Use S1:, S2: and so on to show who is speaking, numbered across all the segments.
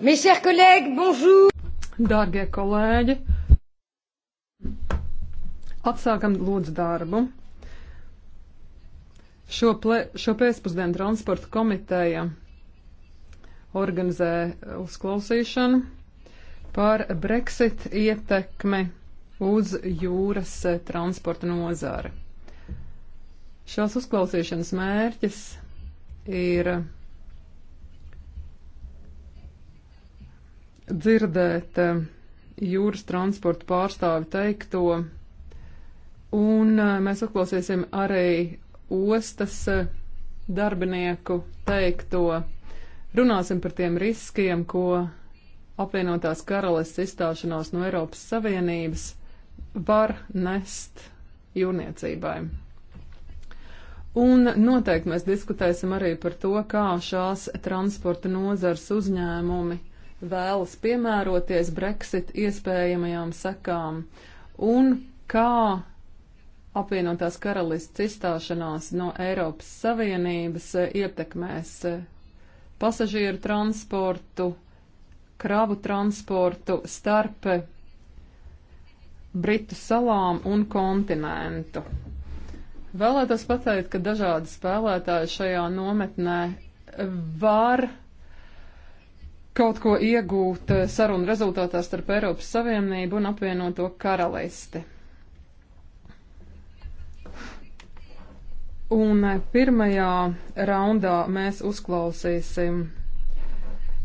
S1: Mes chers collègues, bonjour! Dārgie kolēģi, atsākam lūdzu darbu. Šo, ple, šo pēcpusdienu transporta komiteja organizē uzklausīšanu par Brexit ietekmi uz jūras transporta nozari. Šās uzklausīšanas mērķis ir dzirdēt eh, jūras transporta pārstāvi teikto, un eh, mēs uzklausīsim arī ostas eh, darbinieku teikto. Runāsim par tiem riskiem, ko apvienotās karalists izstāšanās no Eiropas Savienības var nest jūrniecībai. Un noteikti mēs diskutēsim arī par to, kā šās transporta nozars uzņēmumi vēlas piemēroties Brexit iespējamajām sekām un kā apvienotās karalists izstāšanās no Eiropas Savienības ietekmēs pasažieru transportu, kravu transportu starp Britu salām un kontinentu. Vēlētos pateikt, ka dažādi spēlētāji šajā nometnē var kaut ko iegūt eh, sarunu rezultātā starp Eiropas Savienību un apvienoto karalisti. Un eh, pirmajā raundā mēs uzklausīsim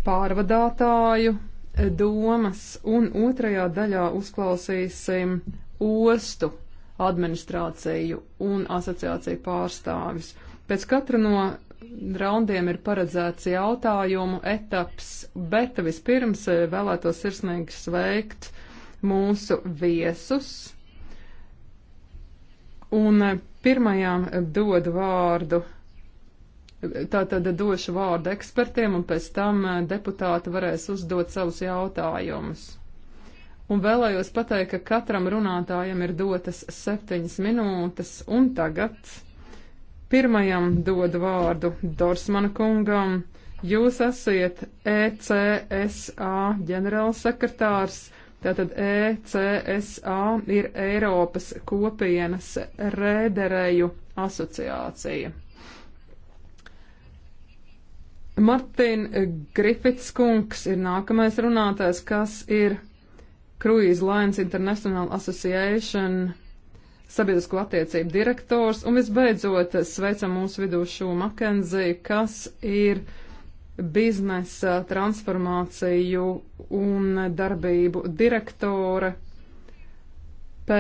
S1: pārvadātāju eh, domas, un otrajā daļā uzklausīsim ostu administrāciju un asociāciju pārstāvis. Pēc katra no raundiem ir paredzēts jautājumu etaps, bet vispirms eh, vēlētos sirsnīgi sveikt mūsu viesus. Un eh, pirmajām eh, dodu vārdu, tātad došu vārdu ekspertiem, un pēc tam deputāti varēs uzdot savus jautājumus. Un vēlējos pateikt, ka katram runātājam ir dotas septiņas minūtes, un tagad Pirmajam dodu vārdu Dorsmana kungam. Jūs esat ECSA ģenerālsekretārs. Tātad ECSA ir Eiropas kopienas rēderēju asociācija. Martin Griffiths kungs ir nākamais runātājs, kas ir Cruise Lines International Association sabiedrisko attiecību direktors, un visbeidzot sveicam mūsu vidū šo Makenziju, kas ir biznesa transformāciju un darbību direktore P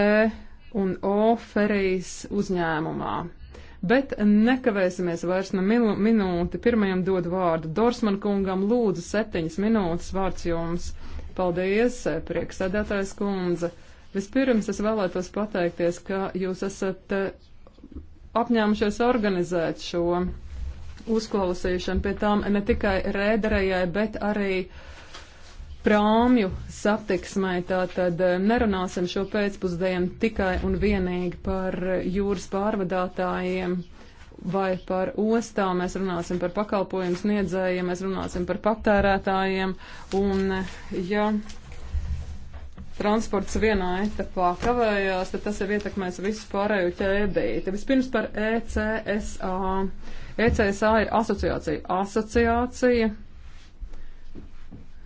S1: un O ferijas uzņēmumā. Bet nekavēsimies vairs ne minu, minūti. Pirmajam dod vārdu Dorsman kungam. Lūdzu, septiņas minūtes vārds jums. Paldies, prieksēdētājs kundze. Uh, Vispirms es vēlētos pateikties, ka jūs esat eh, apņēmušies organizēt šo uzklausīšanu pie tām ne tikai rēderējai, bet arī prāmju satiksmai. Tātad eh, nerunāsim šo pēcpusdienu tikai un vienīgi par jūras pārvadātājiem vai par ostām, mēs runāsim par pakalpojumu sniedzējiem, mēs runāsim par patērētājiem. Un, eh, ja transports vienā etapā kavējās, tad tas jau ietekmēs visu pārējo ķēdīti. Vispirms par ECSA. ECSA ir asociācija. Asociācija.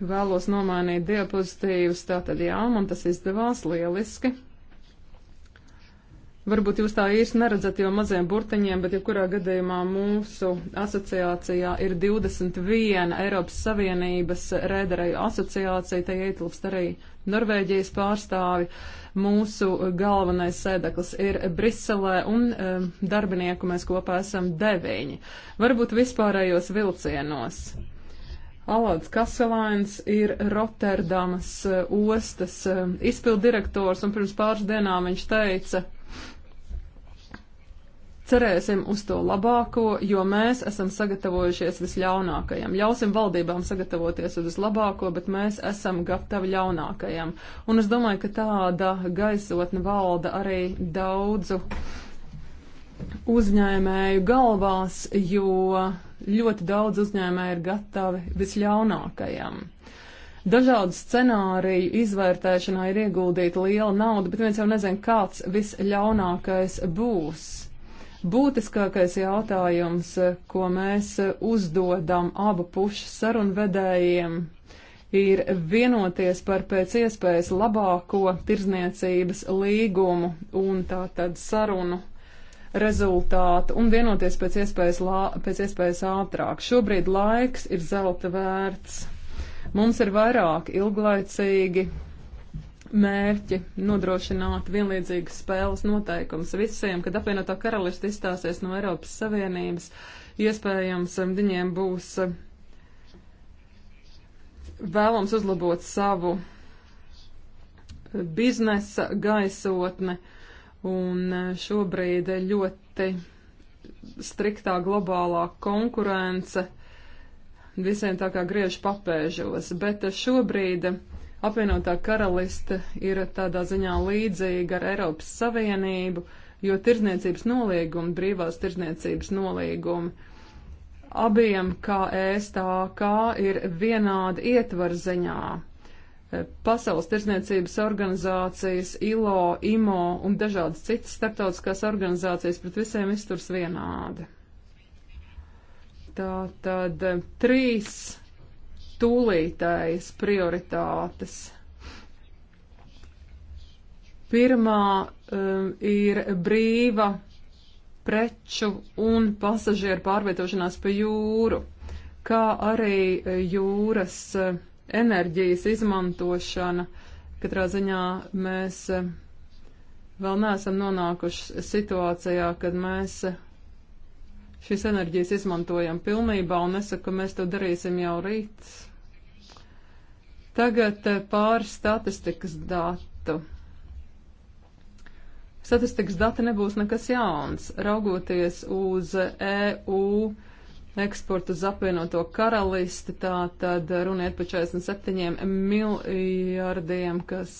S1: Vēlos nomainīt diapozitīvas, tātad jā, man tas izdevās lieliski. Varbūt jūs tā īsti neredzat jau maziem burtiņiem, bet jebkurā gadījumā mūsu asociācijā ir 21 Eiropas Savienības rēdereju asociācija, te ietilpst arī Norvēģijas pārstāvi. Mūsu galvenais sēdeklis ir Briselē un um, darbinieku mēs kopā esam deviņi. Varbūt vispārējos vilcienos. Alāds Kaselains ir Rotterdamas uh, ostas uh, izpildirektors un pirms pāris dienām viņš teica, Cerēsim uz to labāko, jo mēs esam sagatavojušies visļaunākajam. Ļausim valdībām sagatavoties uz vislabāko, bet mēs esam gatavi ļaunākajam. Un es domāju, ka tāda gaisotne valda arī daudzu uzņēmēju galvās, jo ļoti daudz uzņēmēju ir gatavi visļaunākajam. Dažādu scenāriju izvērtēšanā ir ieguldīta liela nauda, bet viens jau nezina, kāds visļaunākais būs būtiskākais jautājums, ko mēs uzdodam abu pušu sarunvedējiem, ir vienoties par pēc iespējas labāko tirzniecības līgumu un tātad sarunu rezultātu un vienoties pēc iespējas, lā, pēc iespējas ātrāk. Šobrīd laiks ir zelta vērts. Mums ir vairāk ilglaicīgi mērķi nodrošināt vienlīdzīgas spēles noteikums visiem, kad apvienotā karalista izstāsies no Eiropas Savienības, iespējams, viņiem būs eh, vēlams uzlabot savu eh, biznesa gaisotni un eh, šobrīd ļoti striktā globālā konkurence visiem tā kā griež papēžos, bet šobrīd apvienotā karaliste ir tādā ziņā līdzīga ar Eiropas Savienību, jo tirzniecības nolīgumi, brīvās tirzniecības nolīgumi, abiem kā ēstākā ir vienādi ietvar ziņā. E, Pasaules tirzniecības organizācijas, ILO, IMO un dažādas citas starptautiskās organizācijas pret visiem izturs vienādi. Tā tad e, trīs tūlītējas prioritātes. Pirmā um, ir brīva preču un pasažieru pārvietošanās pa jūru, kā arī eh, jūras eh, enerģijas izmantošana. Katrā ziņā mēs eh, vēl neesam nonākuši situācijā, kad mēs šīs enerģijas izmantojam pilnībā un nesaku, ka mēs to darīsim jau rīt Tagad eh, pāris statistikas datu. Statistikas dati nebūs nekas jauns. Raugoties uz EU eksportu uz apvienoto karalisti, tā tad runiet par 47 miljardiem, kas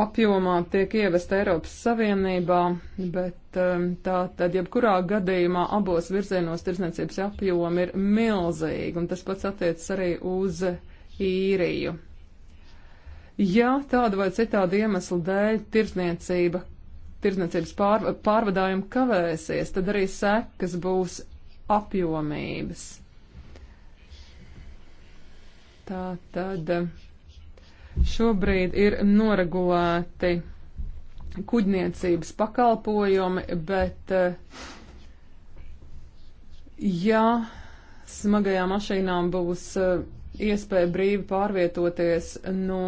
S1: apjomā tiek ievesta Eiropas Savienībā, bet um, tā tad jebkurā gadījumā abos virzienos tirsniecības apjomi ir milzīgi, un tas pats attiecas arī uz īriju. Ja tāda vai citāda iemesla dēļ tirsniecība, tirsniecības pār, pārvadājumi kavēsies, tad arī sekas būs apjomības. Tā tad. Uh, Šobrīd ir noregulēti kuģniecības pakalpojumi, bet eh, ja smagajām mašīnām būs eh, iespēja brīvi pārvietoties no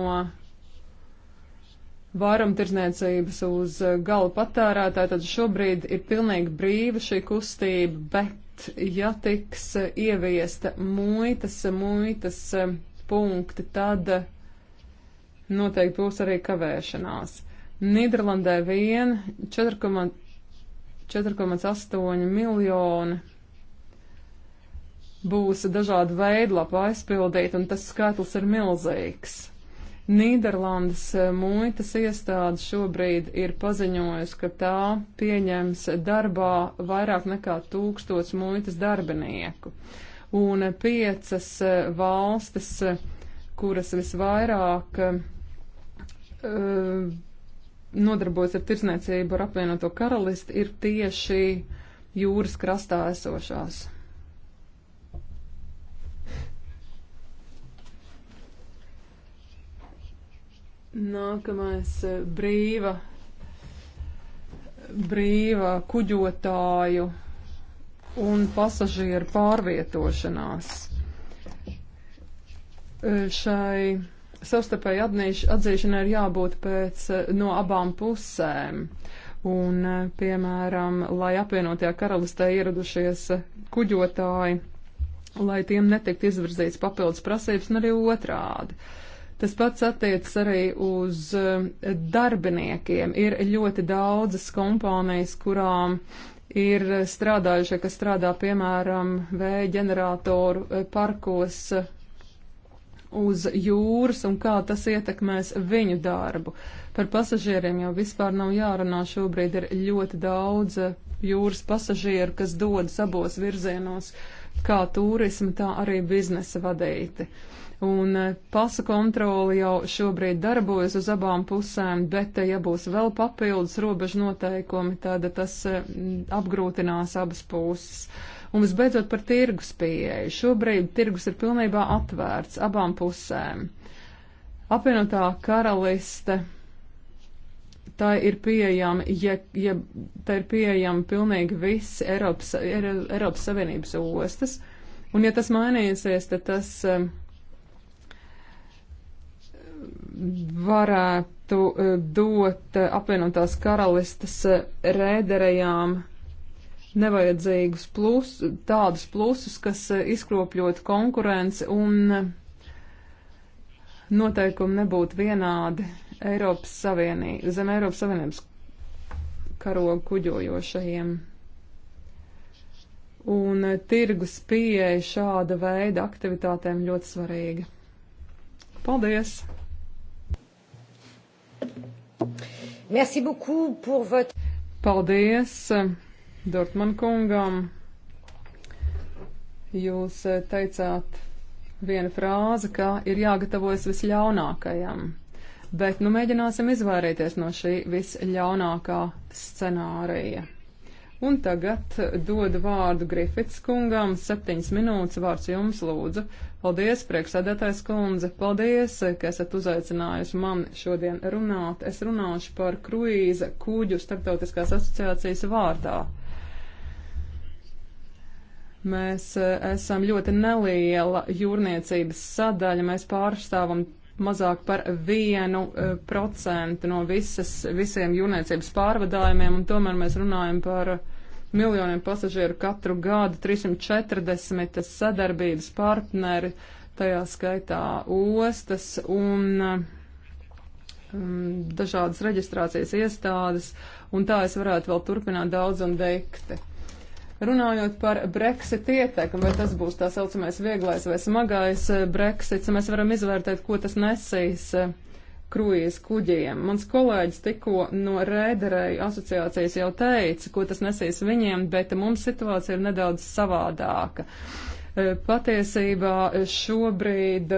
S1: vairumtirdzniecības uz eh, gala patērētāju, tad šobrīd ir pilnīgi brīva šī kustība, bet ja tiks ieviesta muitas, muitas punkti, tad noteikti būs arī kavēšanās. Nīderlandē vien 4,8 miljoni būs dažādu veidlapu aizpildīt, un tas skaitlis ir milzīgs. Nīderlandes eh, muitas iestāde šobrīd ir paziņojusi, ka tā pieņems darbā vairāk nekā tūkstots muitas darbinieku. Un piecas eh, valstis, eh, kuras visvairāk Uh, nodarbojas ar tirsniecību ar apvienoto karalisti, ir tieši jūras krastā esošās. Nākamais uh, brīva, brīva kuģotāju un pasažieru pārvietošanās. Uh, šai savstarpēji atzīšanai ir jābūt pēc eh, no abām pusēm. Un, eh, piemēram, lai apvienotajā karalistē ieradušies eh, kuģotāji, lai tiem netiktu izvirzīts papildus prasības, un arī otrādi. Tas pats attiecas arī uz darbiniekiem. Ir ļoti daudzas kompānijas, kurām ir strādājušie, kas strādā, piemēram, vēja ģeneratoru parkos uz jūras un kā tas ietekmēs viņu darbu. Par pasažieriem jau vispār nav jārunā. Šobrīd ir ļoti daudz jūras pasažieru, kas dodas abos virzienos, kā turismu, tā arī biznesa vadīti. Un eh, pasa kontroli jau šobrīd darbojas uz abām pusēm, bet, eh, ja būs vēl papildus robežu noteikumi, tad tas eh, apgrūtinās abas puses. Un visbeidzot par tirgus pieeju. Šobrīd tirgus ir pilnībā atvērts abām pusēm. Apvienotā karaliste. Tā ir pieejama, ja, ja tā ir pieejama pilnīgi viss Eiropas, Eiropas Savienības ostas, un ja tas mainīsies, tad tas um, varētu uh, dot uh, apvienotās karalistas uh, rēderējām nevajadzīgus plus, tādus plusus, kas eh, izkropļotu konkurenci un eh, noteikumi nebūtu vienādi Eiropas Savienī, zem Eiropas Savienības karogu kuģojošajiem. Un eh, tirgus pieeja šāda veida aktivitātēm ļoti svarīga. Paldies! Merci beaucoup pour votre. Paldies! Dortman kungam. Jūs eh, teicāt vienu frāzi, ka ir jāgatavojas visļaunākajam, bet nu mēģināsim izvairīties no šī visļaunākā scenārija. Un tagad eh, dodu vārdu Grifits kungam. Septiņas minūtes vārds jums lūdzu. Paldies, priekšsēdētājs kundze. Paldies, ka esat uzaicinājuši man šodien runāt. Es runāšu par kruīza kuģu starptautiskās asociācijas vārdā. Mēs e, esam ļoti neliela jūrniecības sadaļa. Mēs pārstāvam mazāk par vienu e, procentu no visas, visiem jūrniecības pārvadājumiem, un tomēr mēs runājam par miljoniem pasažieru katru gadu, 340 sadarbības partneri, tajā skaitā ostas un um, dažādas reģistrācijas iestādes, un tā es varētu vēl turpināt daudz un veikti. Runājot par Brexit ietekmi, vai tas būs tā saucamais vieglais vai smagais eh, Brexits, mēs varam izvērtēt, ko tas nesīs eh, kruīz kuģiem. Mans kolēģis tikko no rēderēju asociācijas jau teica, ko tas nesīs viņiem, bet mums situācija ir nedaudz savādāka. Eh, patiesībā šobrīd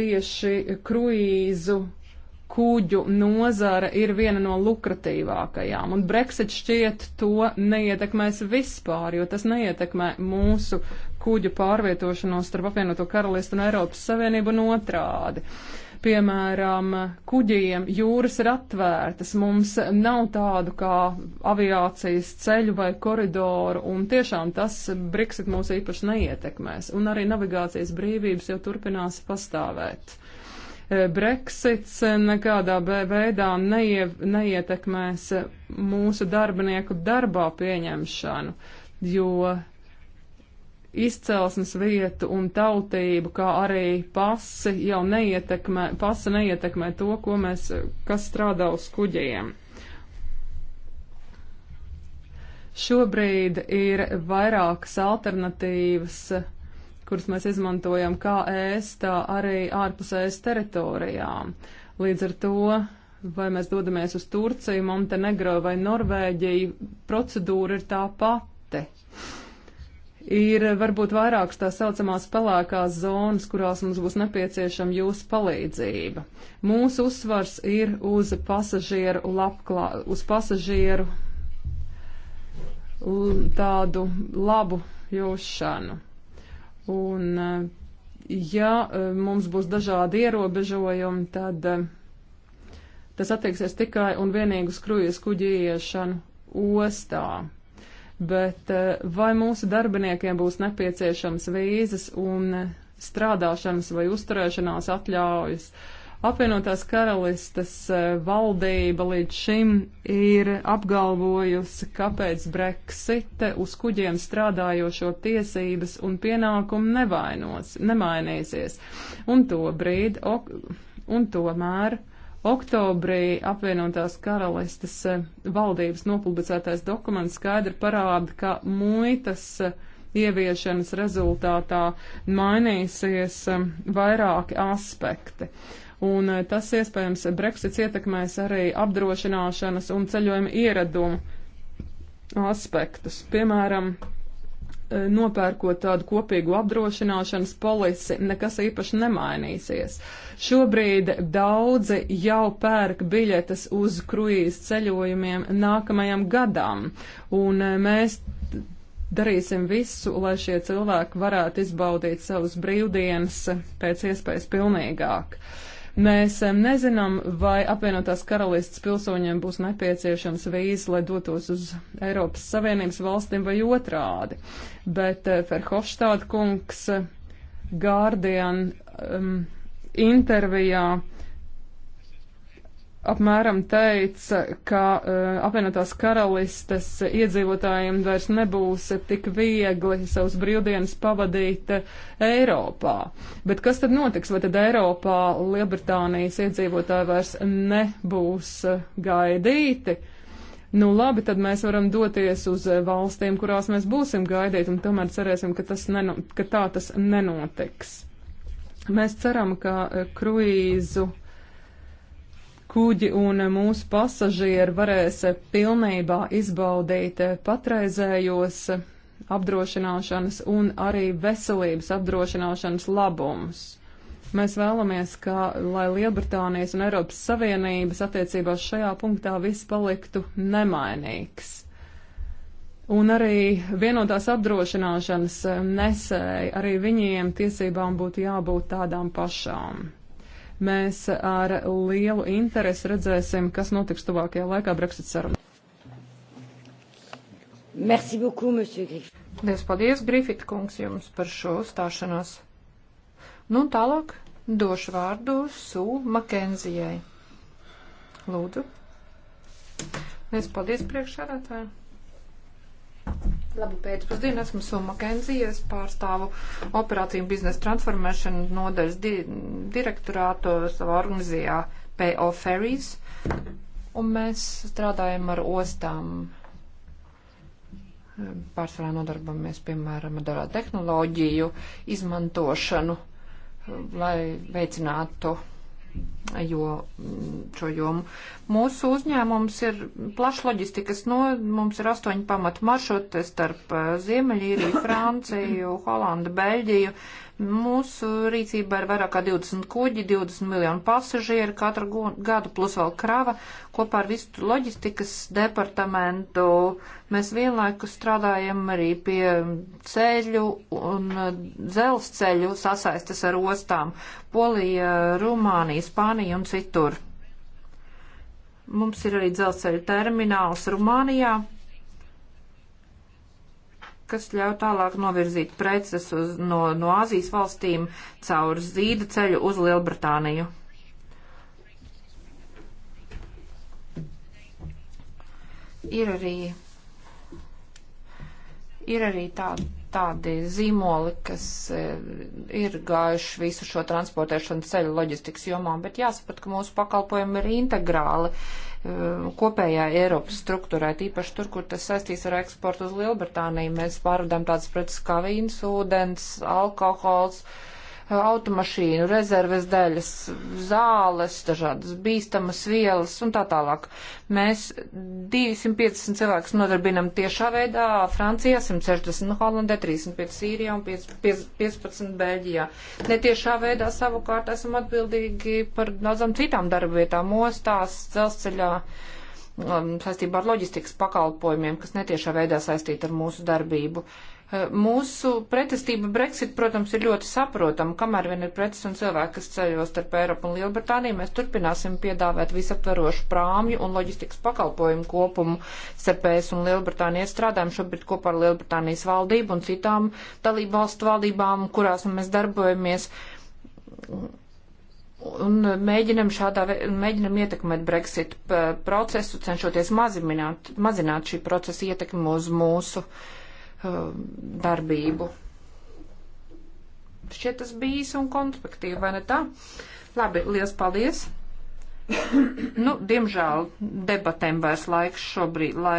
S1: tieši kruīzu kuģu nozara ir viena no lukratīvākajām, un Brexit šķiet to neietekmēs vispār, jo tas neietekmē mūsu kuģu pārvietošanos starp apvienoto karalistu un Eiropas Savienību un otrādi. Piemēram, kuģiem jūras ir atvērtas, mums nav tādu kā aviācijas ceļu vai koridoru, un tiešām tas Brexit mūs īpaši neietekmēs, un arī navigācijas brīvības jau turpinās pastāvēt. Brexits nekādā veidā neie, neietekmēs mūsu darbinieku darbā pieņemšanu, jo izcelsmes vietu un tautību, kā arī pasi jau neietekmē, pasi neietekmē to, ko mēs, kas strādā uz kuģiem. Šobrīd ir vairākas alternatīvas kurus mēs izmantojam kā ēst, tā arī ārpus ēst teritorijām. Līdz ar to, vai mēs dodamies uz Turciju, Montenegro vai Norvēģiju, procedūra ir tā pati. Ir varbūt vairākas tā saucamās pelēkās zonas, kurās mums būs nepieciešama jūsu palīdzība. Mūsu uzsvars ir uz pasažieru, labklā, uz pasažieru tādu labu jūšanu. Un, eh, ja eh, mums būs dažādi ierobežojumi, tad eh, tas attieksies tikai un vienīgi uz krujas kuģi iešanu ostā. Bet vai mūsu darbiniekiem būs nepieciešams vīzas un strādāšanas vai uzturēšanās atļaujas? Uh, Apvienotās karalistas e, valdība līdz šim ir apgalvojusi, kāpēc Brexite uz kuģiem strādājošo tiesības un pienākumu nevainos, nemainīsies. Un tobrīd, ok, un tomēr. Oktobrī apvienotās karalistes e, valdības nopublicētais dokuments skaidri parāda, ka muitas e, ieviešanas rezultātā mainīsies vairāki aspekti un eh, tas iespējams Brexits ietekmēs arī apdrošināšanas un ceļojuma ieradumu aspektus. Piemēram, eh, nopērkot tādu kopīgu apdrošināšanas polisi, nekas īpaši nemainīsies. Šobrīd daudzi jau pērk biļetes uz kruīz ceļojumiem nākamajam gadam, un eh, mēs darīsim visu, lai šie cilvēki varētu izbaudīt savus brīvdienas pēc iespējas pilnīgāk. Uh, Mēs nezinām, vai apvienotās karalistas pilsoņiem būs nepieciešams vīzes, lai dotos uz Eiropas Savienības valstīm vai otrādi. Bet eh, Ferhofstāda kungs eh, Guardian um, intervijā apmēram teica, ka uh, apvienotās karalistes iedzīvotājiem vairs nebūs tik viegli savus brīvdienas pavadīt eh, Eiropā. Bet kas tad notiks? Vai tad Eiropā Lielbritānijas iedzīvotāji vairs nebūs eh, gaidīti? Nu labi, tad mēs varam doties uz valstīm, kurās mēs būsim gaidīti, un tomēr cerēsim, ka, tas neno, ka tā tas nenotiks. Mēs ceram, ka kruīzu kuģi un mūsu pasažieri varēs pilnībā izbaudīt patreizējos apdrošināšanas un arī veselības apdrošināšanas labumus. Mēs vēlamies, ka, lai Lielbritānijas un Eiropas Savienības attiecībās šajā punktā viss paliktu nemainīgs. Un arī vienotās apdrošināšanas nesēji, arī viņiem tiesībām būtu jābūt tādām pašām. Mēs ar lielu interesi redzēsim, kas notiks tuvākajā laikā Brexit
S2: sarunā. Merci beaucoup, monsieur Griffith. Lies paldies, Griffith kungs, jums par šo uzstāšanos. Nu, tālāk došu vārdu Sū Makenzijai. Lūdzu. Lies paldies priekšsēdētājai. Labu pēcpusdienu, esmu Suma Kenzija, es pārstāvu operāciju biznesa transformēšanu nodaļas di direktorātu savā organizijā PO Ferries, un mēs strādājam ar ostām. Pārsvarā nodarbamies, piemēram, ar tehnoloģiju izmantošanu, lai veicinātu jo, šo jomu. Mūsu uzņēmums ir plašs loģistikas, no, mums ir astoņi pamata maršruti starp eh, Ziemeļīriju, Franciju, Holandu, Beļģiju, Mūsu rīcībā ir vairāk kā 20 kuģi, 20 miljonu pasažieru katru gadu, plus vēl krava. Kopā ar visu loģistikas departamentu mēs vienlaikus strādājam arī pie ceļu un eh, dzelzceļu sasaistes ar ostām - Polija, Rumānija, Spānija un citur. Mums ir arī dzelzceļa termināls Rumānijā kas ļauj tālāk novirzīt preces uz, no, no Āzijas valstīm caur zīda ceļu uz Lielbritāniju. Ir arī, ir arī tā, tādi zīmoli, kas e, ir gājuši visu šo transportēšanu ceļu loģistikas jomām, bet jāsaprot, ka mūsu pakalpojumi ir integrāli Uh, kopējā Eiropas struktūrā, tīpaši tur, kur tas saistīs ar eksportu uz Lielbritāniju. Mēs pārvedām tādas preces kā vīns, ūdens, alkohols. Uh, automašīnu, rezerves daļas, zāles, dažādas bīstamas vielas un tā tālāk. Mēs 250 cilvēkus nodarbinam tiešā veidā Francijā, 160 Holandē, 35 Sīrijā un 5, 5, 15 Beļģijā. Netiešā veidā savukārt esam atbildīgi par daudzām citām darbvietām, ostās, dzelzceļā um, saistībā ar loģistikas pakalpojumiem, kas netiešā veidā saistīta ar mūsu darbību. Uh, Mūsu pretestība Brexit, protams, ir ļoti saprotama. Kamēr vien ir preces un cilvēki, kas ceļos starp Eiropu un Lielbritāniju, mēs turpināsim piedāvāt visaptverošu prāmju un loģistikas pakalpojumu kopumu starp ES un Lielbritāniju. Strādājam šobrīd kopā ar Lielbritānijas valdību un citām dalību valstu valdībām, kurās mēs darbojamies un mēģinam šādā, mēģinam ietekmēt Brexit eh, procesu, cenšoties mazināt, mazināt šī procesa ietekmi uz mūsu uh, Um, darbību. Šķiet, tas bijis un konspektīvi, vai ne tā? Labi, liels paldies! nu, diemžēl debatēm vairs laiks šobrīd, lai.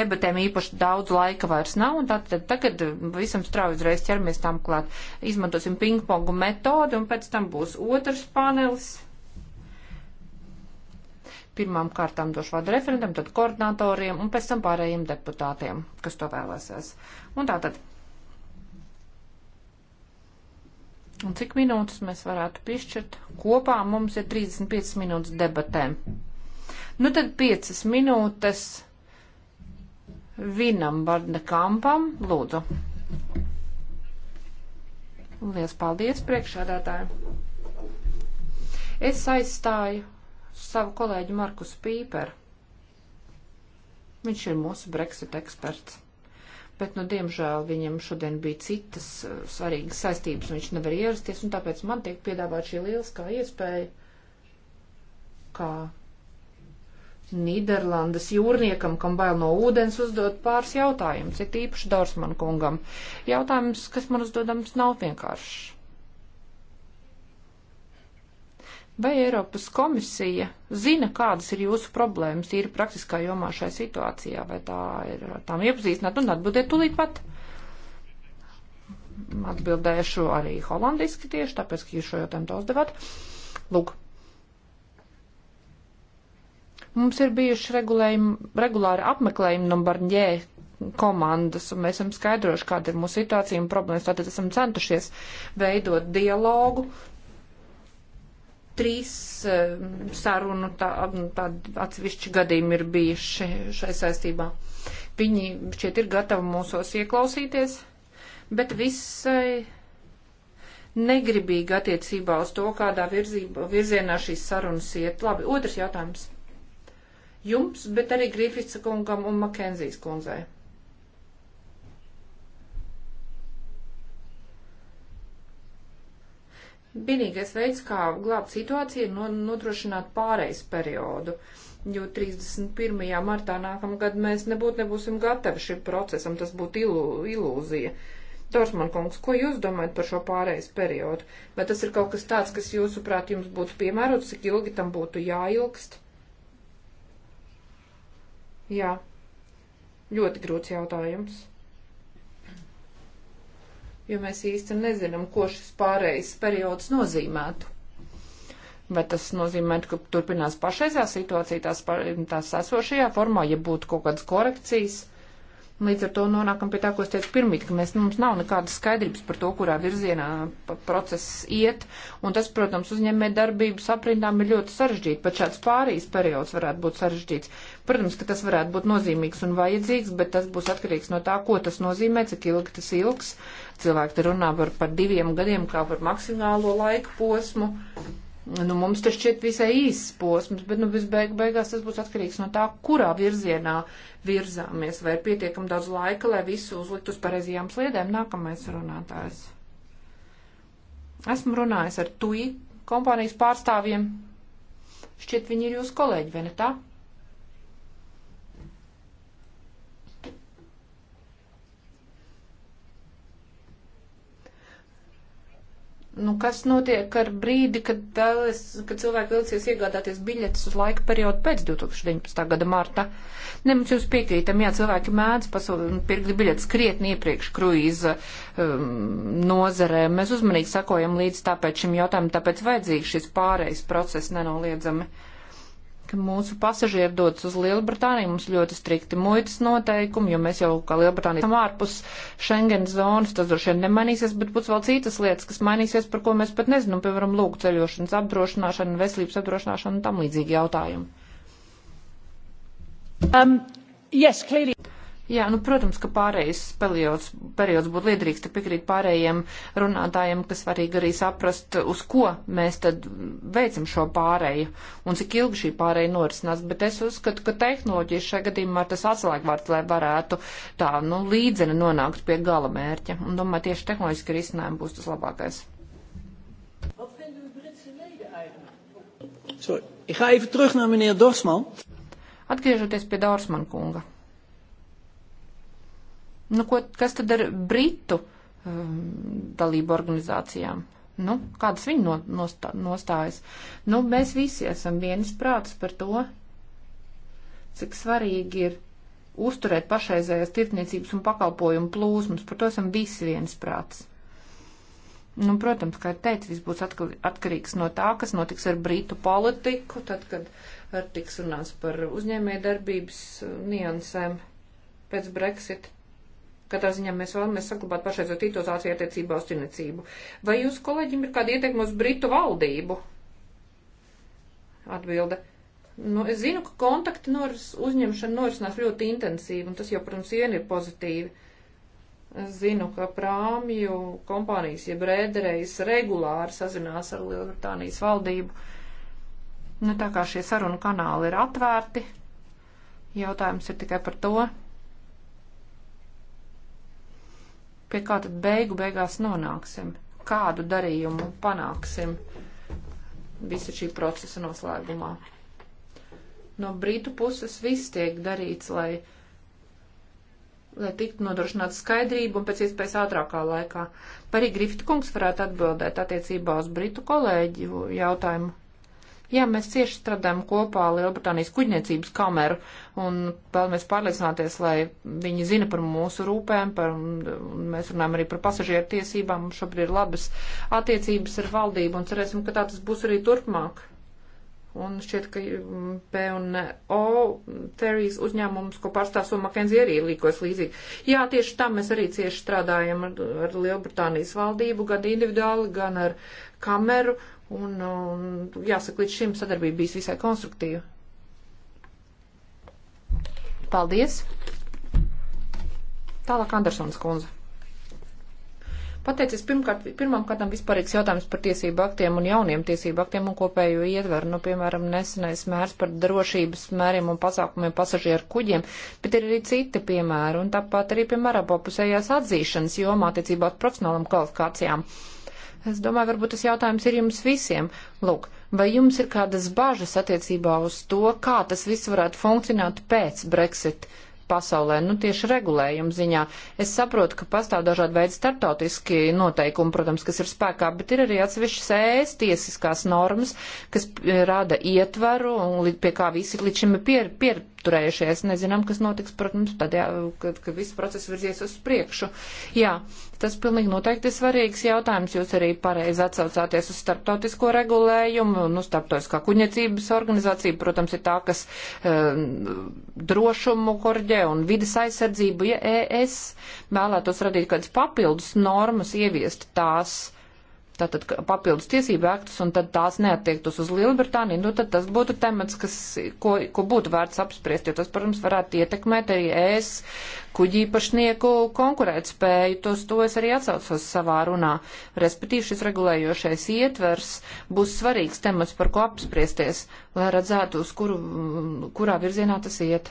S2: Debatēm īpaši daudz laika vairs nav, un tātad tagad visam strauji uzreiz ķeramies tam klāt. Izmantosim pingpongu metodi, un pēc tam būs otrs panelis. Pirmām kārtām došu vārdu referentam, tad koordinatoriem un pēc tam pārējiem deputātiem, kas to vēlēsies. Un tā tad. Un cik minūtes mēs varētu piešķirt? Kopā mums ir 35 minūtes debatēm. Nu tad 5 minūtes Vinam Vardnekampam, lūdzu. Lielas paldies priekšādātājiem. Es aizstāju savu kolēģi Markus Pīperu. Viņš ir mūsu Brexit eksperts. Bet, nu, diemžēl viņam šodien bija citas uh, svarīgas saistības, viņš nevar ierasties, un tāpēc man tiek piedāvāt šī lieliskā iespēja, kā Nīderlandes jūrniekam, kam bail no ūdens, uzdot pāris jautājumus, ir īpaši Dorsman kungam. Jautājums, kas man uzdodams, nav vienkāršs. Vai Eiropas komisija zina, kādas ir jūsu problēmas īri praktiskā jomā šai situācijā, vai tā ir tām iepazīstināt un atbildēt tūlīt pat? Atbildēšu arī holandiski tieši, tāpēc, ka jūs šo jautājumu daudz devāt. Lūk. Mums ir bijuši regulāri apmeklējumi no Barņē komandas, un mēs esam skaidrojuši, kāda ir mūsu situācija un problēmas. Tātad esam centušies veidot dialogu trīs eh, sarunu tā, tā atsevišķi gadījumi ir bijuši šai saistībā. Viņi šķiet ir gatavi mūsos ieklausīties, bet visai negribīgi attiecībā uz to, kādā virzība, virzienā šīs sarunas iet. Labi, otrs jautājums. Jums, bet arī Grīfisa kungam un Makenzijas kundzei. Vienīgais veids, kā glābt situāciju, ir nodrošināt pārejas periodu, jo 31. martā nākamgad mēs nebūtu nebūsim gatavi šim procesam, tas būtu ilū, ilūzija. Torsman kungs, ko jūs domājat par šo pārejas periodu? Vai tas ir kaut kas tāds, kas jūsuprāt jums būtu piemērots, cik ilgi tam būtu jāilgst? Jā, ļoti grūts jautājums jo mēs īsti nezinām, ko šis pārējais periods nozīmētu. Vai tas nozīmē, ka turpinās pašreizā situācija tās, tās esošajā formā, ja būtu kaut kādas korekcijas? Līdz ar to nonākam pie tā, ko es teicu pirmīt, ka mēs, nu, mums nav nekādas skaidrības par to, kurā virzienā process iet, un tas, protams, uzņēmē darbības aprindām ir ļoti sarežģīti, pat šāds pārijas periods varētu būt sarežģīts. Protams, ka tas varētu būt nozīmīgs un vajadzīgs, bet tas būs atkarīgs no tā, ko tas nozīmē, cik ilgi tas ilgs. Cilvēki te runā par, par diviem gadiem kā par maksimālo laika posmu Nu, mums tas šķiet visai īss posms, bet nu, visbeig, beigās tas būs atkarīgs no tā, kurā virzienā virzāmies, vai ir pietiekami daudz laika, lai visu uzlikt uz pareizajām sliedēm. Nākamais runātājs. Esmu runājis ar TUI kompānijas pārstāvjiem. Šķiet, viņi ir jūsu kolēģi, vai ne tā? Nu, kas notiek ar brīdi, kad, vēlas, kad cilvēki vēlasies iegādāties biļetes uz laika periodu pēc 2019. gada marta? Ne, mums jūs piekrītam, jā, cilvēki mēdz pasauli, pirkt biļetes krietni iepriekš kruīza um, nozarē. Mēs uzmanīgi sakojam līdz tāpēc šim jautājumam, tāpēc vajadzīgs šis pārējais process nenoliedzami. Uh, ka mūsu pasažieri dodas uz Lielbritāniju, mums ļoti strikti muitas noteikumi, jo mēs jau kā Lielbritānija esam ārpus Schengen zonas, tas droši vien nemainīsies, bet būs vēl citas lietas, kas mainīsies, par ko mēs pat nezinām, piemēram, lūk ceļošanas apdrošināšana, veselības apdrošināšana un tam līdzīgi jautājumi. Um, yes, clearly. Jā, nu, protams, ka pārējais periods, periods būtu liederīgs, te piekrīt pārējiem runātājiem, ka svarīgi arī saprast, uz ko mēs tad veicam šo pārēju un cik ilgi šī pārēja norisinās. Bet es uzskatu, ka tehnoloģija šajā gadījumā ir tas atslēgvārds, lai varētu tā, nu, līdzeni nonākt pie gala mērķa. Un domāju, tieši tehnoloģiski risinājumi būs tas labākais.
S3: Sorry. Ik ga even terug naar meneer Dorsman.
S2: Atgriežoties pie Dorsman kunga. Nu, ko, kas tad ar Britu um, dalību organizācijām? Nu, kādas viņa nostā, nostājas? Nu, mēs visi esam vienas prātas par to, cik svarīgi ir uzturēt pašreizējās tirdzniecības un pakalpojumu plūsmas. Par to esam visi viens prāts. Nu, protams, kā teicu, viss būs atkarīgs no tā, kas notiks ar brītu politiku, tad, kad tiks runāts par uzņēmē darbības niansēm pēc Brexit. Katrā ziņā mēs vēlamies saglabāt pašreizo titulāciju attiecībā uz tirnicību. Vai jūs kolēģim ir kāda ieteikuma uz Britu valdību? Atbilde. Nu, es zinu, ka kontakti noris, uzņemšana norisinās ļoti intensīvi, un tas jau, protams, vien ir pozitīvi. Es zinu, ka prāmju kompānijas, jeb rēderējas regulāri sazinās ar Lielbritānijas valdību. Nu, tā kā šie sarunu kanāli ir atvērti, jautājums ir tikai par to, pie kā tad beigu beigās nonāksim, kādu darījumu panāksim visa šī procesa noslēgumā. No brītu puses viss tiek darīts, lai, lai tiktu nodrošināta skaidrība un pēc iespējas ātrākā laikā. Parī Grifta kungs varētu atbildēt attiecībā uz britu kolēģu jautājumu. Jā, mēs cieši strādājam kopā Lielbritānijas kuģniecības kameru un vēlamies pārliecināties, lai viņi zina par mūsu rūpēm, par, mēs runājam arī par pasažieru tiesībām, mums šobrīd ir labas attiecības ar valdību un cerēsim, ka tā tas būs arī turpmāk. Un šķiet, ka mm, P un O Terijas uzņēmums, ko pārstāso Makenzie, arī rīkojas līdzīgi. Jā, tieši tā mēs arī cieši strādājam ar, ar Lielbritānijas valdību, gan individuāli, gan ar kameru. Uh, Un, uh, un jāsaka, līdz šim sadarbība bijis visai konstruktīva. Paldies! Tālāk Andersons kundze. Pateicis pirmkārt, pirmām kārtām vispārīgs jautājums par tiesību aktiem un jauniem tiesību aktiem un kopējo ietveru, nu, piemēram, nesenais mērs par drošības mēriem un pasākumiem pasažieru kuģiem, bet ir arī citi piemēri, un tāpat arī, piemēram, apusējās atzīšanas jomā attiecībā uz profesionālam kvalifikācijām. Uh, Es domāju, varbūt tas jautājums ir jums visiem. Lūk, vai jums ir kādas bažas attiecībā uz to, kā tas viss varētu funkcionēt pēc Brexit? pasaulē, nu tieši regulējuma ziņā. Es saprotu, ka pastāv dažādi veidi startautiski noteikumi, protams, kas ir spēkā, bet ir arī atsevišķas ēs tiesiskās normas, kas rāda ietvaru, pie kā visi līdz šim ir pier, pier, apturējušies. Nezinām, kas notiks, protams, tad, jā, kad, kad viss process virzies uz priekšu. Jā, tas pilnīgi noteikti ir svarīgs jautājums. Jūs arī pareizi atsaucāties uz starptautisko regulējumu. Nu, starptautiskā kuģniecības organizācija, protams, ir tā, kas e, drošumu korģē un vidas aizsardzību. Ja ES vēlētos radīt kādas papildus normas, ieviest tās tātad papildus tiesību aktus, un tad tās neattiektos uz Lielbritāniju, nu tad tas būtu temats, kas, ko, ko būtu vērts apspriest, jo tas, protams, varētu ietekmēt arī es kuģi īpašnieku konkurētspēju, tos to es arī atsaucos savā runā. Respektīvi šis regulējošais ietvers būs svarīgs temats, par ko apspriesties, lai redzētu, uz kuru, kurā virzienā tas iet.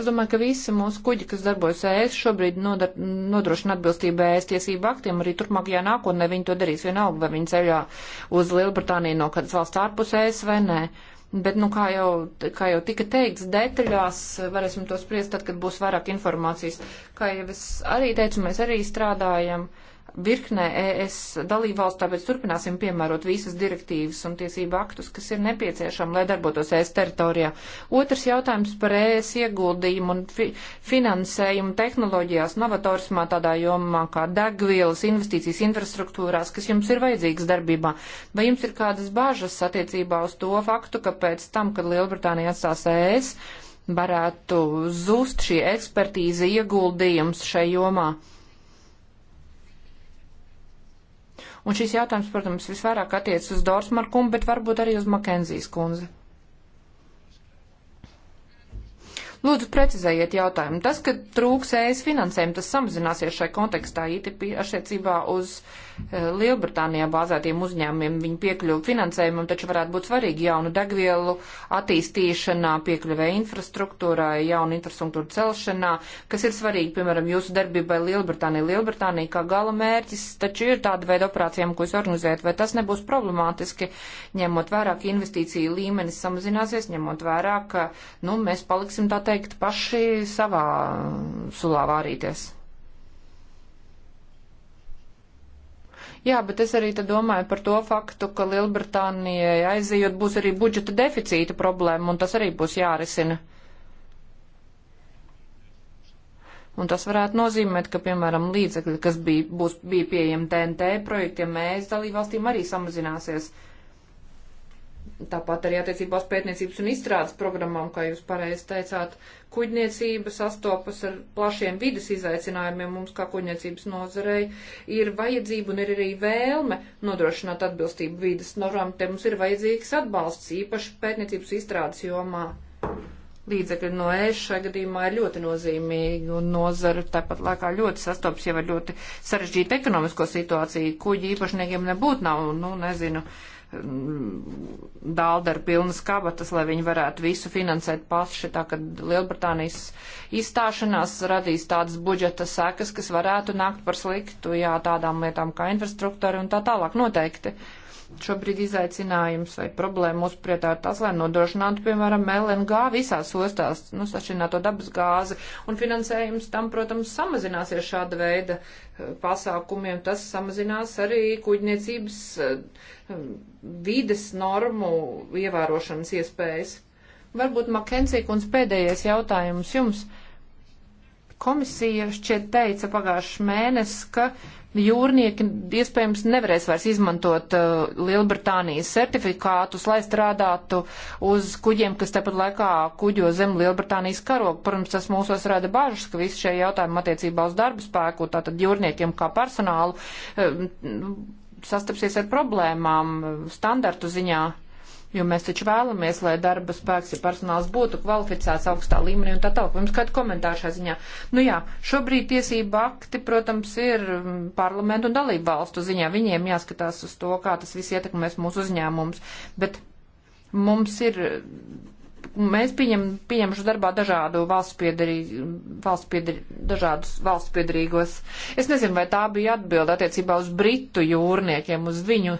S2: Es domāju, ka visi mūsu kuģi, kas darbojas ES, šobrīd nodar, nodrošina atbilstību ES tiesību aktiem. Arī turpmākajā nākotnē viņi to darīs vienalga, vai viņi ceļā uz Lielbritāniju no kādas valsts ārpus ES vai nē. Bet, nu, kā jau, kā jau tika teikts, detaļās varēsim to spriest tad, kad būs vairāk informācijas. Kā jau es arī teicu, mēs arī strādājam. Uh, virknē ES dalībvalstu, tāpēc turpināsim piemērot visas direktīvas un tiesību aktus, kas ir nepieciešami, lai darbotos ES teritorijā. Otrs jautājums par ES ieguldījumu un fi finansējumu tehnoloģijās, novatorismā tādā jomā kā degvielas, investīcijas infrastruktūrās, kas jums ir vajadzīgas darbībā. Vai jums ir kādas bāžas attiecībā uz to faktu, ka pēc tam, kad Lielbritānija atstās ES, varētu zust šī ekspertīze ieguldījums šai jomā? Un šis jautājums, protams, visvairāk attiec uz Dorsmaru kungu, bet varbūt arī uz Makenzijas kundzi. Lūdzu, precizējiet jautājumu. Tas, ka trūks ēs finansējumu, tas samazināsies šai kontekstā, īpaši attiecībā uz uh, Lielbritānijā bāzētiem uzņēmumiem viņi piekļuva finansējumam, taču varētu būt svarīgi jaunu degvielu attīstīšanā, piekļuvē infrastruktūrai, jaunu infrastruktūru celšanā, kas ir svarīgi, piemēram, jūsu darbībai Lielbritānijā. Lielbritānija kā gala mērķis taču ir tāda veida operācijām, ko jūs organizējat, vai tas nebūs problemātiski, ņemot vērā, ka investīcija līmenis samazināsies, ņemot vērā, ka, nu, mēs paliksim tā teikt paši savā sulā vārīties. Jā, bet es arī domāju par to faktu, ka Lielbritānijai aizejot būs arī budžeta deficīta problēma, un tas arī būs jārisina. Un tas varētu nozīmēt, ka, piemēram, līdzekļi, kas bija, būs, bija pieejami TNT projektiem, mēs dalībvalstīm arī samazināsies. Uh, Tāpat arī attiecībā uz pētniecības un izstrādes programmām, kā jūs pareizi teicāt, kuģniecība sastopas ar plašiem vidas izaicinājumiem. Mums, kā kuģniecības nozarei, ir vajadzība un ir arī vēlme nodrošināt atbilstību vidas normām. Te mums ir vajadzīgs atbalsts īpaši pētniecības izstrādes jomā. Līdzekļi no ēst šajā gadījumā ir ļoti nozīmīgi un nozara tāpat laikā ļoti sastopas jau ar ļoti sarežģītu ekonomisko situāciju. Kuģi īpašniekiem nebūtu nav, nu, nezinu. Uh, dāldaru pilnas kabatas, lai viņi varētu visu finansēt paši, tā ka Lielbritānijas izstāšanās radīs tādas budžeta sekas, kas varētu nākt par sliktu, jā, tādām lietām kā infrastruktūra un tā tālāk noteikti. Uh, šobrīd izaicinājums vai problēma mūsu prietā ir tas, lai nodrošinātu, piemēram, LNG visās ostās, nu, sašķināto dabas gāzi, un finansējums tam, protams, samazināsies šāda veida eh, pasākumiem. Tas samazinās arī kuģniecības eh, vides normu ievērošanas iespējas. Varbūt Makensī kundz pēdējais jautājums jums. Uh, Komisija šķiet teica pagājušajā mēnesī, ka jūrnieki iespējams nevarēs vairs izmantot uh, Lielbritānijas certifikātus, lai strādātu uz kuģiem, kas tepat laikā kuģo zem Lielbritānijas karoga. Protams, tas mūsos rada bažas, ka visi šie jautājumi attiecībā uz darba spēku, tātad jūrniekiem kā personālu, uh, sastapsies ar problēmām standartu ziņā. Jo mēs taču vēlamies, lai darba spēks, ja personāls būtu kvalificēts augstā līmenī un tā tālāk. Jums kāda komentāra šā ziņā? Nu jā, šobrīd tiesība akti, protams, ir mm, parlamentu un dalību valstu ziņā. Viņiem jāskatās uz to, kā tas viss ietekmēs mūsu uzņēmumus. Bet mums ir mēs pieņem, pieņemšu darbā dažādu valsts piedarī, valsts piedarī, dažādus valsts piedarīgos. Es nezinu, vai tā bija atbilda attiecībā uz britu jūrniekiem, uz viņu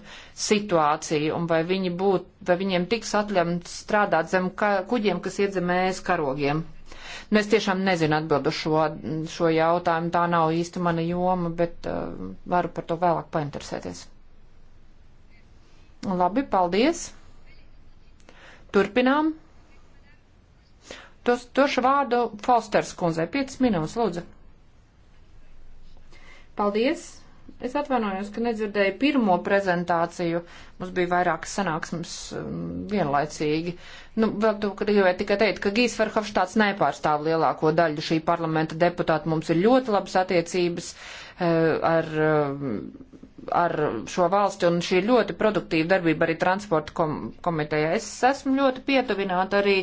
S2: situāciju, un vai, viņi būt, vai viņiem tiks atļemts strādāt zem ka, kuģiem, kas iedzemējas karogiem. Nu, es tiešām nezinu atbildu šo, šo jautājumu, tā nav īsti mana joma, bet uh, varu par to vēlāk painteresēties. Labi, paldies! Turpinām. Tos došu vārdu Falsters kundzei. 5 minūtes, lūdzu. Paldies! Es atvainojos, ka nedzirdēju pirmo prezentāciju. Mums bija vairākas sanāksmes um, vienlaicīgi. Nu, vēl tu gribēji tikai teikt, ka Gīs Verhofštāts nepārstāv lielāko daļu šī parlamenta deputāta. Mums ir ļoti labas attiecības eh, ar um, ar šo valsti, un šī ļoti produktīva darbība arī transporta kom komitejā. Es esmu ļoti pietuvināta arī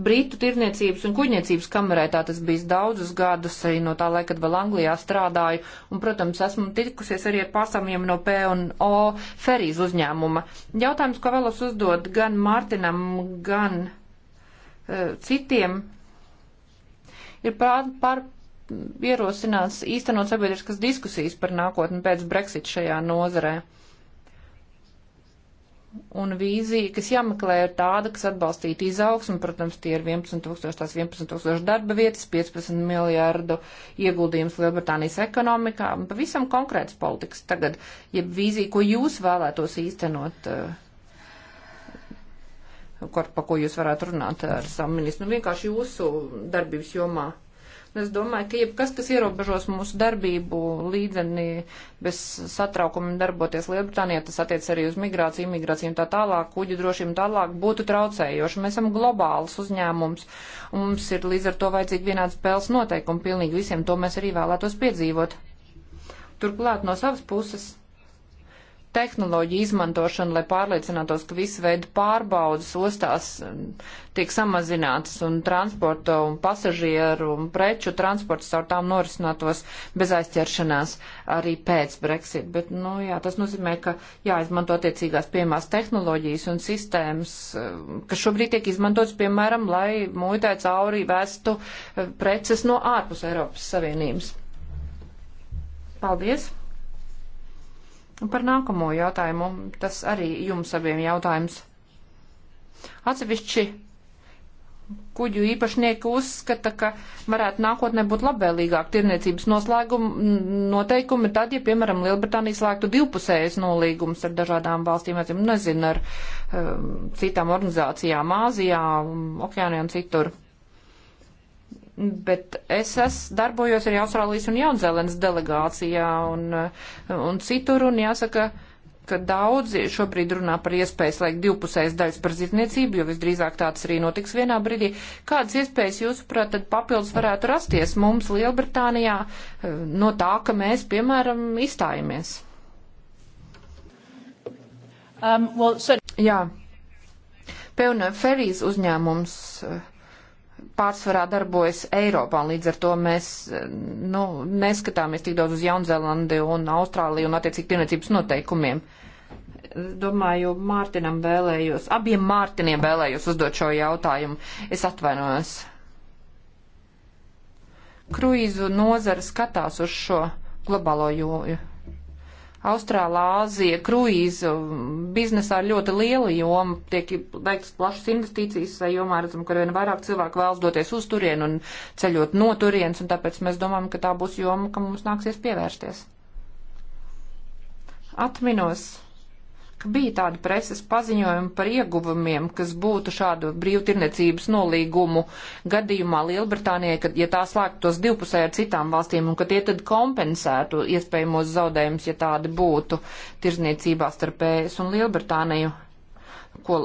S2: Brītu tirniecības un kuģniecības kamerē, tā tas bijis daudzus gadus, arī no tā laika, kad vēl Anglijā strādāju, un, protams, esmu tikusies arī ar pārstāvjiem no P un O ferijas uzņēmuma. Jautājums, ko vēlos uzdot gan Mārtinam, gan uh, citiem, ir par. par ierosināts īstenot sabiedriskas diskusijas par nākotni pēc Brexit šajā nozarē. Un vīzija, kas jāmeklē, ir tāda, kas atbalstītu izaugsmu, protams, tie ir 11 tūkstoši, tās 11 tūkstoši darba vietas, 15 miljārdu ieguldījums Lielbritānijas ekonomikā, un pavisam konkrēts politikas tagad, ja vīzija, ko jūs vēlētos īstenot, eh, par ko jūs varētu runāt ar savu ministru, nu, vienkārši jūsu darbības jomā. Es domāju, ka jebkas, kas ierobežos mūsu darbību līdzenī bez satraukuma darboties Lielbritānijā, tas attiec arī uz migrāciju, imigrāciju un tā tālāk, kuģu drošību tālāk, būtu traucējoši. Mēs esam globāls uzņēmums, un mums ir līdz ar to vajadzīgi vienāds spēles noteikumi pilnīgi visiem, to mēs arī vēlētos piedzīvot. Turklāt no savas puses tehnoloģiju izmantošanu, lai pārliecinātos, ka visu veidu pārbaudas ostās um, tiek samazinātas un transporta un pasažieru un preču transports caur tām norisinātos bez aizķeršanās arī pēc Brexit. Bet, nu, jā, tas nozīmē, ka jāizmanto attiecīgās piemās tehnoloģijas un sistēmas, um, kas šobrīd tiek izmantotas, piemēram, lai muitē cauri vestu uh, preces no ārpus Eiropas Savienības. Paldies! Par nākamo jautājumu, tas arī jums abiem jautājums. Atsevišķi kuģu īpašnieki uzskata, ka varētu nākotnē būt labvēlīgāk tirniecības noslēguma noteikumi tad, ja, piemēram, Lielbritānija slēgtu divpusējas nolīgumus ar dažādām valstīm, nezinu, ar um, citām organizācijām Āzijā, um, Okeānijā un citur bet es esmu darbojos arī Austrālijas un Jaunzēlandes delegācijā un, un citur, un jāsaka, ka daudzi šobrīd runā par iespējas laik divpusējas daļas par zirniecību, jo visdrīzāk tāds arī notiks vienā brīdī. Kādas iespējas, jūsuprāt, tad papildus varētu rasties mums Lielbritānijā no tā, ka mēs, piemēram, izstājamies? Um, well, so... Jā. Pēuna Ferijas uzņēmums. Uh, pārsvarā darbojas Eiropā, un līdz ar to mēs nu, neskatāmies tik daudz uz Jaunzēlandi un Austrāliju un attiecīgi tirniecības noteikumiem. Domāju, Mārtinam vēlējos, abiem Mārtiniem vēlējos uzdot šo jautājumu. Es atvainojos. Kruīzu nozara skatās uz šo globālo jūju Austrālāzija, kruīzu biznesā ir ļoti liela joma, tiek veiktas plašas investīcijas, vai jomā redzam, ka vien vairāk cilvēku vēlas doties uz turienu un ceļot no turienes, un tāpēc mēs domājam, ka tā būs joma, kam mums nāksies pievērsties. Atminos ka bija tādi preses paziņojumi par ieguvumiem, kas būtu šādu brīvtirniecības nolīgumu gadījumā Lielbritānijai, kad, ja tā slēgtos divpusēji ar citām valstīm, un ka tie tad kompensētu iespējamos zaudējumus, ja tādi būtu tirzniecībā starp ES un Lielbritāniju ko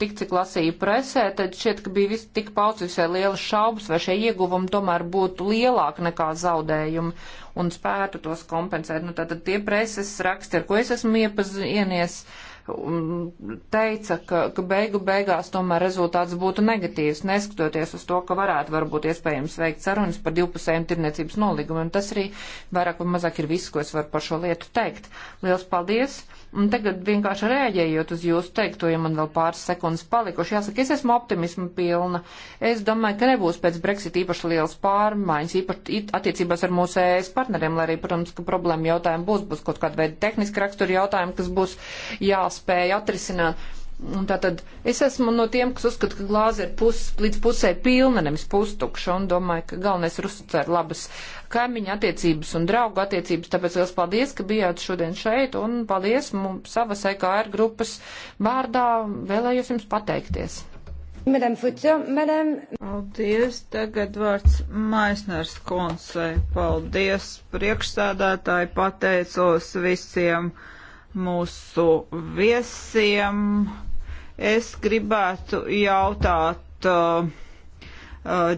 S2: tik cik lasīju presē, tad šķiet, ka bija vis, tik pauts visai lielas šaubas, vai šie ieguvumi tomēr būtu lielāki nekā zaudējumi un spētu tos kompensēt. Nu, tātad tie preses raksti, ar ko es esmu iepazinies, um, teica, ka, ka beigu beigās tomēr rezultāts būtu negatīvs, neskatoties uz to, ka varētu varbūt iespējams veikt sarunas par divpusējiem tirniecības nolīgumiem. Tas arī vairāk vai mazāk ir viss, ko es varu par šo lietu teikt. Liels paldies! Un tagad vienkārši rēģējot uz jūsu teikto, ja man vēl pāris sekundes palikuši, jāsaka, es esmu optimismu pilna. Es domāju, ka nebūs pēc Brexit īpaši liels pārmaiņas, īpaši attiecībās ar mūsu ES partneriem, lai arī, protams, ka problēma jautājumi būs, būs kaut kāda veida tehniski rakstura jautājumi, kas būs jāspēj atrisināt. Un tātad es esmu no tiem, kas uzskata, ka glāze ir pus, līdz pusē pilna, nevis pustukša, un domāju, ka galvenais ir uzsver labas kaimiņa attiecības un draugu attiecības, tāpēc liels paldies, ka bijāt šodien šeit, un paldies mums savas EKR grupas vārdā, vēlējos jums pateikties. Madam Fuco, madam.
S3: Paldies, tagad vārds Maisners Konsei. Paldies, priekšsēdētāji, pateicos visiem mūsu viesiem Es gribētu jautāt uh, uh,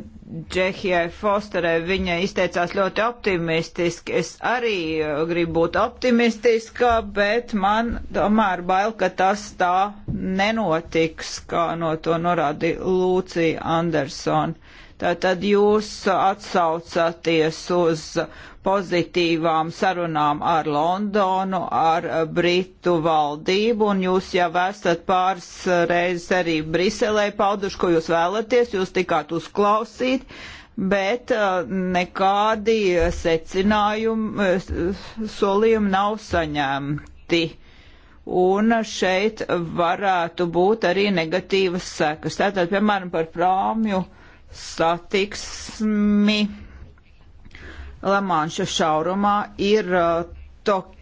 S3: Džehijai Fosterai, viņa izteicās ļoti optimistiski. Es arī uh, gribu būt optimistiska, bet man tomēr bail, ka tas tā nenotiks, kā no to norādīja Lūcija Andersona. Tātad jūs atsaucaties uz pozitīvām sarunām ar Londonu, ar Britu valdību, un jūs jau esat pāris reizes arī Briselē pauduši, ko jūs vēlaties, jūs tikāt uzklausīt, bet uh, nekādi secinājumi uh, solījumi nav saņemti un šeit varētu būt arī negatīvas sekas. Tātad, piemēram, par prāmju satiksmi Lamāņu šaurumā ir uh, Tokio.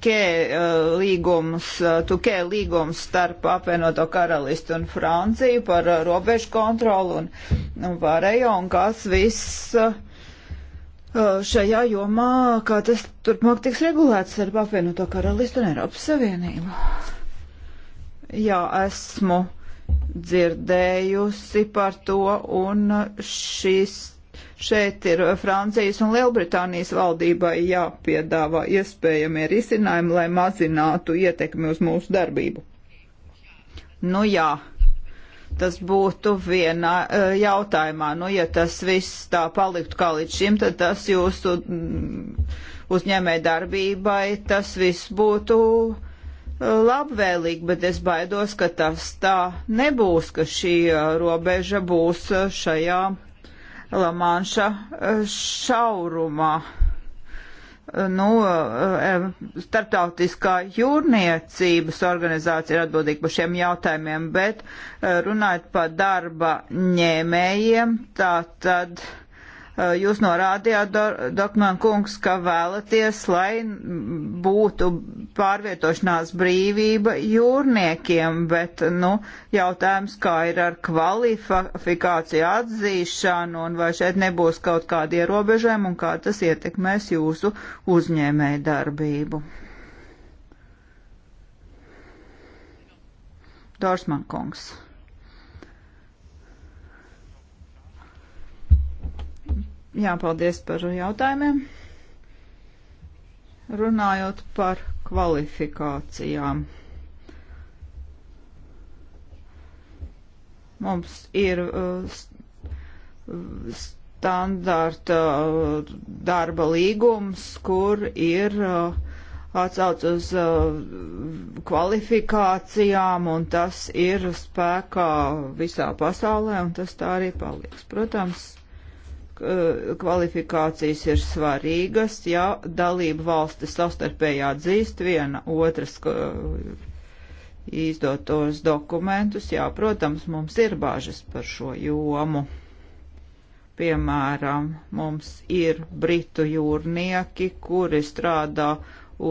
S3: Tukē uh, līgums, uh, tukē līgums starp apvienoto karalistu un Franciju par robežu kontroli un, un pārējo, un kas viss šajā jomā, kā tas turpmāk tiks regulēts starp apvienoto karalistu un Eiropas Savienību. Jā, esmu dzirdējusi par to, un šis, šeit ir Francijas un Lielbritānijas valdībai jāpiedāvā iespējamie risinājumi, lai mazinātu ietekmi uz mūsu darbību. Nu jā, tas būtu vienā uh, jautājumā. Nu, ja tas viss tā paliktu kā līdz šim, tad tas jūsu mm, uzņēmē darbībai, tas viss būtu uh, labvēlīgi, bet es baidos, ka tas tā nebūs, ka šī uh, robeža būs uh, šajā Lamanša uh, šaurumā. Nu, starptautiskā jūrniecības organizācija ir atbildīga par šiem jautājumiem, bet runājot par darba ņēmējiem, tā tad. tad Jūs norādījāt, Dokman kungs, ka vēlaties, lai būtu pārvietošanās brīvība jūrniekiem, bet, nu, jautājums, kā ir ar kvalifikāciju atzīšanu un vai šeit nebūs kaut kādi ierobežojumi un kā tas ietekmēs jūsu uzņēmēju darbību. Dorsman kungs. Jā, paldies par jautājumiem. Runājot par kvalifikācijām. Mums ir uh, standarta uh, darba līgums, kur ir uh, atsauc uz uh, kvalifikācijām, un tas ir spēkā visā pasaulē, un tas tā arī paliks. Protams, Eh, kvalifikācijas ir svarīgas, ja dalību valstis savstarpējā atzīst viena otras eh, izdotos dokumentus. Jā, protams, mums ir bāžas par šo jomu. Piemēram, mums ir britu jūrnieki, kuri strādā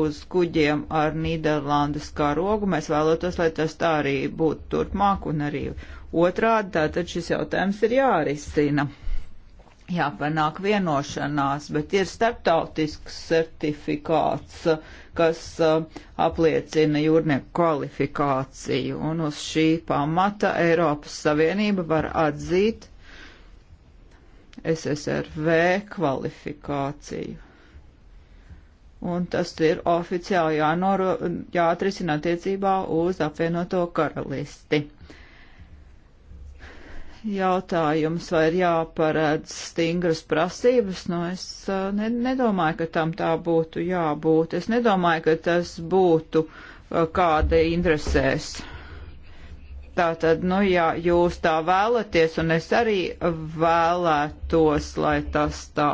S3: uz kuģiem ar Nīderlandes karogu. Mēs vēlētos, lai tas tā arī būtu turpmāk un arī otrādi. Tātad šis jautājums ir jārisina jāpanāk vienošanās, bet ir starptautisks certifikāts, kas uh, apliecina jūrnieku kvalifikāciju, un uz šī pamata Eiropas Savienība var atzīt SSRV kvalifikāciju. Un tas ir oficiāli jānoro, jāatrisina attiecībā uz apvienoto karalisti jautājums, vai ir jāparēdz stingras prasības, nu es ne, nedomāju, ka tam tā būtu jābūt. Es nedomāju, ka tas būtu kāda interesēs. Tātad, nu ja jūs tā vēlaties, un es arī vēlētos, lai tas tā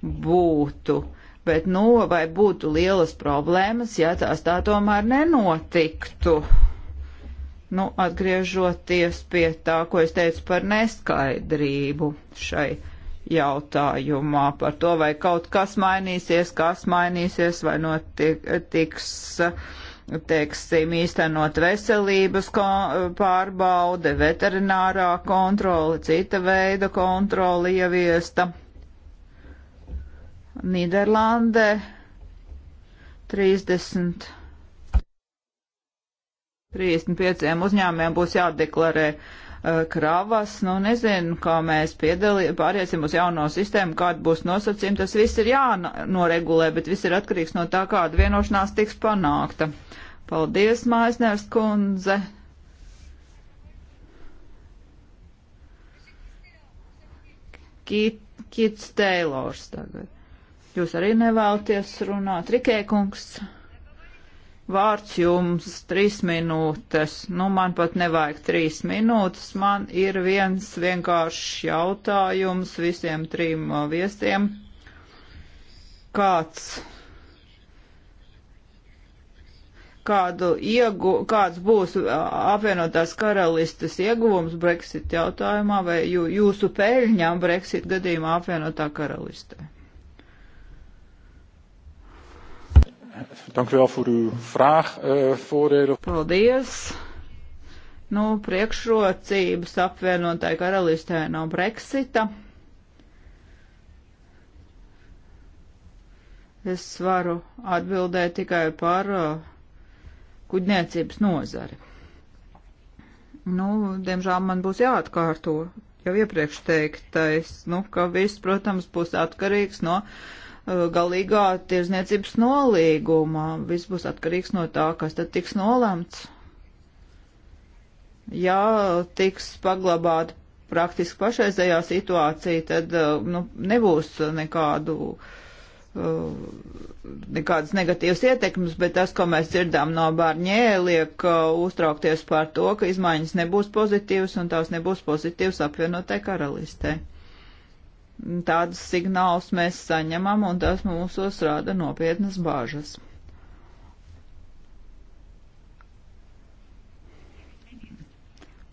S3: būtu. Bet, nu, vai būtu lielas problēmas, ja tās tā tomēr nenotiktu? Nu, atgriežoties pie tā, ko es teicu par neskaidrību šai jautājumā par to, vai kaut kas mainīsies, kas mainīsies, vai notiks, teiksim, īstenot veselības pārbaude, veterinārā kontrole, cita veida kontrole ieviesta. Nīderlandē 30. 35 uzņēmumiem būs jādeklarē e, kravas. Nu, nezinu, kā mēs piedalī, pāriesim uz jauno sistēmu, kāda būs nosacījuma. Tas viss ir jānoregulē, bet viss ir atkarīgs no tā, kāda vienošanās tiks panākta. Paldies, Maisners kundze! Kits Teilors tagad. Jūs arī nevēlaties runāt. Rikē kungs. Vārds jums trīs minūtes. Nu, man pat nevajag trīs minūtes. Man ir viens vienkāršs jautājums visiem trim uh, viesiem. Kāds kādu iegu, kāds būs uh, apvienotās karalistes ieguvums Brexit jautājumā vai jū, jūsu peļņām Brexit gadījumā apvienotā karalistē? Dank u wel voor uw vraag, uh, voordelen. Paldies. Nu, priekšrocības apvienotāji karalistē no Brexita. Es varu atbildēt tikai par uh, kuģniecības nozari. Nu, diemžēl man būs jāatkārto jau iepriekš teiktais, nu, ka viss, protams, būs atkarīgs no uh, Uh, galīgā tirzniecības nolīguma. Viss būs atkarīgs no tā, kas tad tiks nolemts. Ja tiks paglabāta praktiski pašreizējā situācija, tad uh, nu, nebūs nekādu uh, nekādas negatīvas ietekmes, bet tas, ko mēs dzirdām no Bārņē, liek uh, uztraukties par to, ka izmaiņas nebūs pozitīvas un tās nebūs pozitīvas apvienotai karalistē. Tādus signālus mēs saņemam, un tas mūsos rada nopietnas bāžas.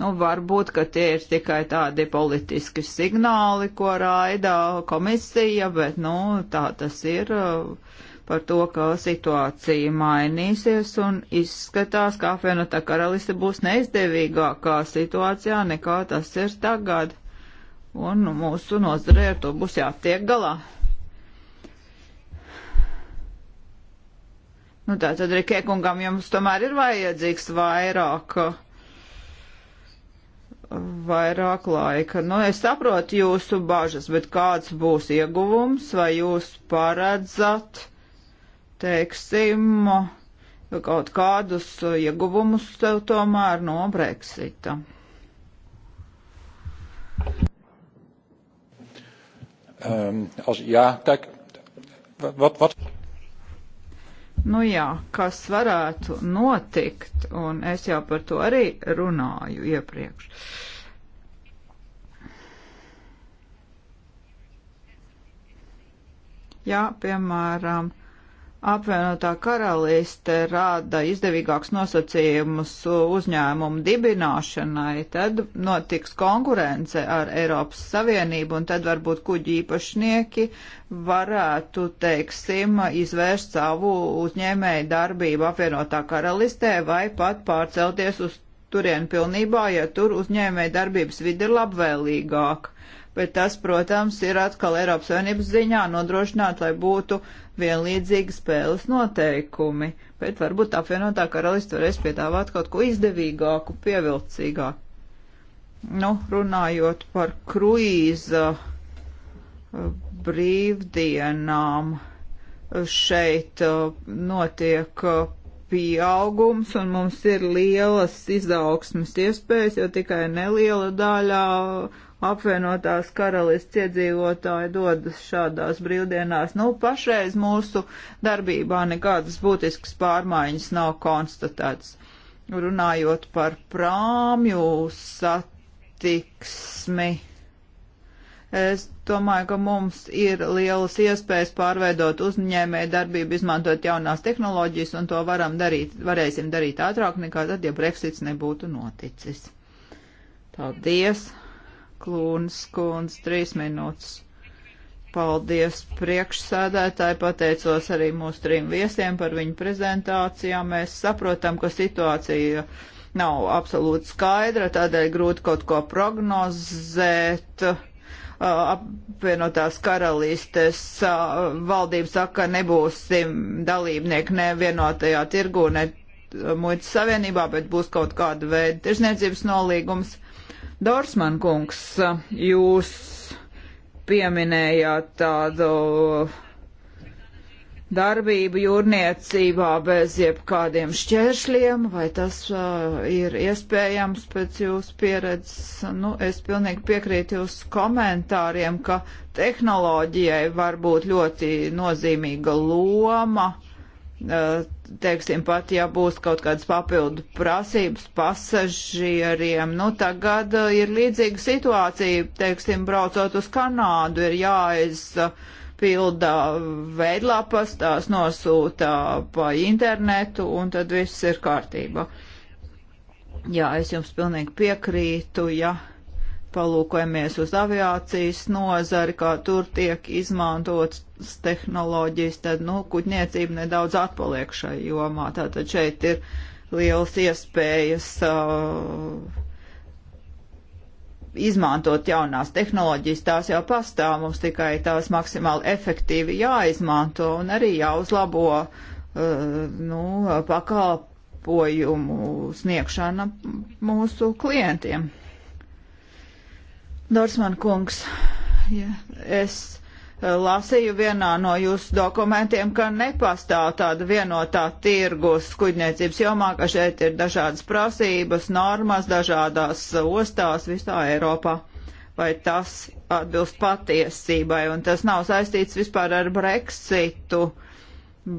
S3: Nu, varbūt, ka tie ir tikai tādi politiski signāli, ko raida komisija, bet, nu, tā tas ir uh, par to, ka situācija mainīsies un izskatās, ka apvienotā karaliste būs neizdevīgākā situācijā nekā tas ir tagad. Un mūsu nozarē ar to būs jātiek galā. Nu, tā tad Rikēkungam jums tomēr ir vajadzīgs vairāk, vairāk laika. Nu, es saprotu jūsu bažas, bet kāds būs ieguvums, vai jūs paredzat, teiksim, kaut kādus ieguvumus tev tomēr no Brexita? Um, als, jā, tā, what, what? Nu jā, kas varētu notikt, un es jau par to arī runāju iepriekš. Jā, piemēram, apvienotā karaliste rāda izdevīgāks nosacījumus uzņēmumu dibināšanai, tad notiks konkurence ar Eiropas Savienību, un tad varbūt kuģi īpašnieki varētu, teiksim, izvērst savu uzņēmēju darbību apvienotā karalistē vai pat pārcelties uz turienu pilnībā, ja tur uzņēmēju darbības vidi ir labvēlīgāk. Bet tas, protams, ir atkal Eiropas Savienības ziņā nodrošināt, lai būtu uh, vienlīdzīgi spēles noteikumi, bet varbūt apvienotā karalista varēs piedāvāt kaut ko izdevīgāku, pievilcīgāku. Nu, runājot par kruīza eh, brīvdienām, šeit eh, notiek eh, pieaugums un mums ir lielas izaugsmas iespējas, jo tikai neliela daļa apvienotās karalists iedzīvotāji dodas šādās brīvdienās. Nu, pašreiz mūsu darbībā nekādas būtiskas pārmaiņas nav konstatētas. Runājot par prāmju satiksmi, es domāju, ka mums ir lielas iespējas pārveidot uzņēmē darbību, izmantot jaunās tehnoloģijas, un to varam darīt, varēsim darīt ātrāk nekā tad, ja Brexits nebūtu noticis. Paldies! Klūnas kundz, trīs minūtes. Paldies priekšsēdētāji, pateicos arī mūsu trim viesiem par viņu prezentācijām. Mēs saprotam, ka situācija nav absolūti skaidra, tādēļ grūti kaut ko prognozēt. Uh, apvienotās karalistes uh, valdība saka, ka nebūsim dalībnieki nevienotajā tirgū, ne uh, muitas savienībā, bet būs kaut kāda veida tirzniecības nolīgums. Uh, Dorsman kungs, jūs pieminējāt tādu darbību jūrniecībā bez jebkādiem šķēršļiem, vai tas uh, ir iespējams pēc jūsu pieredzes? Nu, es pilnīgi piekrītu jūsu komentāriem, ka tehnoloģijai var būt ļoti nozīmīga loma. Uh, teiksim, pat ja būs kaut kādas papildu prasības pasažieriem, nu tagad uh, ir līdzīga situācija, teiksim, braucot uz Kanādu, ir jāizpilda veidlapas, tās nosūta pa internetu un tad viss ir kārtībā. Jā, es jums pilnīgi piekrītu, ja palūkojamies uz aviācijas nozari, kā tur tiek izmantotas tehnoloģijas, tad, nu, kuģniecība nedaudz atpaliek šai jomā. Tātad šeit ir liels iespējas uh, izmantot jaunās tehnoloģijas, tās jau pastāv, mums tikai tās maksimāli efektīvi jāizmanto un arī jāuzlabo, uh, nu, pakalpojumu sniegšana mūsu klientiem. Dorsman kungs, ja, es eh, lasīju vienā no jūsu dokumentiem, ka nepastāv tāda vienotā tirgus kuģniecības jomā, ka šeit ir dažādas prasības, normas dažādās eh, ostās visā Eiropā. Vai tas atbilst patiesībai? Un tas nav saistīts vispār ar Brexitu,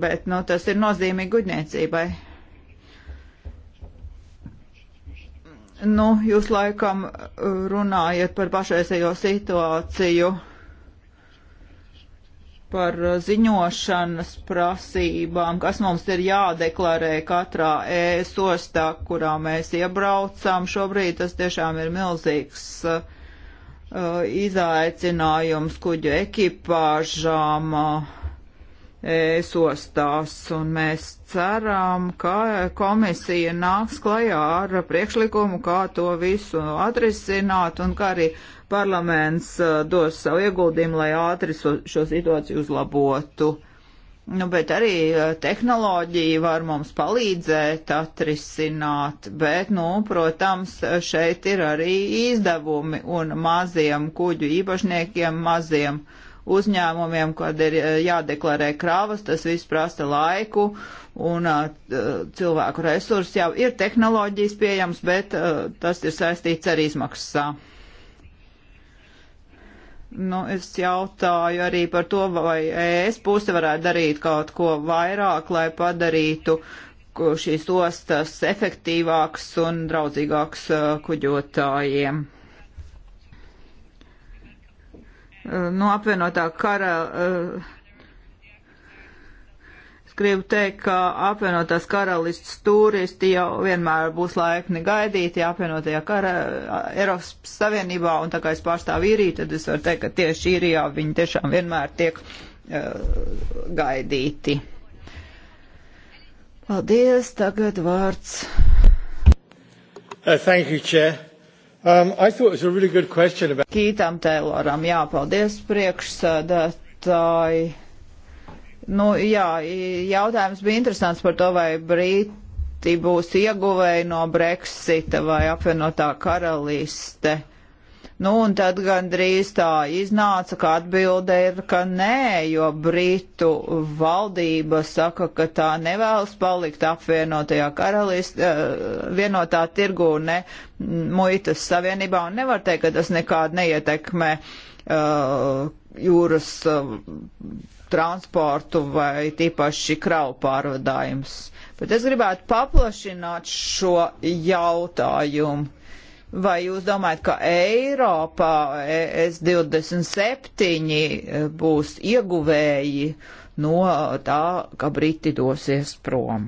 S3: bet nu, tas ir nozīmīgi kuģniecībai. Nu, jūs laikam uh, runājat par pašreizējo situāciju, par uh, ziņošanas prasībām, kas mums ir jādeklarē katrā ēstostā, e kurā mēs iebraucam. Šobrīd tas tiešām ir milzīgs uh, uh izaicinājums kuģu ekipāžām. Uh, esostās, un mēs ceram, ka komisija nāks klajā ar priekšlikumu, kā to visu atrisināt, un kā arī parlaments uh, dos savu ieguldījumu, lai ātri šo situāciju uzlabotu. Nu, bet arī uh, tehnoloģija var mums palīdzēt atrisināt, bet, nu, protams, šeit ir arī izdevumi un maziem kuģu īpašniekiem, maziem uh, uzņēmumiem, kad ir eh, jādeklarē kravas, tas viss prasa laiku un uh, cilvēku resursi. Jau ir tehnoloģijas pieejams, bet uh, tas ir saistīts ar izmaksām. Nu, es jautāju arī par to, vai es puse varētu darīt kaut ko vairāk, lai padarītu šīs ostas efektīvākas un draudzīgākas uh, kuģotājiem. Eh, no apvienotā kara. Eh, es gribu teikt, ka apvienotās karalists turisti jau vienmēr būs laipni gaidīti apvienotajā kara eh, Eiropas Savienībā, un tā kā es pārstāvu īriju, tad es varu teikt, ka tieši īrijā viņi tiešām vienmēr tiek uh, gaidīti. Paldies, tagad vārds. Uh, thank you, Chair. Um, really about... Kītam Teiloram jāpaldies priekšsēdētāji. Nu, jā, jautājums bija interesants par to, vai Brīti būs ieguvēji no Brexita vai apvienotā karaliste. Nu, un tad gandrīz tā iznāca, ka atbilde ir, ka nē, jo Britu valdība saka, ka tā nevēlas palikt apvienotajā karalistē, eh, vienotā tirgū, ne muitas savienībā, un nevar teikt, ka tas nekādi neietekmē uh, jūras uh, transportu vai tīpaši kravu pārvadājumus. Bet es gribētu paplašināt šo jautājumu Vai jūs domājat, ka Eiropā e, S27 e, būs ieguvēji no tā, ka Briti dosies prom?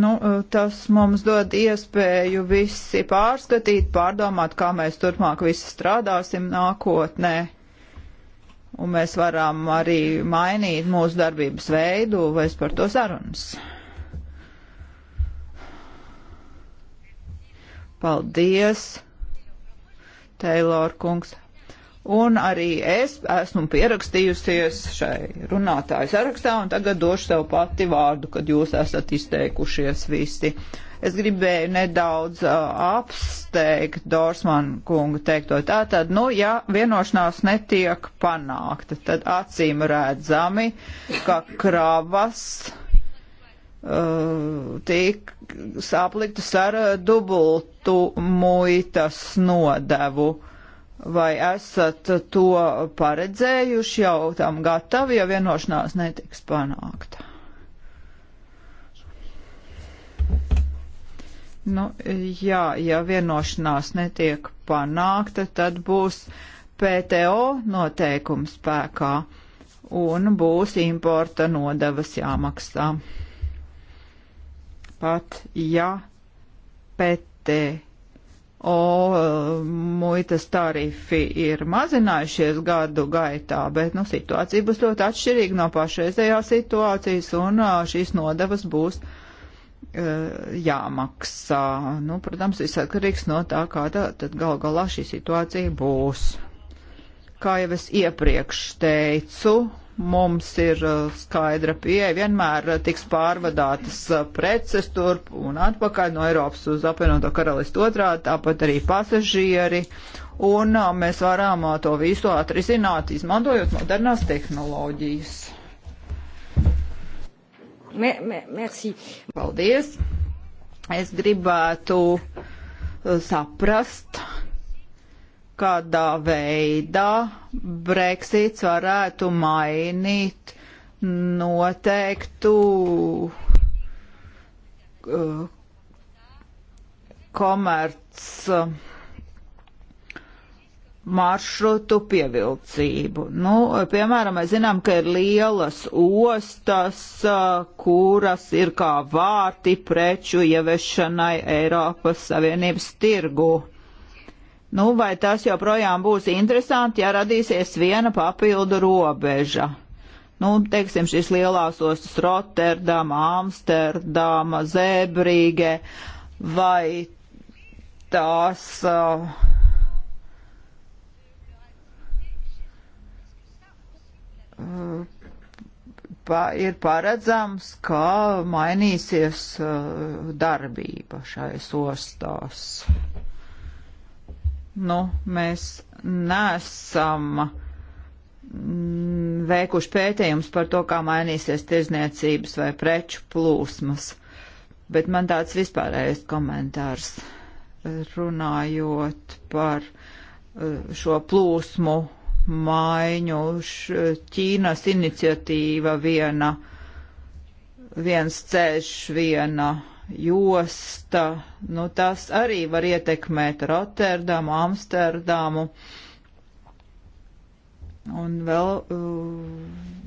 S3: Nu, e, tas mums dod iespēju visi pārskatīt, pārdomāt, kā mēs turpmāk visi strādāsim nākotnē un mēs varam arī mainīt mūsu darbības veidu, vai es par to sarunas. Paldies, Teilor kungs. Un arī es esmu pierakstījusies šai runātāju sarakstā, un tagad došu sev pati vārdu, kad jūs esat izteikušies visi. Uh, Es gribēju nedaudz uh, apsteigt Dorsmanu kungu teikto. Tātad, nu, ja vienošanās netiek panākta, tad acīm redzami, ka kravas uh, tiek sapliktas ar dubultu muitas nodevu. Vai esat to paredzējuši jau tam gatavi, ja vienošanās netiks panākta? Nu, jā, ja vienošanās netiek panākta, tad būs PTO noteikums spēkā un būs importa nodevas jāmaksā. Pat ja PTO eh, muitas tarifi ir mazinājušies gadu gaitā, bet nu, situācija būs ļoti atšķirīga no pašreizējā situācijas un eh, šīs nodevas būs uh, E, jāmaksā. Nu, protams, viss atkarīgs no tā, kā tā, tad gal galā šī situācija būs. Kā jau es iepriekš teicu, mums ir e, skaidra pieeja. Vienmēr tiks pārvadātas e, preces turp un atpakaļ no Eiropas uz apvienoto karalistu otrā, tāpat arī pasažieri. Un mēs varam to visu atrisināt, izmantojot modernās tehnoloģijas. Me, me, merci. Paldies. Es gribētu uh, saprast, kādā veidā Brexits varētu mainīt noteiktu uh, komerc. Uh, maršrutu pievilcību. Nu, piemēram, mēs zinām, ka ir lielas ostas, kuras ir kā vārti preču ievešanai Eiropas Savienības tirgu. Nu, vai tas joprojām būs interesanti, ja radīsies viena papildu robeža? Nu, teiksim, šīs lielās ostas Rotterdama, Amsterdama, Zēbrīge, vai tās uh, pa, ir paredzams, ka mainīsies uh, darbība šais ostās. Nu, mēs nesam mm, veikuši pētījums par to, kā mainīsies tirzniecības vai preču plūsmas, bet man tāds vispārējais komentārs runājot par uh, šo plūsmu maiņu. Ķīnas iniciatīva viena, viens ceļš, viena josta, nu tas arī var ietekmēt Rotterdamu, Amsterdamu un vēl uh,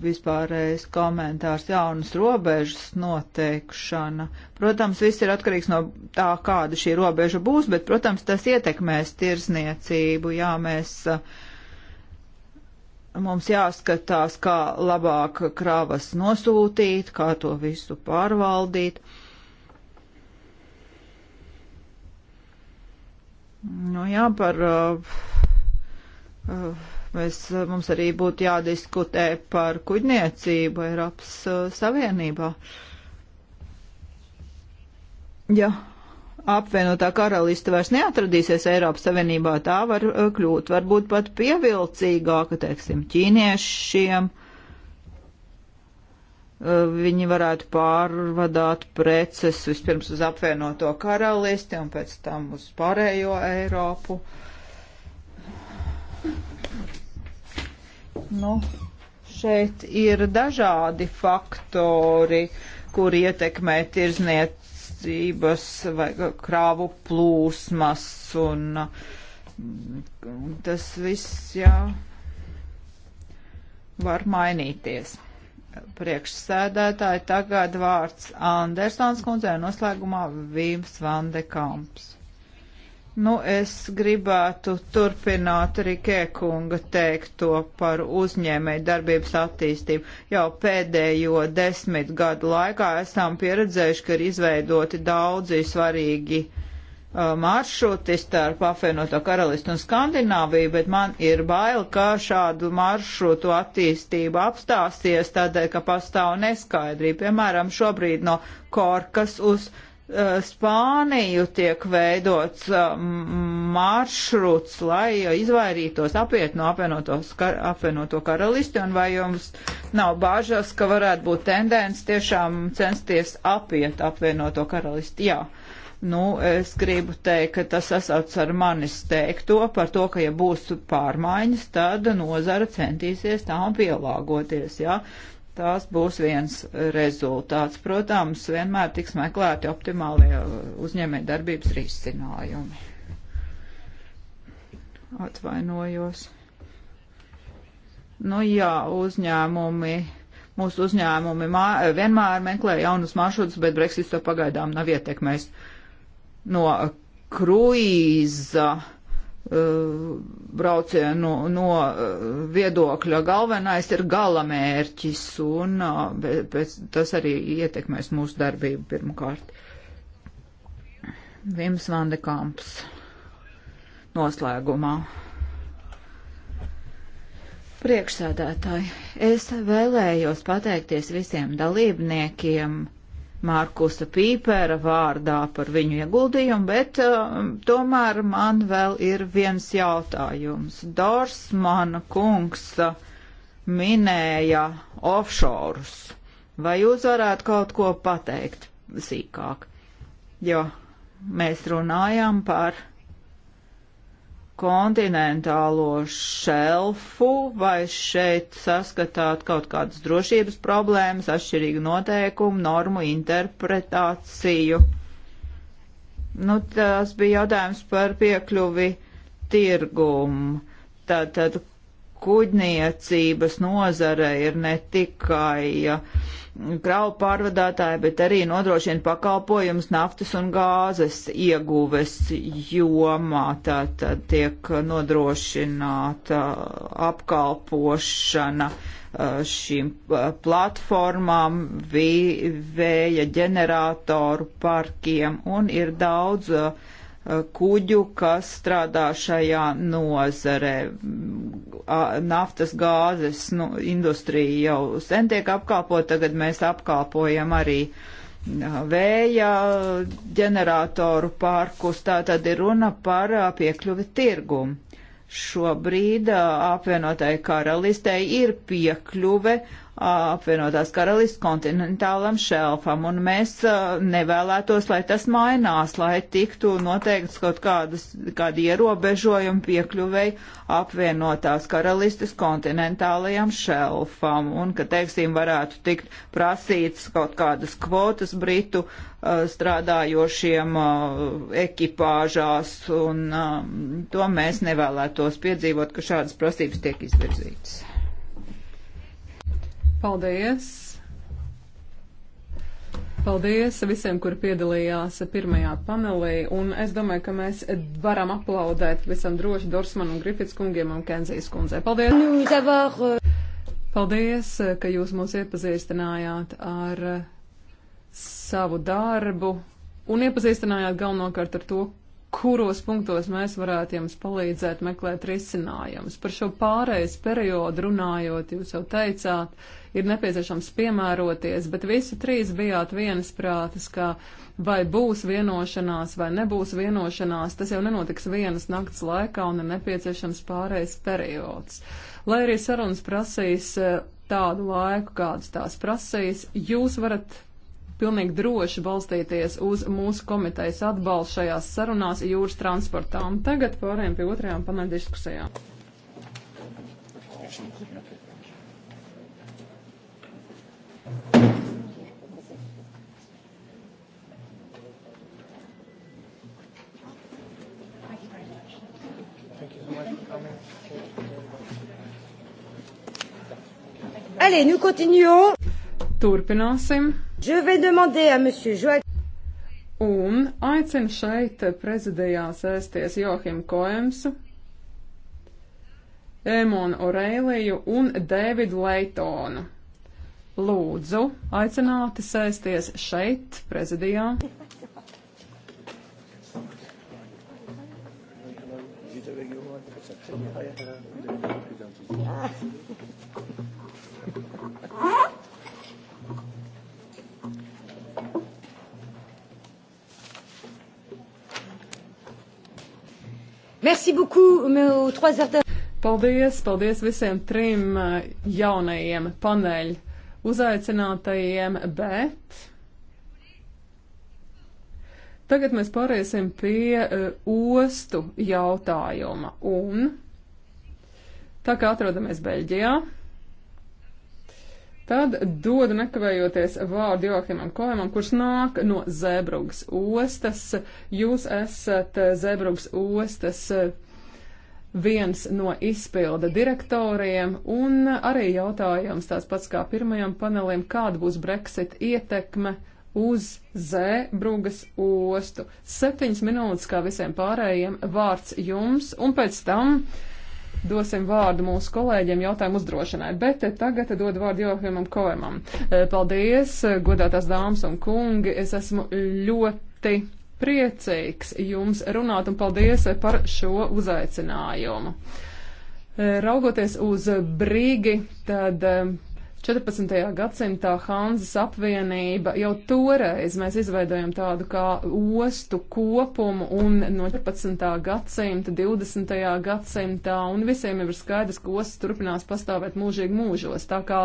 S3: vispārējais komentārs jaunas robežas noteikšana. Protams, viss ir atkarīgs no tā, kāda šī robeža būs, bet, protams, tas ietekmēs tirzniecību, jā, mēs uh, mums jāskatās, kā labāk kravas nosūtīt, kā to visu pārvaldīt. Nu jā, par. Uh, uh, mēs, mums arī būtu jādiskutē par kuģniecību Eiropas uh, Savienībā. Ja apvienotā karaliste vairs neatradīsies Eiropas Savienībā, tā var uh, kļūt varbūt pat pievilcīgāka, teiksim, ķīniešiem. Uh, viņi varētu pārvadāt preces vispirms uz apvienoto karalisti un pēc tam uz pārējo Eiropu. Nu, šeit ir dažādi faktori, kur ietekmē tirzniet vajadzības vai krāvu plūsmas un mm, tas viss jau var mainīties. Priekšsēdētāji tagad vārds Andersons kundzē noslēgumā Vīms Vandekamps. Nu, es gribētu turpināt Rikē kunga teikto par uzņēmēju darbības attīstību. Jau pēdējo desmit gadu laikā esam pieredzējuši, ka ir izveidoti daudzi svarīgi uh, maršruti starp apvienoto karalistu un Skandināviju, bet man ir bail, ka šādu maršrutu attīstība apstāsies tādēļ, ka pastāv neskaidrība. Piemēram, šobrīd no Korkas uz Eh, Spāniju tiek veidots eh, maršruts, lai eh, izvairītos apiet no kar, apvienoto karalisti, un vai jums nav bāžas, ka varētu būt tendence tiešām censties apiet apvienoto karalisti? Jā. Nu, es gribu teikt, ka tas sasauc ar manis teikto par to, ka ja būs pārmaiņas, tad nozara centīsies tām pielāgoties, jā. Ja? tās būs viens rezultāts. Protams, vienmēr tiks meklēti optimālie uzņēmēji darbības risinājumi. Atvainojos. Nu jā, uzņēmumi, mūsu uzņēmumi mā, vienmēr meklē jaunus maršrutus, bet Brexit to pagaidām nav ietekmējis. No kruīza Uh, braucienu no uh, viedokļa galvenais ir galamērķis, un uh, pēc, tas arī ietekmēs mūsu darbību pirmkārt. Vims Vandekamps noslēgumā. Priekšsēdētāji, es vēlējos pateikties visiem dalībniekiem Mārkusa Pīpēra vārdā par viņu ieguldījumu, bet uh, tomēr man vēl ir viens jautājums. Dorsmana kungs uh, minēja offshorus. Vai jūs varētu kaut ko pateikt sīkāk? Jo mēs runājam par kontinentālo šelfu, vai šeit saskatāt kaut kādas drošības problēmas, atšķirīgu noteikumu, normu interpretāciju? Nu, tas bija jautājums par piekļuvi tirgumu. Tātad, kuģniecības nozare ir ne tikai kravu pārvadātāji, bet arī nodrošina pakalpojums naftas un gāzes ieguves jomā. Tātad tiek nodrošināta apkalpošana šīm platformām, vēja ģeneratoru parkiem un ir daudz uh, kuģu, kas strādā šajā nozarē. Naftas gāzes nu, industrija jau sen tiek apkalpota, tagad mēs apkalpojam arī vēja ģeneratoru pārkus. Tā tad ir runa par piekļuvi tirgumu. Šobrīd apvienotai karalistei ir piekļuve uh, apvienotās karalists kontinentālam šelfam, un mēs uh, nevēlētos, lai tas mainās, lai tiktu noteikts kaut kādas, kādi ierobežojumi piekļuvei apvienotās karalistes kontinentālajam šelfam, un ka, teiksim, varētu tikt prasīts kaut kādas kvotas britu uh, strādājošiem uh, ekipāžās, un um, to mēs nevēlētos piedzīvot, ka šādas prasības tiek izvirzītas. Paldies! Paldies
S1: visiem, kur piedalījās pirmajā panelī, un es domāju, ka mēs varam aplaudēt visam droši Dorsman un Grifits kungiem un Kenzijas kundzei. Paldies! Euh, Paldies, ka jūs mūs iepazīstinājāt ar savu darbu un iepazīstinājāt galvenokārt ar to, kuros punktos mēs varētu jums palīdzēt meklēt risinājumus. Par šo pārejas periodu runājot, jūs jau teicāt, ir nepieciešams piemēroties, bet visi trīs bijāt viensprātis, ka vai būs vienošanās vai nebūs vienošanās, tas jau nenotiks vienas nakts laikā un ir nepieciešams pārejas periods. Lai arī sarunas prasīs eh, tādu laiku, kādas tās prasīs, jūs varat pilnīgi droši balstīties uz mūsu komitejas atbalstu šajās sarunās jūras transportā. Un tagad pārējām pie otrajām paneļa diskusijām. Allez, nous continuons. Turpināsim. Un aicinu šeit prezidijā sēsties Johim Koemsu, Emonu Oreiliju un Dēvidu Leitonu. Lūdzu, aicināti sēsties šeit prezidijā.
S2: Ja.
S1: Merci beaucoup, aux trois ardeurs. Paldies, paldies visiem trim uh, jaunajiem paneļu uzaicinātajiem, bet tagad mēs pāriesim pie uh, ostu jautājuma. Un tā kā atrodamies Beļģijā, Tad dodu nekavējoties vārdu Joakimam Koemam, kurš nāk no Zēbrugas ostas. Jūs esat Zēbrugas ostas viens no izpilda direktoriem, un arī jautājums tāds pats kā pirmajam panelim, kāda būs Brexit ietekme uz Zēbrugas ostu. Septiņas minūtes kā visiem pārējiem vārds jums, un pēc tam. Uh, dosim vārdu mūsu kolēģiem jautājumu uzdrošinai. Bet tagad dod vārdu Johimam Koemam. E, paldies, godātās dāmas un kungi. Es esmu ļoti priecīgs jums runāt un paldies par šo uzaicinājumu. E, raugoties uz brīgi, tad e, 14. gadsimtā Hanzas apvienība jau toreiz mēs izveidojam tādu kā ostu kopumu un no 14. gadsimta, 20. gadsimtā un visiem jau ir skaidrs, ka ostas turpinās pastāvēt mūžīgi mūžos. Tā kā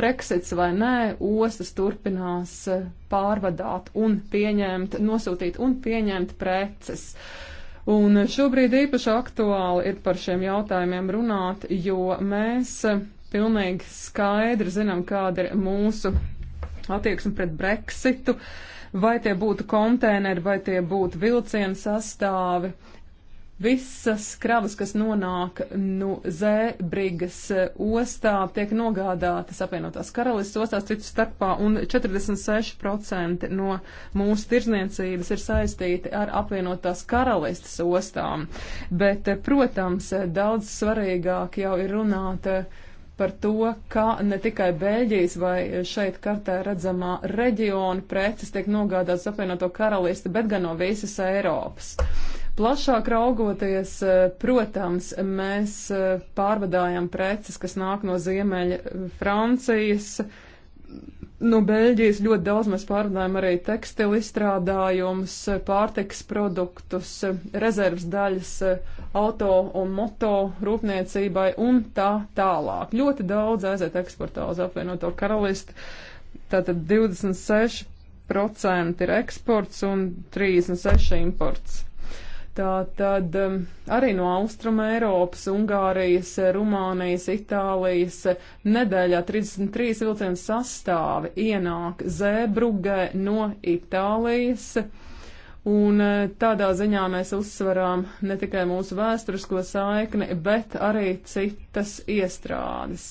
S1: Brexits vai nē, ostas turpinās eh, pārvadāt un pieņemt, nosūtīt un pieņemt preces. Un šobrīd īpaši aktuāli ir par šiem jautājumiem runāt, jo mēs pilnīgi skaidri zinām, kāda ir mūsu attieksme pret Brexitu, vai tie būtu konteineri, vai tie būtu vilcienu sastāvi. Visas kravas, kas nonāk nu, Zēbrigas eh, ostā, tiek nogādātas apvienotās karalistas ostās citu starpā, un 46% no mūsu tirzniecības ir saistīti ar apvienotās karalistas ostām. Bet, eh, protams, eh, daudz svarīgāk jau ir runāt uh, par to, ka ne tikai Beļģijas vai šeit kartē redzamā reģiona preces tiek nogādātas apvienoto karalisti, bet gan no visas Eiropas. Plašāk raugoties, eh, protams, mēs eh, pārvadājam preces, kas nāk no Ziemeļa Francijas, uh, No nu, Beļģijas ļoti daudz mēs pārrunājam arī tekstilu izstrādājumus, pārtiks produktus, rezerves daļas auto un moto rūpniecībai un tā tālāk. Ļoti daudz aiziet eksportā uz apvienoto karalisti. Tātad 26% ir eksports un 36% imports. Tā tad um, arī no Austrum Eiropas, Ungārijas, Rumānijas, Itālijas nedēļā 33 vilcienu sastāvi ienāk Zēbrugē no Itālijas. Un eh, tādā ziņā mēs uzsverām ne tikai mūsu vēsturisko saikni, bet arī citas iestrādes.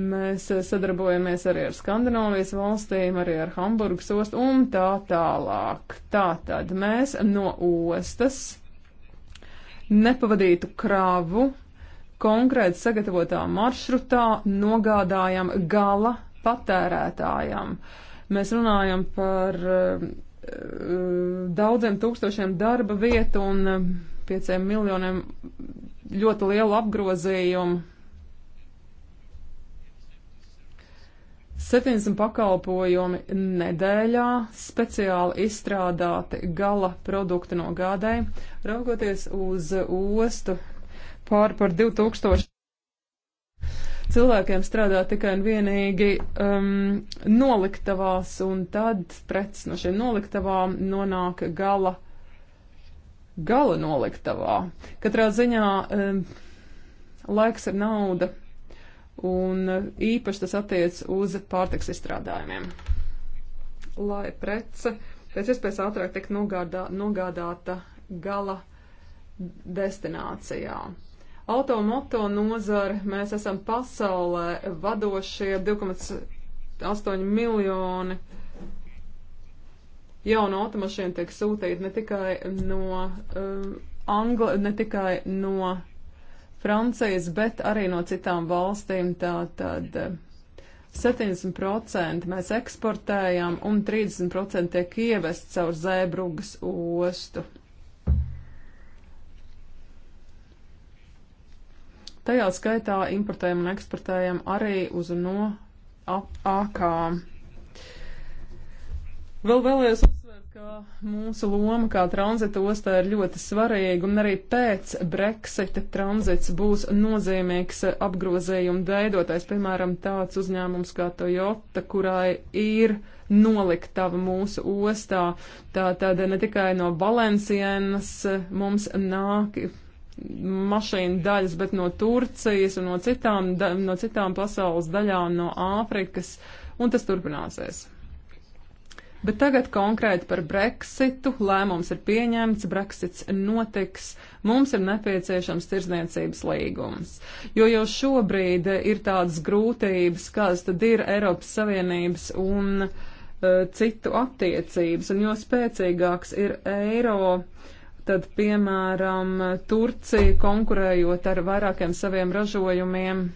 S1: Mēs eh, sadarbojamies arī ar Skandināvijas valstīm, arī ar Hamburgas ostu un tā tālāk. Tātad mēs no ostas nepavadītu kravu konkrēti sagatavotā maršrutā nogādājam gala patērētājam. Mēs runājam par uh, daudziem tūkstošiem darba vietu un eh, pieciem miljoniem ļoti lielu apgrozījumu 700 pakalpojumi nedēļā, speciāli izstrādāti gala produkti nogādēji, raugoties uz ostu pār par 2000. Cilvēkiem strādā tikai un vienīgi um, noliktavās, un tad preces no šiem noliktavām nonāk gala, gala noliktavā. Katrā ziņā um, laiks ir nauda, un īpaši tas attiec uz pārtiks izstrādājumiem. Lai prece pēc iespējas ātrāk tiek nogādā, nogādāta gala destinācijā. Automoto nozara mēs esam pasaulē vadošie 2,8 miljoni jaunu automašīnu tiek sūtīti ne tikai no, um, eh, Angla, ne tikai no Francijas, bet arī no citām valstīm. Tātad 70% eh, mēs eksportējam un 30% tiek ievests caur Zēbrugas ostu. Tajā skaitā importējam un eksportējam arī uz un no AK. Vēl vēlējos uzsākt ka mūsu loma kā tranzita ostā ir ļoti svarīga, un arī pēc Brexita tranzits būs nozīmīgs apgrozījuma veidotais, piemēram, tāds uzņēmums kā Toyota, kurai ir noliktava mūsu ostā. Tātad ne tikai no Valencienas mums nāk mašīnu daļas, bet no Turcijas un no citām, da, no citām pasaules daļām, no Āfrikas, un tas turpināsies. Bet tagad konkrēti par Brexitu. Lēmums ir pieņemts, Brexits notiks. Mums ir nepieciešams tirzniecības līgums. Jo jau šobrīd ir tādas grūtības, kādas tad ir Eiropas Savienības un uh, citu attiecības, un jo spēcīgāks ir eiro, tad, piemēram, Turcija konkurējot ar vairākiem saviem ražojumiem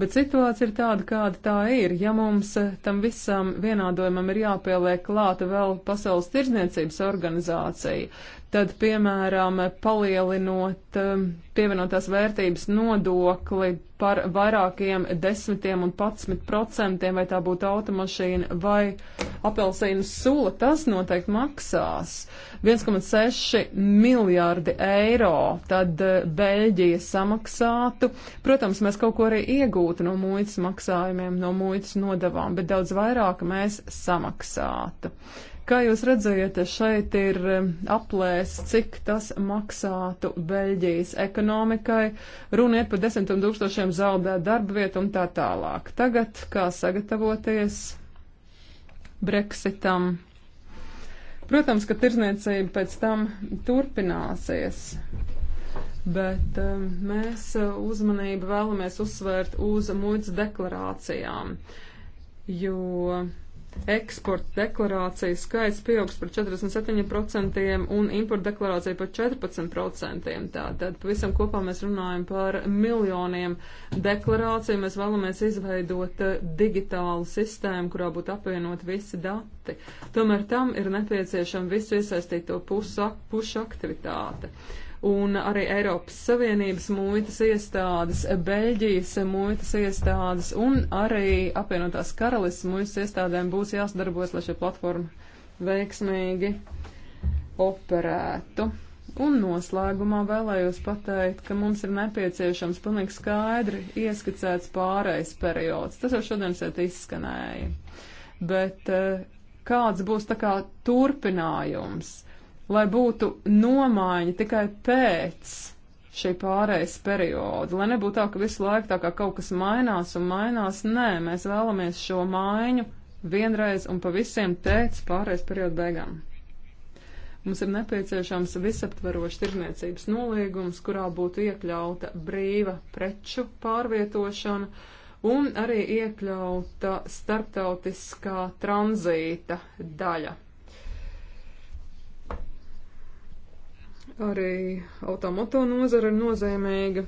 S1: Bet situācija ir tāda, kāda tā ir. Ja mums eh, tam visam vienādojumam ir jāpieliek klāta vēl Pasaules tirzniecības organizācija, Tad, piemēram, palielinot um, pievienotās vērtības nodokli par vairākiem desmitiem un patsmit procentiem, vai tā būtu automašīna vai apelsīnu sula, tas noteikti maksās 1,6 miljārdi eiro. Tad uh, Beļģija samaksātu. Protams, mēs kaut ko arī iegūtu no muitas maksājumiem, no muitas nodavām, bet daudz vairāk mēs samaksātu. Kā jūs redzējat, šeit ir aplēs, cik tas maksātu Beļģijas ekonomikai. Runa ir par desmitiem tūkstošiem zaudēt darba vietu un tā tālāk. Tagad kā sagatavoties Brexitam? Protams, ka tirzniecība pēc tam turpināsies. Bet um, mēs eh, uzmanību vēlamies uzsvērt uz muitas deklarācijām, jo eksporta deklarācijas skaits pieaugs par 47% un importa deklarācija par 14%. Tātad pavisam kopā mēs runājam par miljoniem deklarāciju. Mēs vēlamies izveidot eh, digitālu sistēmu, kurā būtu apvienot visi dati. Tomēr tam ir nepieciešama visu iesaistīto pušu aktivitāte un arī Eiropas Savienības muitas iestādes, Beļģijas muitas iestādes un arī apvienotās karalists muitas iestādēm būs jāsadarbojas, lai šie platforma veiksmīgi operētu. Un noslēgumā vēlējos pateikt, ka mums ir nepieciešams pilnīgi skaidri ieskicēts pārējais periods. Tas jau šodien šeit izskanēja. Bet eh, kāds būs tā kā turpinājums? lai būtu nomaiņa tikai pēc šī pārējais perioda, lai nebūtu tā, ka visu laiku tā kā kaut kas mainās un mainās. Nē, mēs vēlamies šo maiņu vienreiz un pa visiem pēc pārējais perioda beigām. Mums ir nepieciešams visaptverošs tirniecības nolīgums, kurā būtu iekļauta brīva preču pārvietošana un arī iekļauta starptautiskā tranzīta daļa. Arī automoto nozara ir nozīmīga,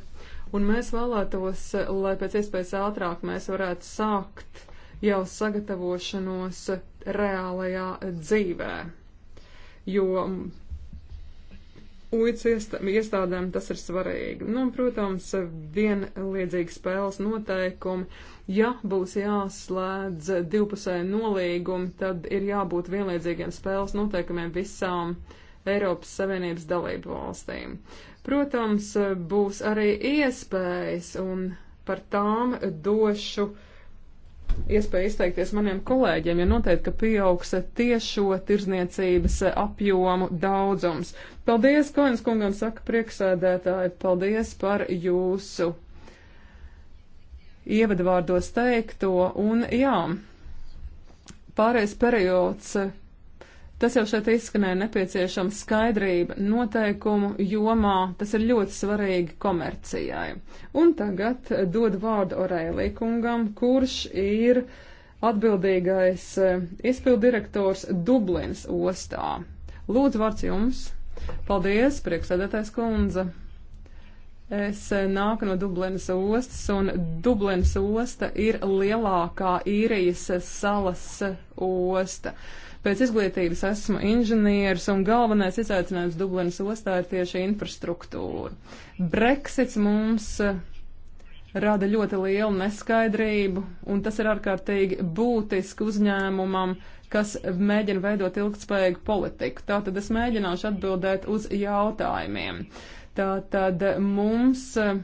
S1: un mēs vēlētos, lai pēc iespējas ātrāk mēs varētu sākt jau sagatavošanos reālajā dzīvē. Jo uicis iestādēm tas ir svarīgi. Nu, protams, vienlīdzīgi spēles noteikumi. Ja būs jāslēdz divpusēji nolīgumi, tad ir jābūt vienlīdzīgiem spēles noteikumiem visām uh, Eiropas Savienības dalību valstīm. Protams, būs arī iespējas, un par tām došu iespēju izteikties maniem kolēģiem, jo noteikti, ka pieaugs tiešo tirzniecības apjomu daudzums. Paldies, Koins kungam, saka prieksēdētāji, paldies par jūsu ievadvārdos teikto, un jā, pārējais periods Tas jau šeit izskanēja nepieciešama skaidrība noteikumu jomā. Tas ir ļoti svarīgi komercijai. Un tagad dod vārdu Orēlī kungam, kurš ir atbildīgais eh, izpildirektors Dublins ostā. Lūdzu, vārds jums. Paldies, priekšsēdētājs kundze. Es eh, nāku no Dublinas ostas, un Dublinas osta ir lielākā īrijas salas osta. Uh, Pēc izglītības esmu inženieris, un galvenais izaicinājums Dublinas ostā ir tieši infrastruktūra. Brexits mums eh, rada ļoti lielu neskaidrību, un tas ir ārkārtīgi būtiski uzņēmumam, kas mēģina veidot ilgtspējīgu politiku. Tātad es mēģināšu atbildēt uz jautājumiem. Tātad mums. Uh,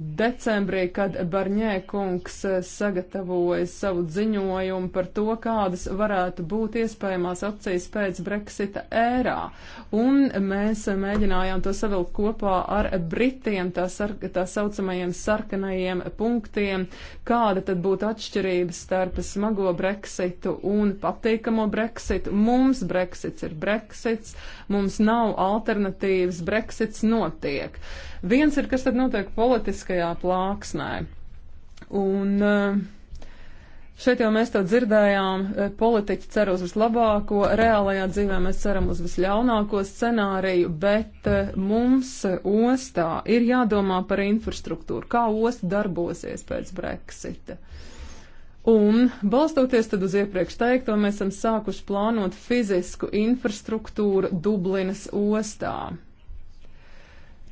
S1: decembrī, kad Barņē kungs eh, sagatavoja savu ziņojumu par to, kādas varētu būt iespējamās opcijas pēc Brexita ērā. Un mēs mēģinājām to savilkt kopā ar Britiem, tā, sar, tā saucamajiem sarkanajiem punktiem, kāda tad būtu atšķirības starp smago Brexitu un patīkamo Brexitu. Mums Brexits ir Brexits, mums nav alternatīvas, Brexits notiek. Uh, Viens ir, kas tad notiek politiskajā plāksnē. Un eh, šeit jau mēs to dzirdējām, eh, politiķi cer uz vislabāko, reālajā dzīvē mēs ceram uz visļaunāko scenāriju, bet eh, mums ostā ir jādomā par infrastruktūru, kā osta darbosies pēc Brexita. Un, balstoties tad uz iepriekš teikto, mēs esam sākuši plānot fizisku infrastruktūru Dublinas ostā.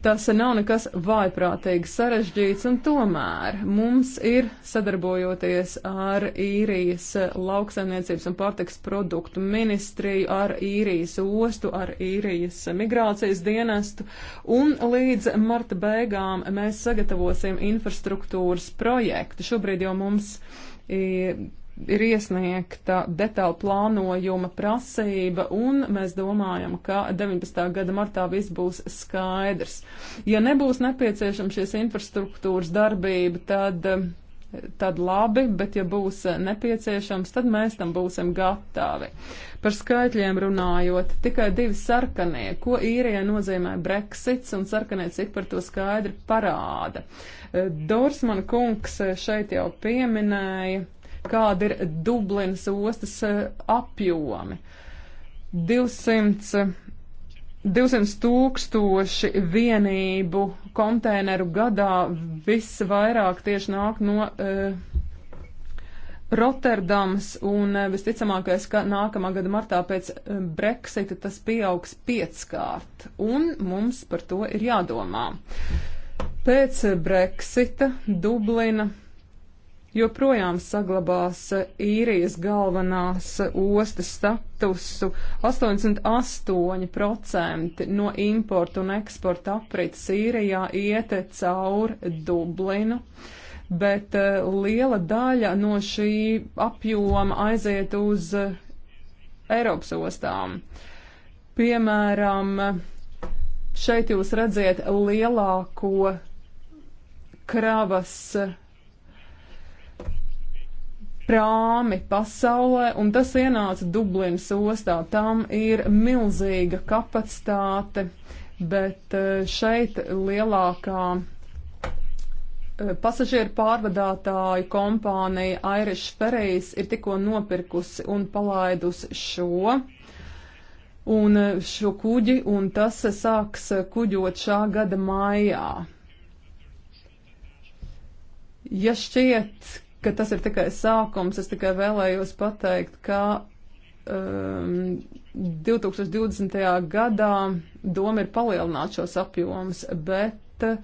S1: Tas nav nekas vājprātīgi sarežģīts, un tomēr mums ir sadarbojoties ar īrijas lauksaimniecības un pārtiks produktu ministriju, ar īrijas ostu, ar īrijas migrācijas dienestu, un līdz marta beigām mēs sagatavosim infrastruktūras projektu. Šobrīd jau mums ir iesniegta detāla plānojuma prasība, un mēs domājam, ka 19. gada martā viss būs skaidrs. Ja nebūs nepieciešama šīs infrastruktūras darbība, tad, tad labi, bet ja būs nepieciešams, tad mēs tam būsim gatavi. Par skaitļiem runājot, tikai divi sarkanie, ko īrijai nozīmē Brexits, un sarkanie cik par to skaidri parāda. Dorsman kungs šeit jau pieminēja kāda ir Dublinas ostas eh, apjomi. 200, 200 tūkstoši vienību konteineru gadā visvairāk tieši nāk no uh, eh, Rotterdams un eh, visticamākais, ka nākamā gada martā pēc Brexita tas pieaugs pieckārt, un mums par to ir jādomā. Pēc Brexita Dublina joprojām saglabās eh, īrijas galvenās eh, ostas statusu. 88% no importa un eksporta aprits īrijā iet cauri Dublinu, bet eh, liela daļa no šī apjoma aiziet uz Eiropas ostām. Piemēram, šeit jūs redziet lielāko kravas prāmi pasaulē, un tas ienāca Dublinas ostā. Tam ir milzīga kapacitāte, bet eh, šeit lielākā eh, pasažieru pārvadātāju kompānija Irish Ferries ir tikko nopirkusi un palaidusi šo. Un eh, šo kuģi, un tas sāks kuģot šā gada maijā. Ja šķiet, ka tas ir tikai sākums. Es tikai vēlējos pateikt, ka um, 2020. gadā doma ir palielināt šos apjomus, bet uh,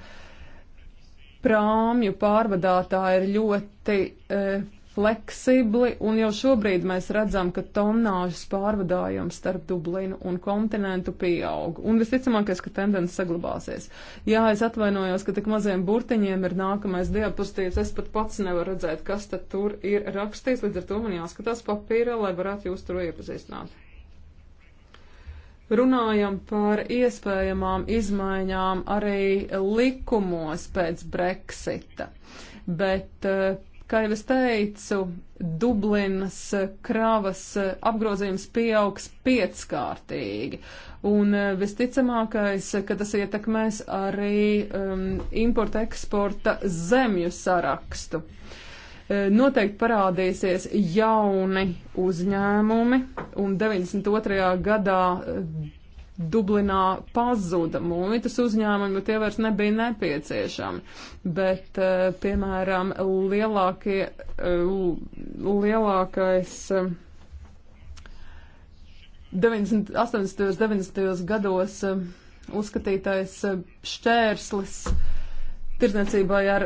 S1: prāmju pārvadātāji ir ļoti uh, fleksibli, un jau šobrīd mēs redzam, ka tonnāžas pārvadājums starp Dublinu un kontinentu pieaug. Un visticamākais, ka tendence saglabāsies. Jā, es atvainojos, ka tik maziem burtiņiem ir nākamais diapozitīvs. Es pat pats nevaru redzēt, kas tad tur ir rakstīts, līdz ar to man jāskatās papīrā, lai varētu jūs tur iepazīstināt. Runājam par iespējamām izmaiņām arī likumos pēc Brexita, bet eh, Kā jau es teicu, Dublinas kravas apgrozījums pieaugs pieckārtīgi. Un eh, visticamākais, ka tas ietekmēs arī um, importa-eksporta zemju sarakstu. Eh, noteikti parādīsies jauni uzņēmumi, un 92. gadā eh, Dublinā pazuda muitas uzņēmumi, bet nu, tie vairs nebija nepieciešami. Bet, eh, piemēram, lielākie, eh, lielākais 90, 80. un 90. gados eh, uzskatītais šķērslis tirdzniecībai ar,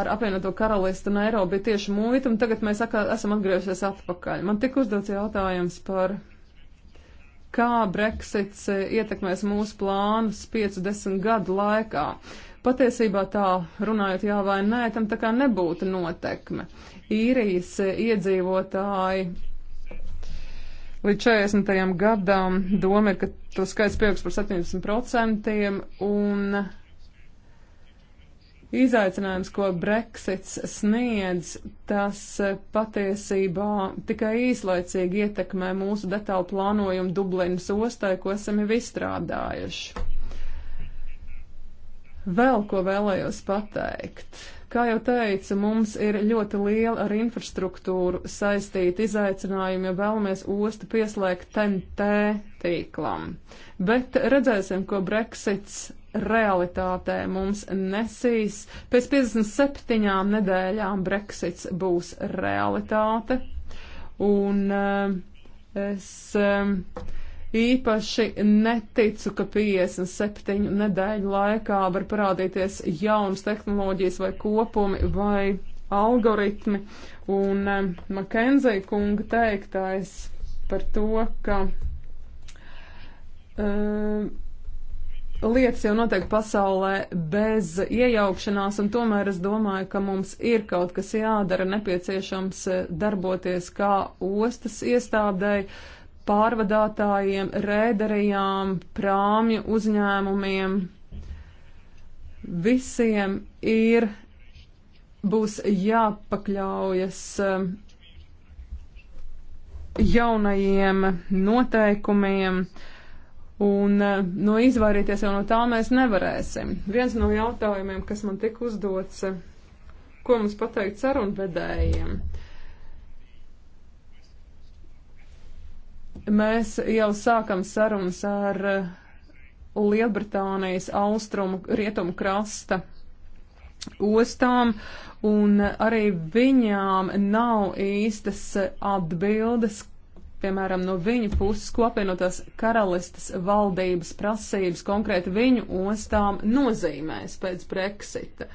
S1: ar apvienoto karalistu un eiro bija tieši muita, un tagad mēs esam atgriezušies atpakaļ. Man tik uzdots jautājums par kā Brexits eh, ietekmēs mūsu plānus 50 gadu laikā. Patiesībā tā runājot jā vai nē, tam tā kā nebūtu notekme. Īrijas eh, iedzīvotāji līdz 40. gadam doma ir, ka to skaits pieaugs par 70% un Izaicinājums, ko Brexits sniedz, tas e, patiesībā tikai īslaicīgi ietekmē mūsu detālu plānojumu Dublinas ostai, ko esam jau izstrādājuši. Vēl ko vēlējos pateikt. Kā jau teicu, mums ir ļoti liela ar infrastruktūru saistīta izaicinājuma, ja vēlamies ostu pieslēgt TNT tīklam. Bet redzēsim, ko Brexits realitātē mums nesīs. Pēc 57 nedēļām Brexits būs realitāte, un eh, es eh, īpaši neticu, ka 57 nedēļu laikā var parādīties jaunas tehnoloģijas vai kopumi vai algoritmi, un eh, Makenzija kunga teiktais par to, ka uh, lietas jau notiek pasaulē bez iejaukšanās, un tomēr es domāju, ka mums ir kaut kas jādara, nepieciešams eh, darboties kā ostas iestādēji, pārvadātājiem, rēderijām, prāmju uzņēmumiem. Visiem ir, būs jāpakļaujas eh, jaunajiem noteikumiem. Uh, Un eh, no izvairīties jau no tā mēs nevarēsim. Viens no jautājumiem, kas man tika uzdots, eh, ko mums pateikt sarunvedējiem. Mēs jau sākam sarunas ar eh, Lielbritānijas austrumu, rietumu krasta ostām, un arī viņām nav īstas atbildes, piemēram, no viņu puses kopienotās karalistas valdības prasības konkrēti viņu ostām nozīmēs pēc Brexita.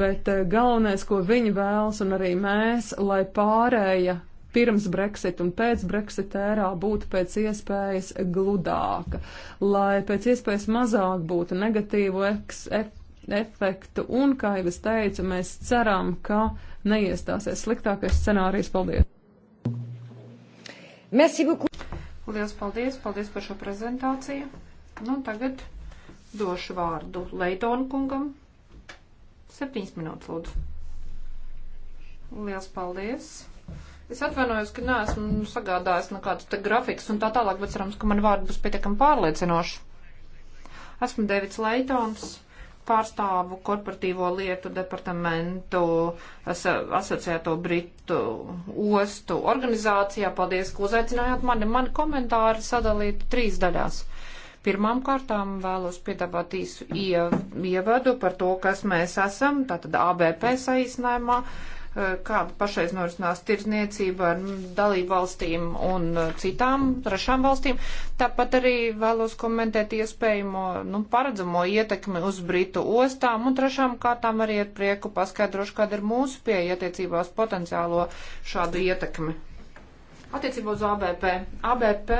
S1: Bet eh, galvenais, ko viņi vēlas un arī mēs, lai pārēja pirms Brexit un pēc Brexit ērā būtu pēc iespējas gludāka, lai pēc iespējas mazāk būtu negatīvu eks, ef, efektu un, kā jau es teicu, mēs ceram, ka neiestāsies sliktākais scenārijs. Paldies!
S2: Merci beaucoup! Lielas paldies! Paldies par šo prezentāciju! Nu, tagad došu vārdu Leitonu kungam. Septiņas minūtes, lūdzu. Lielas paldies! Es atvainojos, ka neesmu sagādājis nekādus te grafikus un tā tālāk, bet cerams, ka man vārdi būs pietiekami pārliecinoši. Esmu Devits Leitons pārstāvu korporatīvo lietu departamentu asociēto Britu ostu organizācijā. Paldies, ka uzaicinājāt mani. Mani komentāri sadalīti trīs daļās. Pirmām kārtām vēlos piedāvāt īsu ievadu par to, kas mēs esam, tātad ABP saīsinājumā. Uh, Eh, kā pašreiz norisinās tirzniecība ar dalību valstīm un eh, citām trešām valstīm. Tāpat arī vēlos komentēt iespējamo nu, paredzamo ietekmi uz Britu ostām un trešām kārtām arī ar prieku paskaidrošu, kāda ir mūsu pieeja attiecībā uz potenciālo šādu ietekmi. Attiecībā uz ABP. ABP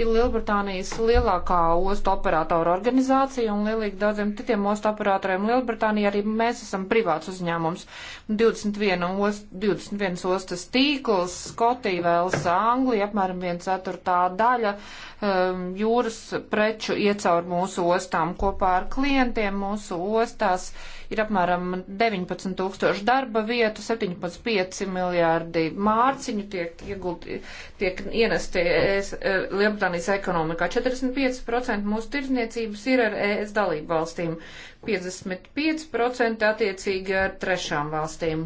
S2: ir Lielbritānijas lielākā ostu operatora organizācija, un lielīgi daudziem citiem ostu operatoriem Lielbritānija arī mēs esam privāts uzņēmums. 21, ost, 21 ostas tīkls, Skotija, Velsa, Anglija, apmēram 1 ceturtā daļa um, jūras preču iecaur mūsu ostām kopā ar klientiem mūsu ostās. Uh, ir apmēram 19 tūkstoši darba vietu, 7,5 miljārdi mārciņu tiek, iegulti, tiek ienesti e, Lielbritānijas ekonomikā. 45% mūsu tirdzniecības ir ar ES dalību valstīm, 55% attiecīgi ar trešām valstīm.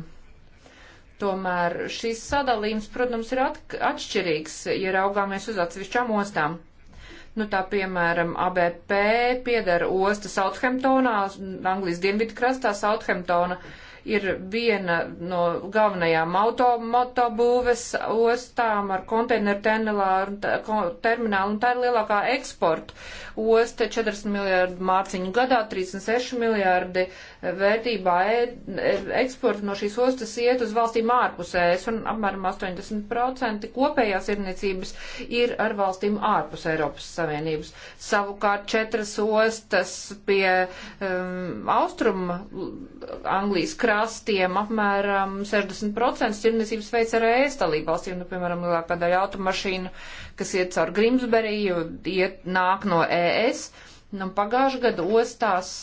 S2: Tomēr šis sadalījums, protams, ir atšķirīgs, ja raugāmies uz atsevišķām ostām. Nu, tā piemēram, ABP piedara osta Southamptonā, Anglijas dienvidu krastā Southamptona. Uh, ir viena no galvenajām automotobūves ostām ar konteineru terminālu, un tā ir lielākā eksporta osta 40 miljārdu mārciņu gadā, 36 miljārdi vērtībā e, e eksporta no šīs ostas iet uz valstīm ārpus ES, un apmēram 80% kopējās irniecības ir ar valstīm ārpus Eiropas Savienības. Savukārt četras ostas pie um, austruma Anglijas krājuma krastiem apmēram 60% tirdzniecības veids ar ES dalībvalstīm. Nu, piemēram, lielākā daļa automašīnu, kas iet caur Grimsberiju, iet, nāk no ES. Nu, pagājušajā gadu ostās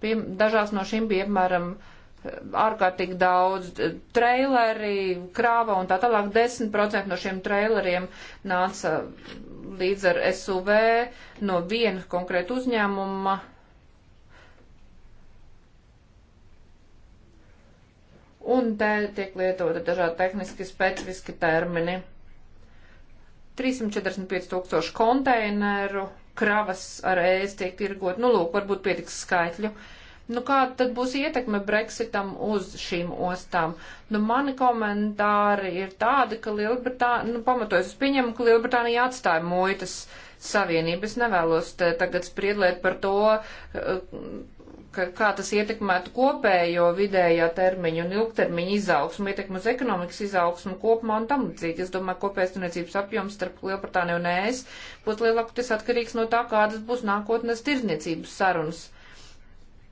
S2: pie, dažās no šīm bija apmēram eh, ārkārtīgi daudz eh, traileri, krāva un tā tālāk. 10% no šiem traileriem nāca līdz ar SUV no viena konkrēta uzņēmuma un te tiek lietoti dažādi tehniski specifiski termini. 345 tūkstoši konteineru kravas ar ēst tiek tirgot. Nu, lūk, varbūt pietiks skaitļu. Nu, kāda tad būs ietekme Brexitam uz šīm ostām? Nu, mani komentāri ir tādi, ka Lielbritānija, nu, pamatojas, es pieņemu, ka Lielbritānija atstāja muitas savienības. Nevēlos tagad spriedlēt par to, eh, ka, kā tas ietekmētu kopējo vidējā termiņa un ilgtermiņa izaugsmu, ietekmu uz ekonomikas izaugsmu kopumā un tam līdzīgi. Es domāju, kopējais tirniecības apjoms starp Lielbritāniju un ES būs lielākoties atkarīgs no tā, kādas būs nākotnes tirniecības sarunas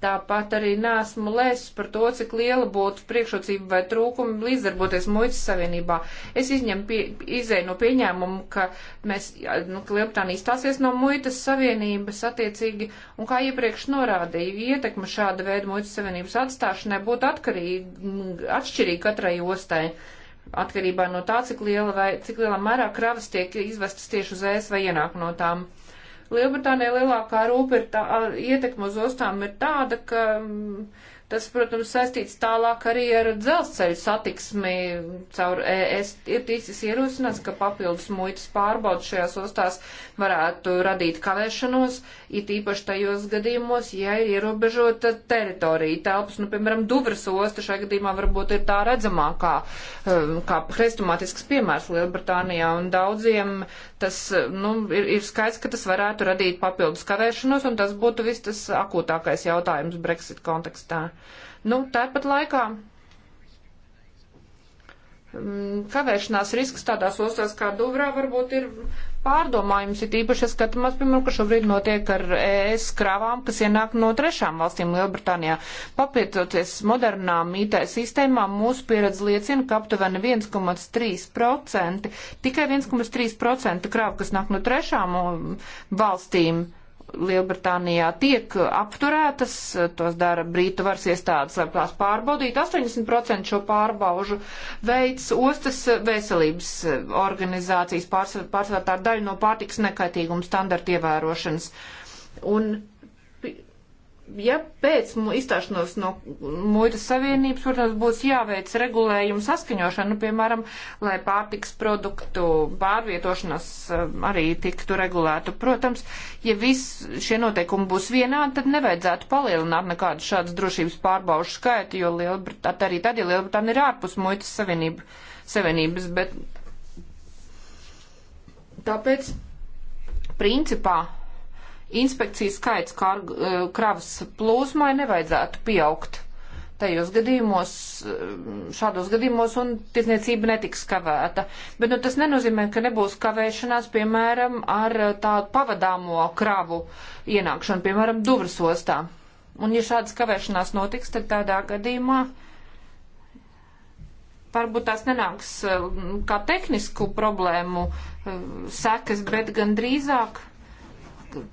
S2: Tāpat arī nesmu lēsis par to, cik liela būtu priekšrocība vai trūkumi līdzdarboties muitas savienībā. Es izņemu pie, izēju no pieņēmumu, ka mēs, nu, ka Lielbritānija stāsies no muitas savienības attiecīgi, un kā iepriekš norādīju, ietekme šāda veida muitas savienības atstāšanai būtu atkarīga, atšķirīga katrai ostai atkarībā no tā, cik, liela vai, cik lielā mērā kravas tiek izvestas tieši uz ēs vai ienāk no tām. Lielbritānijā lielākā rūpa ir tā, ietekma uz ostām ir tāda, ka tas, protams, saistīts tālāk arī ar dzelzceļu satiksmi caur ES. Ir ticis ierosināts, ka papildus muitas pārbaudas šajās ostās varētu radīt kavēšanos, it īpaši tajos gadījumos, ja ir ierobežota teritorija telpas. Nu, piemēram, Dubras osta šajā gadījumā varbūt ir tā redzamākā, um, kā, kā hrestomātisks piemērs Lielbritānijā un daudziem tas nu, ir, ir skaidrs, ka tas varētu radīt papildus kavēšanos, un tas būtu viss tas akūtākais jautājums Brexit kontekstā. Nu, tāpat laikā mm, kavēšanās risks tādās ostās kā Duvrā varbūt ir pārdomājums, ir īpaši skatāmās, piemēram, ka šobrīd notiek ar ES krāvām, kas ienāk no trešām valstīm Lielbritānijā. Papietoties modernām IT sistēmām, mūsu pieredze liecina, ka aptuveni 1,3% tikai 1,3% krāvu, kas nāk no trešām um, valstīm, Lielbritānijā tiek apturētas, tos dara Brītu varas iestādes, lai tās pārbaudītu. 80% šo pārbaužu veids ostas veselības organizācijas pārsvarā tā daļa no pārtiks nekaitīguma standarta ievērošanas. Un ja pēc izstāšanos no muitas savienības, protams, būs jāveic regulējumu saskaņošana, nu, piemēram, lai pārtiks produktu pārvietošanas eh, arī tiktu regulētu. Protams, ja viss šie noteikumi būs vienādi, tad nevajadzētu palielināt nekādu šādas drošības pārbaušu skaitu, jo Lielbrit arī tad, ja Lielbritānija ir ārpus muitas savienība, savienības, bet tāpēc principā inspekciju skaits kā e, kravas plūsmai nevajadzētu pieaugt. Tajos gadījumos, e, šādos gadījumos un tirzniecība netiks kavēta. Bet nu, tas nenozīmē, ka nebūs kavēšanās, piemēram, ar e, tādu pavadāmo kravu ienākšanu, piemēram, Duvras ostā. Un ja šādas kavēšanās notiks, tad tādā gadījumā varbūt tās nenāks kā tehnisku problēmu sekas, bet gan drīzāk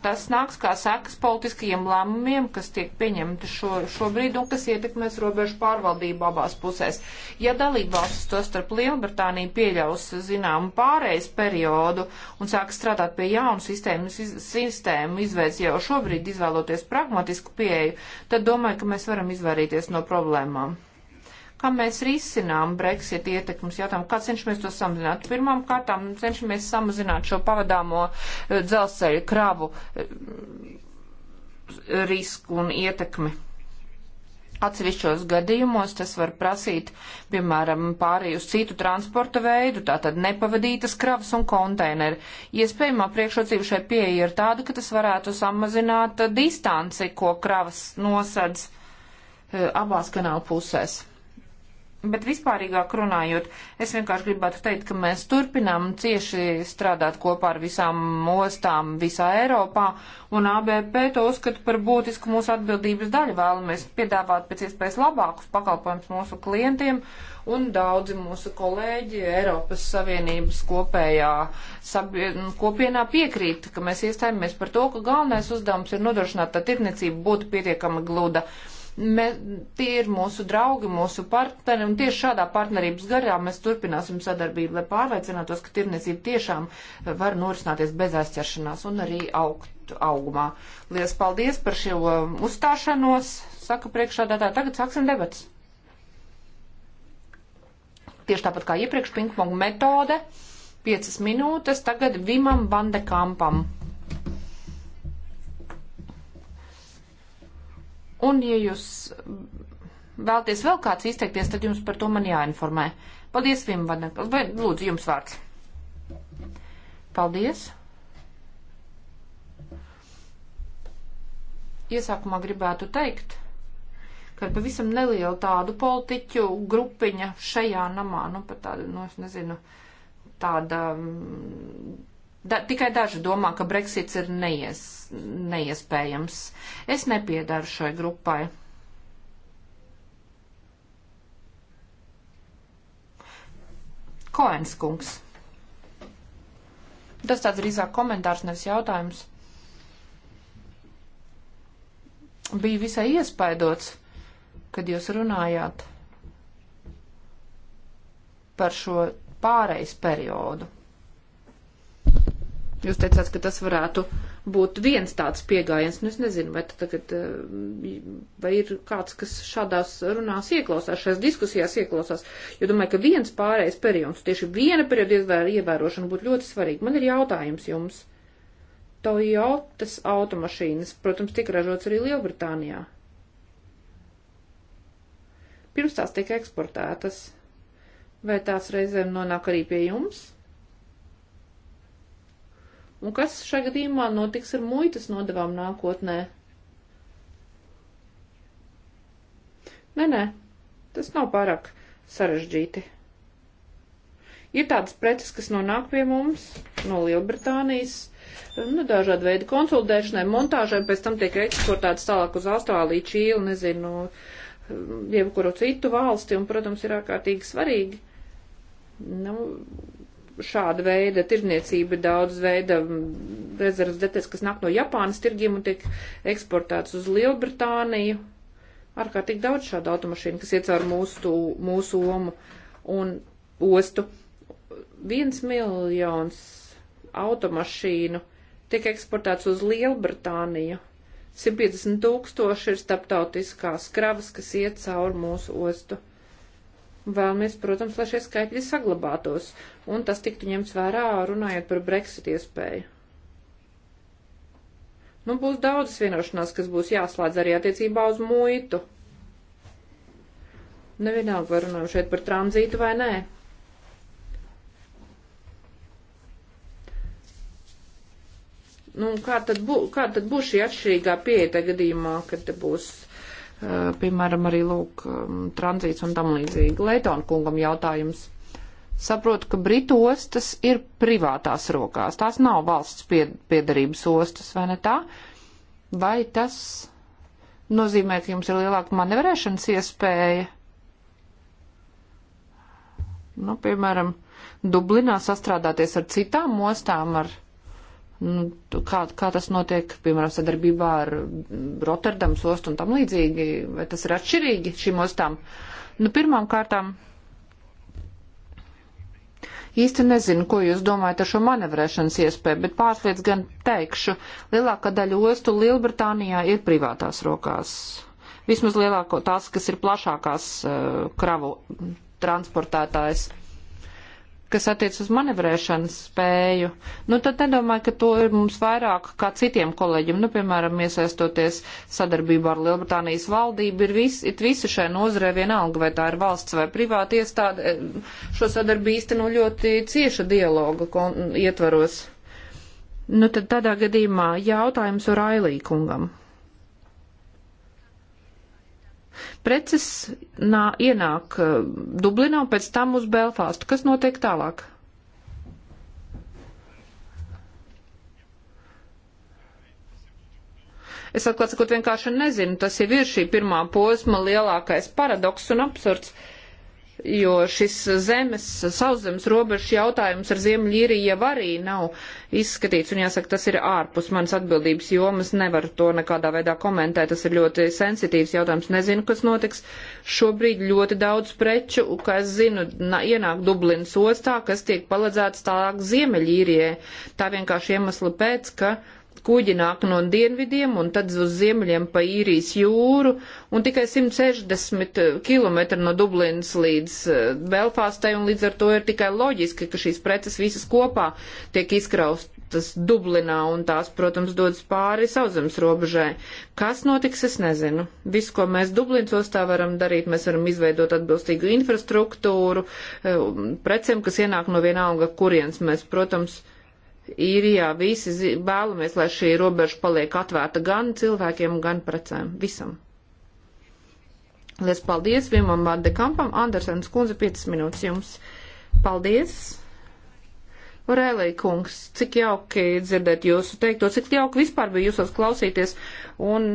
S2: tas nāks kā sekas politiskajiem lēmumiem, kas tiek pieņemti šo, šobrīd un kas ietekmēs robežu pārvaldību abās pusēs. Ja dalībvalstis to starp Lielbritāniju pieļaus zināmu pārējais periodu un sāk strādāt pie jaunu sistēmu, sistēmu izveids jau šobrīd izvēloties pragmatisku pieeju, tad domāju, ka mēs varam izvairīties no problēmām kā mēs risinām Brexit ietekmes jautājumu, kā cenšamies to samazināt. Pirmām kārtām cenšamies samazināt šo pavadāmo eh, dzelzceļa kravu eh, risku un ietekmi. Atsevišķos gadījumos tas var prasīt, piemēram, pārēju uz citu transporta veidu, tātad nepavadītas kravas un konteineri. Iespējamā priekšrocība šai pieeja ir tāda, ka tas varētu samazināt distanci, ko kravas nosedz eh, abās kanāla pusēs. Bet vispārīgāk runājot, es vienkārši gribētu teikt, ka mēs turpinām cieši strādāt kopā ar visām ostām visā Eiropā, un ABP to uzskata par būtisku mūsu atbildības daļu. Vēlamies piedāvāt pēc iespējas labākus pakalpojumus mūsu klientiem, un daudzi mūsu kolēģi Eiropas Savienības kopējā sabie, kopienā piekrīt, ka mēs iestājamies par to, ka galvenais uzdevums ir nodrošināt, lai tirniecība būtu pietiekami gluda. Uh, me, tie ir mūsu draugi, mūsu partneri, un tieši šādā partnerības garā mēs turpināsim sadarbību, lai pārliecinātos, ka tirniecība tiešām var norisināties bez aizķeršanās un arī augt augumā. Lielas paldies par šo um, uzstāšanos, saka priekšādātāji. Tagad sāksim debats. Tieši tāpat kā iepriekš pingpong metode, 5 minūtes, tagad Vimam Bandekampam. Un, ja jūs vēlties vēl kāds izteikties, tad jums par to man jāinformē. Paldies, Vimvadam. Lūdzu, jums vārds. Paldies. Iesākumā gribētu teikt, ka ir pavisam neliela tādu politiķu grupiņa šajā namā, nu pat tāda, nu es nezinu, tāda mm, Da, tikai daži domā, ka Brexits ir neies, neiespējams. Es nepiedaru šai grupai. Koens kungs. Tas tāds drīzāk komentārs, nevis jautājums. Bija visai iespaidots, kad jūs runājāt par šo pārejas periodu. Jūs teicāt, ka tas varētu būt viens tāds pieejams, nu es nezinu, vai tagad, eh, vai ir kāds, kas šādās runās ieklausās, šajās diskusijās ieklausās, jo domāju, ka viens pārējais periods, tieši viena perioda ievērošana būtu ļoti svarīga. Man ir jautājums jums. Toyotas automašīnas, protams, tika ražots arī Lielbritānijā. Pirms tās tika eksportētas. Vai tās reizēm nonāk arī pie jums? Un kas šajā gadījumā notiks ar muitas nodevām nākotnē? Nē, nē, tas nav pārāk sarežģīti. Ir tādas preces, kas nonāk pie mums no Lielbritānijas, nu, dažādi veidi konsultēšanai, montāžai, pēc tam tiek eksportētas tālāk uz Austrāliju, Čīli, nezinu, jebkuru citu valsti, un, protams, ir ārkārtīgi svarīgi nu, šāda veida tirniecība, daudz veida mm, rezerves detes, kas nāk no Japānas tirgiem un tiek eksportēts uz Lielbritāniju. Ārkārtīgi daudz šādu automašīnu, kas iet caur mūsu, mūsu omu un ostu. Viens miljons automašīnu tiek eksportēts uz Lielbritāniju. 150 tūkstoši ir starptautiskās kravas, kas iet caur mūsu ostu. Vēlamies, protams, lai šie skaitļi saglabātos, un tas tiktu ņemts vērā runājot par Brexit iespēju. Nu, būs daudzas vienošanās, kas būs jāslēdz arī attiecībā uz muitu. Nevienalga, vai runājam šeit par tranzītu vai nē. Nu, kā tad, bū, kā tad būs šī atšķirīgā pieeja tajā gadījumā, kad būs piemēram, arī lūk, um, tranzīts un tam līdzīgi. Leitona kungam jautājums. Saprotu, ka Britu ostas ir privātās rokās. Tās nav valsts piedarības ostas, vai ne tā? Vai tas nozīmē, ka jums ir lielāka manevrēšanas iespēja? Nu, piemēram, Dublinā sastrādāties ar citām ostām, ar nu, kā, kā tas notiek, piemēram, sadarbībā ar Rotterdams ostu un tam līdzīgi, vai tas ir atšķirīgi šīm ostām? Nu, pirmām kārtām īsti nezinu, ko jūs domājat ar šo manevrēšanas iespēju, bet pārslēdz gan teikšu, lielākā daļa ostu Lielbritānijā ir privātās rokās. Vismaz lielāko tās, kas ir plašākās uh, kravu transportētājs. Uh, kas attiec uz manevrēšanas spēju, nu tad nedomāju, ka to ir mums vairāk kā citiem kolēģiem. Nu, piemēram, iesaistoties sadarbībā ar Lielbritānijas valdību, ir vis, it visi šai nozarē vienalga, vai tā ir valsts vai privāta iestāde, šo sadarbību īsteno ļoti cieša dialoga ietvaros. Nu, tad tādā gadījumā jautājums Railīkungam. Ar Preces nā, ienāk uh, Dublinā un pēc tam uz Belfāstu. Kas notiek tālāk? Es atklāt sakot, vienkārši nezinu. Tas jau ir šī pirmā posma lielākais paradoks un absurds. Uh, jo šis zemes, sauszemes robežas jautājums ar Ziemļīriju jau arī nav izskatīts, un jāsaka, tas ir ārpus manas atbildības jomas, nevaru to nekādā veidā komentēt, tas ir ļoti sensitīvs jautājums, nezinu, kas notiks. Šobrīd ļoti daudz preču, kā es zinu, ienāk Dublinas ostā, kas tiek paledzēts tālāk Ziemeļīrijai, tā vienkārši iemesla pēc, ka kuģi nāk no dienvidiem un tad uz ziemeļiem pa īrijas jūru, un tikai 160 eh, km no Dublinas līdz eh, Belfāstai, un līdz ar to ir tikai loģiski, ka šīs preces visas kopā tiek izkraustas Dublinā, un tās, protams, dodas pāri sauszemes robežai. Kas notiks, es nezinu. Visu, ko mēs Dublinas ostā varam darīt, mēs varam izveidot atbilstīgu infrastruktūru, eh, um, precēm, kas ienāk no vienalga kurienes mēs, protams, īrijā visi vēlamies, lai šī robeža paliek atvērta gan cilvēkiem, gan precēm. Visam. Lies paldies Vimam Vande Kampam. Andersens kundze, 5 minūtes jums. Paldies! Orēlī kungs, cik jauki dzirdēt jūsu teikto, cik jauki vispār bija jūsos klausīties, un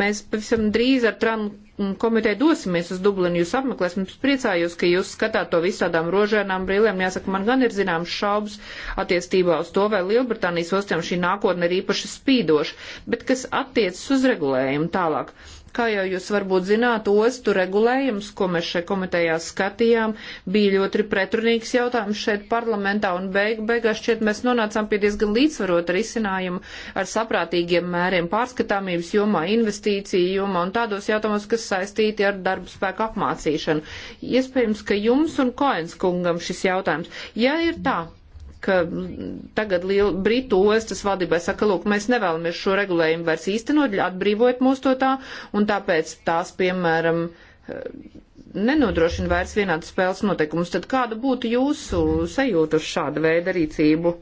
S2: mēs pavisam drīz ar Tran komiteja dosimies uz Dublinu, jūs apmeklēsim, es priecājos, ka jūs skatāt to visu tādām rožēnām brīlēm. Jāsaka, man gan ir zināms šaubas attiestībā uz to, vai Lielbritānijas ostiem šī nākotne ir īpaši spīdoša, bet kas attiecas uz regulējumu tālāk. Kā jau jūs varbūt zināt, ostu regulējums, ko mēs šeit komitejā skatījām, bija ļoti pretrunīgs jautājums šeit parlamentā, un beig, beigās šķiet mēs nonācām pie diezgan līdzsvarota risinājuma ar saprātīgiem mēriem pārskatāmības jomā, investīciju jomā un tādos jautājumos, kas saistīti ar darba spēku apmācīšanu. Iespējams, ka jums un Koenskungam šis jautājums. Ja ir tā, ka tagad liel, Britu ostas vadībai saka, lūk, mēs nevēlamies šo regulējumu vairs īstenot, atbrīvojot mūs to tā, un tāpēc tās, piemēram, eh, nenodrošina vairs vienādas spēles noteikumus. Tad kāda būtu jūsu sajūta uz šāda veida rīcību?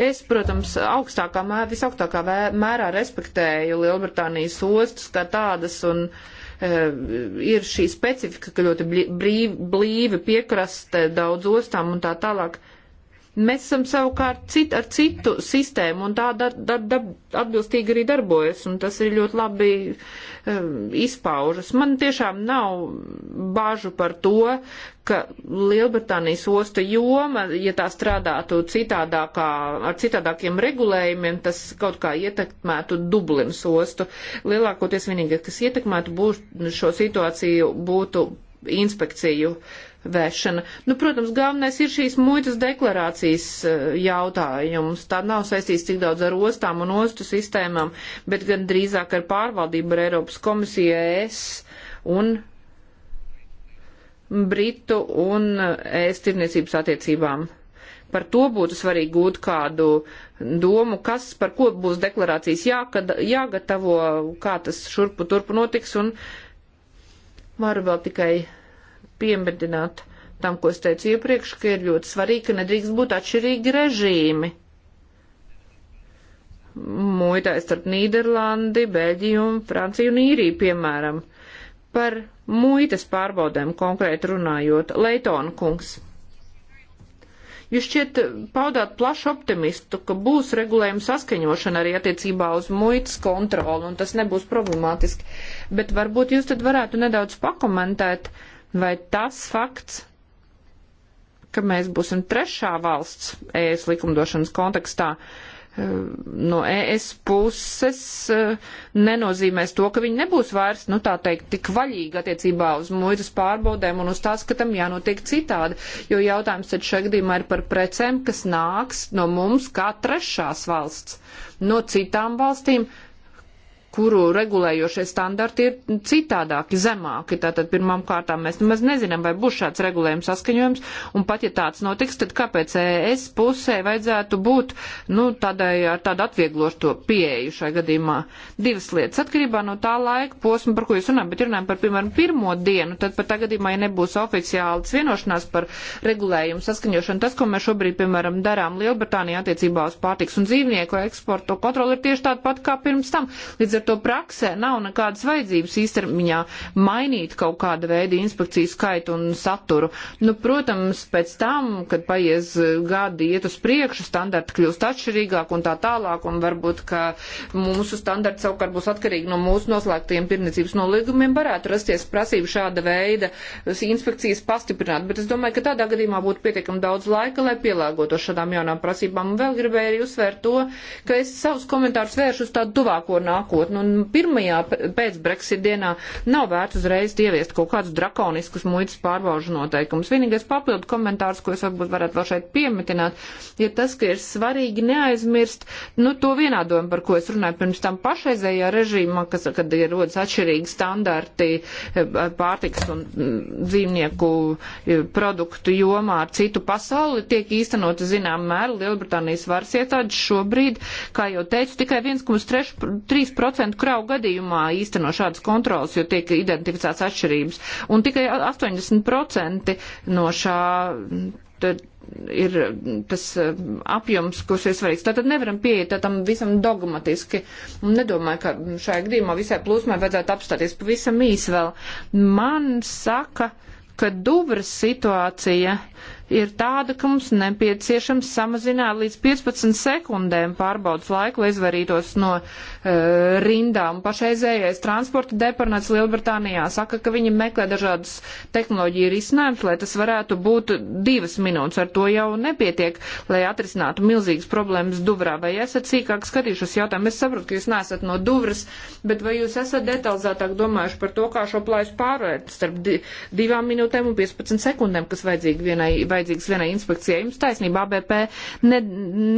S2: Es, protams, augstākā mērā, visaugstākā mērā respektēju Lielbritānijas ostas kā tādas un uh, Eh, ir šī specifika, ka ļoti blīvi piekraste daudz ostām un tā tālāk. Mēs esam savukārt cit, ar citu sistēmu, un tā dar, dar, dar, atbilstīgi arī darbojas, un tas ir ļoti labi um, izpaužas. Man tiešām nav bāžu par to, ka Lielbritānijas osta joma, ja tā strādātu citādākā, ar citādākiem regulējumiem, tas kaut kā ietekmētu Dublinas ostu. Lielākoties vienīgais, kas ietekmētu būs, šo situāciju, būtu inspekciju uh, vēršana. Nu, protams, galvenais ir šīs muitas deklarācijas eh, jautājums. Tā nav saistīts tik daudz ar ostām un ostu sistēmām, bet gan drīzāk ar pārvaldību ar Eiropas komisiju ES un Britu un ES eh, e tirniecības attiecībām. Par to būtu svarīgi gūt kādu domu, kas par ko būs deklarācijas jākad, jāgatavo, kā tas šurpu turpu notiks, un varu vēl tikai piemedināt tam, ko es teicu iepriekš, ka ir ļoti svarīgi, ka nedrīkst būt atšķirīgi režīmi. Muitai starp Nīderlandi, Beļģiju, Franciju un Īriju, piemēram, par muitas pārbaudēm konkrēti runājot, Leitona kungs. Jūs šķiet paudāt plašu optimistu, ka būs regulējuma saskaņošana arī attiecībā uz muitas kontroli, un tas nebūs problemātiski. Bet varbūt jūs tad varētu nedaudz pakomentēt uh, vai tas fakts, ka mēs būsim trešā valsts ES likumdošanas kontekstā eh, no ES puses, eh, nenozīmēs to, ka viņi nebūs vairs, nu tā teikt, tik vaļīgi attiecībā uz muitas pārbaudēm un uz tās, ka tam jānotiek citādi. Jo jautājums tad šajā gadījumā ir par precēm, kas nāks no mums kā trešās valsts, no citām valstīm, kuru regulējošie standarti ir citādāki, zemāki. Tātad pirmām kārtām mēs nemaz nezinām, vai būs šāds regulējums saskaņojums, un pat ja tāds notiks, tad kāpēc ES pusē vajadzētu būt, nu, tādai ar tādu atvieglošo pieeju šai gadījumā. Divas lietas atkarībā no tā laika posma, par ko jūs runājat, bet runājam par, piemēram, pirmo dienu, tad pat tagadījumā, ja nebūs oficiāls vienošanās par regulējumu saskaņošanu, tas, ko mēs šobrīd, piemēram, darām Lielbritānijā attiecībā uz pārtiks un dzīvnieku eksportu kontroli, ir tieši tāda pat kā pirms tam. Līdz ar ar to praksē nav nekādas vajadzības īstermiņā mainīt kaut kāda veida inspekciju skaitu un saturu. Nu, protams, pēc tam, kad paies gadi iet uz priekšu, standarti kļūst atšķirīgāk un tā tālāk, un varbūt, ka mūsu standarti savukārt būs atkarīgi no mūsu noslēgtiem tirnicības nolīgumiem, varētu rasties prasība šāda veida inspekcijas pastiprināt. Bet es domāju, ka tādā gadījumā būtu pietiekami daudz laika, lai pielāgotos šādām jaunām prasībām. Un vēl gribēju arī uzsvērt to, ka es savus komentārus vēršu uz tādu tuvāko nākotni nākotni, un pirmajā pēc Brexit dienā nav vērts uzreiz ieviest kaut kādus drakoniskus muitas pārbaužu noteikumus. Vienīgais papildu komentārs, ko es varbūt varētu vēl šeit piemetināt, ir tas, ka ir svarīgi neaizmirst, nu, to vienādojumu, par ko es runāju pirms tam pašreizējā režīmā, kas, kad ir rodas atšķirīgi standarti eh, pārtiks un mm, dzīvnieku eh, produktu jomā ar citu pasauli, tiek īstenota zinām mēru Lielbritānijas varas iestādes šobrīd, kā jau teicu, tikai 1,3% 10% kravu gadījumā īsteno šādas kontrolas, jo tiek identificēts atšķirības. Un tikai 80% no šā ir tas eh, apjoms, kurš ir svarīgs. Tātad nevaram pieiet tam visam dogmatiski. Un nedomāju, ka šajā gadījumā visai plūsmai vajadzētu apstāties pavisam īsi vēl. Man saka, ka Dubras situācija ir tāda, ka mums nepieciešams samazināt līdz 15 sekundēm pārbaudas laiku, lai izvarītos no uh, rindām. Pašreizējais transporta departaments Lielbritānijā saka, ka viņi meklē dažādas tehnoloģiju risinājumus, lai tas varētu būt divas minūtes. Ar to jau nepietiek, lai atrisinātu milzīgas problēmas Duvrā. Vai esat sīkāk skatījušos jautājumu? Es saprotu, ka jūs neesat no Duvras, bet vai jūs esat detalizētāk domājuši par to, kā šo plājus pārvērt starp divām minūtēm un 15 sekundēm, kas vajadzīgi vienai vai vajadzīgs vienai inspekcijai. Jums taisnība, ABP ne,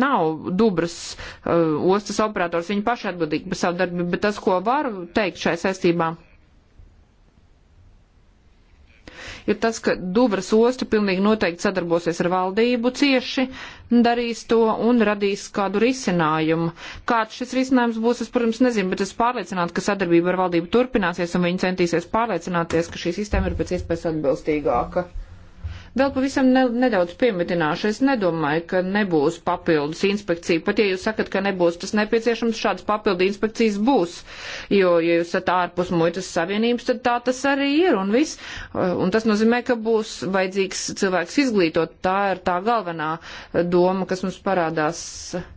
S2: nav dubras uh, ostas operators, viņi paši atbildīgi par savu darbību, bet tas, ko varu teikt šai saistībā, ir tas, ka Dubras osta pilnīgi noteikti sadarbosies ar valdību cieši, darīs to un radīs kādu risinājumu. Kāds šis risinājums būs, es, protams, nezinu, bet es pārliecinātu, ka sadarbība ar valdību turpināsies un viņi centīsies pārliecināties, ka šī sistēma ir pēc iespējas atbilstīgāka. Mm. Vēl pavisam ne, nedaudz piemetināšu. Es nedomāju, ka nebūs papildus inspekcija. Pat ja jūs sakat, ka nebūs tas nepieciešams, šāds papildu inspekcijas būs. Jo, ja jūs esat ārpus muitas savienības, tad tā tas arī ir un viss. Uh, un tas nozīmē, ka būs vajadzīgs cilvēks izglītot. Tā ir tā galvenā doma, kas mums parādās. Uh,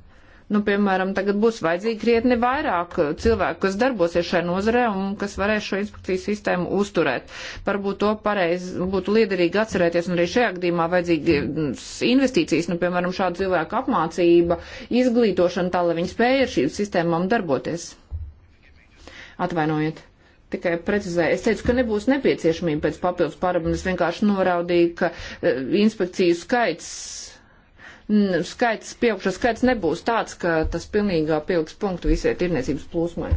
S2: Nu, piemēram, tagad būs vajadzīgi krietni vairāk cilvēku, kas darbosies šajā nozarē un kas varēs šo inspekciju sistēmu uzturēt. Varbūt to pareizi būtu liederīgi atcerēties, un arī šajā gadījumā vajadzīgi mm, investīcijas, nu, piemēram, šādu cilvēku apmācība, izglītošana tā, lai viņi spēja ar šīm sistēmām darboties. Atvainojiet tikai precizēju. Es teicu, ka nebūs nepieciešamība pēc papildus pārbaudījuma. Es vienkārši noraudīju, ka eh, inspekciju skaits skaits, pieaugšas skaits nebūs tāds, ka tas pilnīgā pieliks punktu visai tirniecības plūsmai.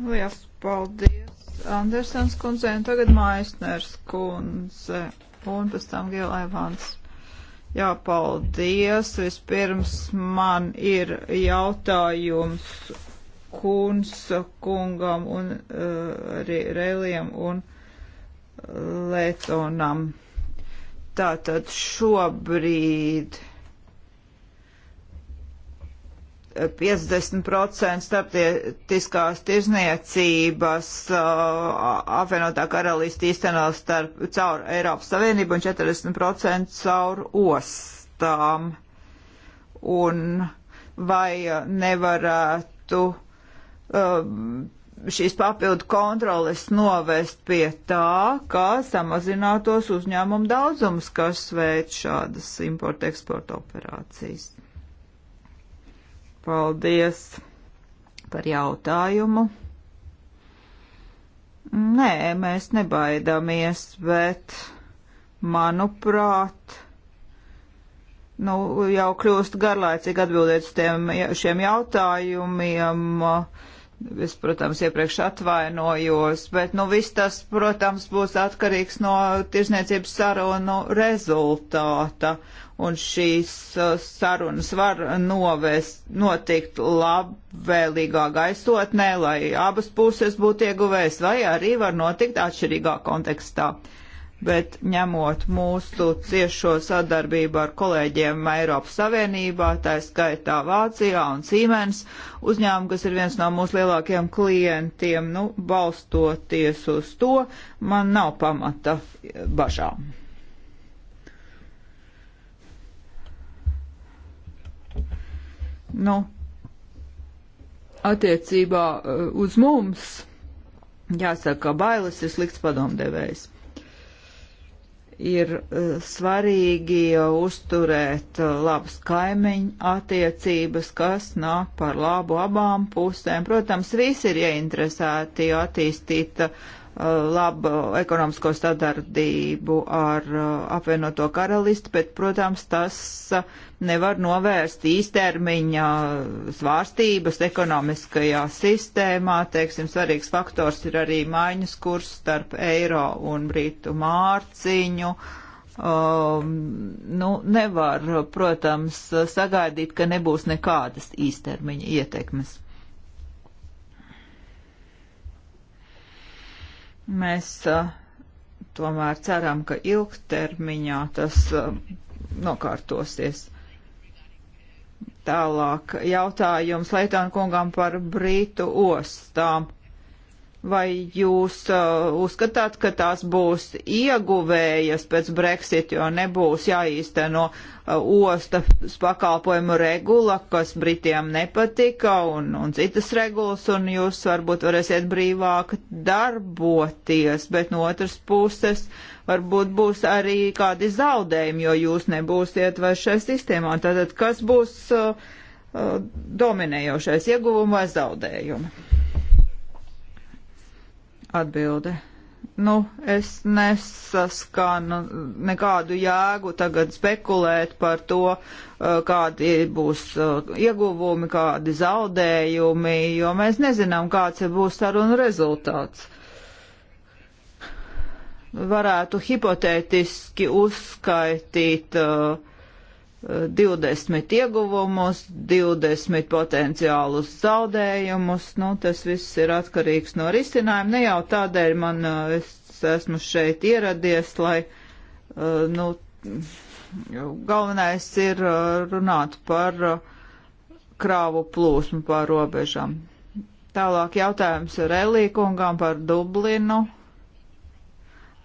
S3: Lielas paldies, Andersens kundze, un tagad Maisners kundze, un pēc tam Gila Evans. Jā, paldies. Vispirms man ir jautājums Kunsa kungam un uh, Reliem un eh, Letonam. Tātad šobrīd 50% starptiskās tirzniecības uh, apvienotā karalīste īsteno starp, caur Eiropas Savienību un 40% caur ostām. Un vai nevarētu uh, šīs papildu kontroles novest pie tā, kā samazinātos uzņēmumu daudzums, kas veic šādas importa-eksporta operācijas? Paldies par jautājumu. Nē, mēs nebaidāmies, bet, manuprāt, nu, jau kļūst garlaicīgi atbildēt uz tiem, šiem jautājumiem. Es, protams, iepriekš atvainojos, bet nu, viss tas, protams, būs atkarīgs no tirsniecības sarunu rezultāta un šīs uh, sarunas var novest, notikt labvēlīgā gaisotnē, lai abas puses būtu ieguvējis, vai arī var notikt atšķirīgā kontekstā. Bet ņemot mūsu ciešo sadarbību ar kolēģiem Eiropas Savienībā, tā skaitā Vācijā un Siemens uzņēmumu, kas ir viens no mūsu lielākajiem klientiem, nu, balstoties uz to, man nav pamata bažām. nu, attiecībā uh, uz mums jāsaka, ka bailes ir slikts padomdevējs. Ir uh, svarīgi uh, uzturēt labas kaimiņu attiecības, kas nāk par labu abām pusēm. Protams, visi ir ieinteresēti attīstīt labu ekonomisko sadarbību ar apvienoto karalisti, bet, protams, tas uh, nevar novērst īstermiņa svārstības ekonomiskajā sistēmā. Teiksim, svarīgs faktors ir arī maiņas kurs starp eiro un brītu mārciņu. Um, nu, nevar, protams, sagaidīt, ka nebūs nekādas īstermiņa ietekmes. Mēs uh, tomēr ceram, ka ilgtermiņā tas uh, nokārtosies. Tālāk jautājums Leitāna kungam par Brītu ostām. Vai jūs uh, uzskatāt, ka tās būs ieguvējas pēc Brexit, jo nebūs jāīsteno uh, ostas pakalpojumu regula, kas Britiem nepatika, un, un citas regulas, un jūs varbūt varēsiet brīvāk darboties, bet no otras puses varbūt būs arī kādi zaudējumi, jo jūs nebūsiet vairs šajā sistēmā. Tātad, kas būs uh, uh, dominējošais ieguvumi vai zaudējumi? Atbilde. Nu, es nesaskanu nekādu jēgu tagad spekulēt par to, uh, kādi būs uh, ieguvumi, kādi zaudējumi, jo mēs nezinām, kāds būs sarunu rezultāts varētu hipotētiski uzskaitīt uh, 20 ieguvumus, 20 potenciālus zaudējumus. Nu, tas viss ir atkarīgs no risinājuma. Ne jau tādēļ man uh, es esmu šeit ieradies, lai, uh, nu, galvenais ir uh, runāt par uh, krāvu plūsmu pār robežām. Tālāk jautājums Relīkungam par Dublinu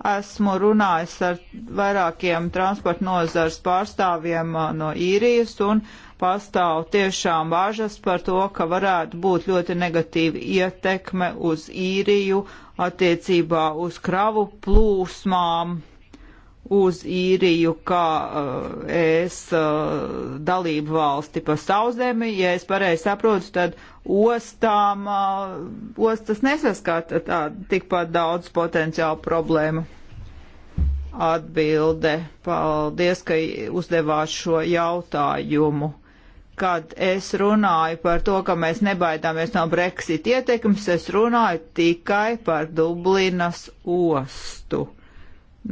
S3: Esmu runājis ar vairākiem transporta nozars pārstāvjiem uh, no īrijas un pastāv tiešām bažas par to, ka varētu būt ļoti negatīva ietekme uz īriju attiecībā uz kravu plūsmām uz īriju kā uh, es uh, dalību valsti pa sauszemi. Ja es pareizi saprotu, tad ostām, uh, ostas nesaskata tā, tikpat daudz potenciālu problēmu. Atbilde. Paldies, ka uzdevāt šo jautājumu. Kad es runāju par to, ka mēs nebaidāmies no Brexit ietekmes, es runāju tikai par Dublinas ostu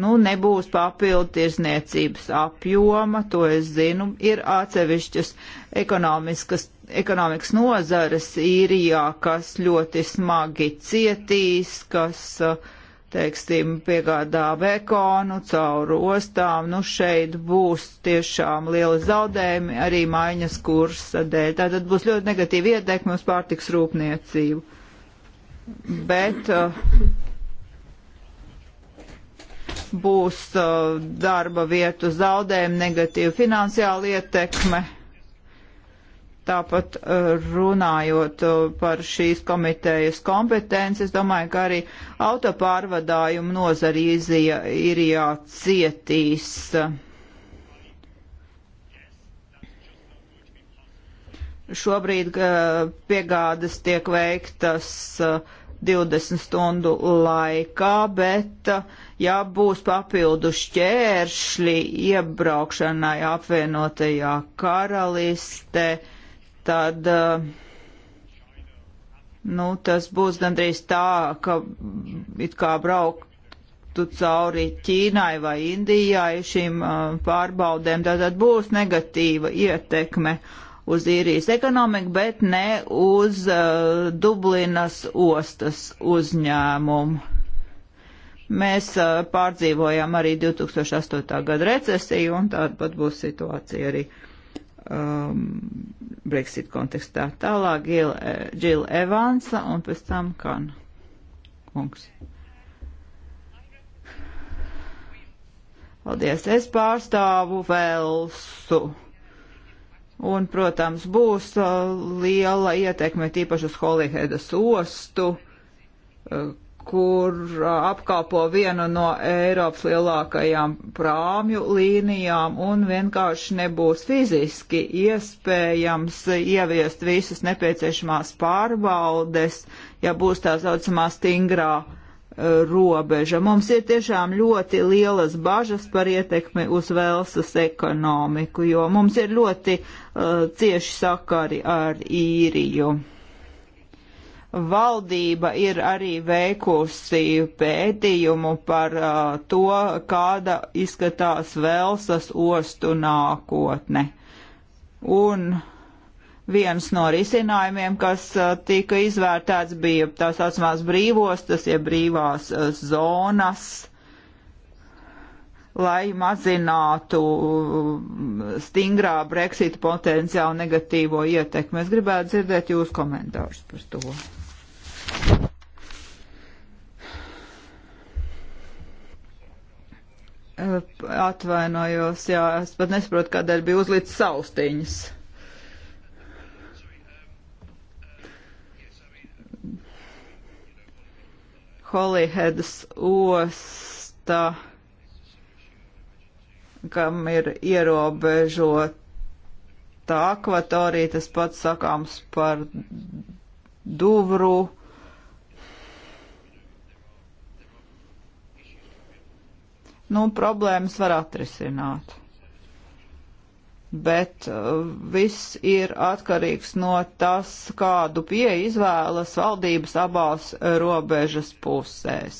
S3: nu, nebūs papildu tirzniecības apjoma, to es zinu, ir atsevišķas ekonomiskas, ekonomikas nozares īrijā, kas ļoti smagi cietīs, kas, teiksim, piegādā vekonu caur ostām, nu, šeit būs tiešām liela zaudējumi arī maiņas kursa dēļ. Tātad būs ļoti negatīva ietekme uz pārtiks rūpniecību. Bet uh, būs uh, darba vietu zaudējumi, negatīva finansiāla ietekme. Tāpat uh, runājot uh, par šīs komitejas kompetences, domāju, ka arī autopārvadājumu nozari izija Irijā cietīs. Šobrīd uh, piegādas tiek veiktas uh, 20 stundu laikā, bet ja būs papildu šķēršļi iebraukšanai apvienotajā karalistē, tad nu, tas būs gandrīz tā, ka it kā braukt tu cauri Ķīnai vai Indijai šīm pārbaudēm, tātad būs negatīva ietekme uz īrijas ekonomiku, bet ne uz uh, Dublinas ostas uzņēmumu. Mēs uh, pārdzīvojām arī 2008. gada recesiju, un tāda pat būs situācija arī um, Brexit kontekstā. Tālāk Džila eh, Evansa un pēc tam Kana kungs. Paldies, es pārstāvu Velsu Un, protams, būs uh, liela ietekme tīpaši uz Holihedas ostu, uh, kur uh, apkalpo vienu no Eiropas lielākajām prāmju līnijām un vienkārši nebūs fiziski iespējams ieviest visas nepieciešamās pārbaudes, ja būs tā saucamā stingrā uh, robeža. Mums ir tiešām ļoti lielas bažas par ietekmi uz Velsas ekonomiku, jo mums ir ļoti uh, cieši sakari ar īriju. Valdība ir arī veikusi pētījumu par uh, to, kāda izskatās Velsas ostu nākotne. Un uh, Viens no risinājumiem, kas uh, tika izvērtēts, bija tās atsmās brīvostas, ja brīvās uh, zonas, lai mazinātu uh, stingrā Brexita potenciālu negatīvo ietekmi. Es gribētu dzirdēt jūs komentārus par to. Atvainojos, jā, es pat nesaprotu, kādēļ bija uzlīts saustiņas. Holihedas osta, kam ir ierobežota akvatorija, tas pats sakāms par Duvru. Nu, problēmas var atrisināt bet uh, viss ir atkarīgs no tas, kādu pieeja izvēlas valdības abās robežas pusēs.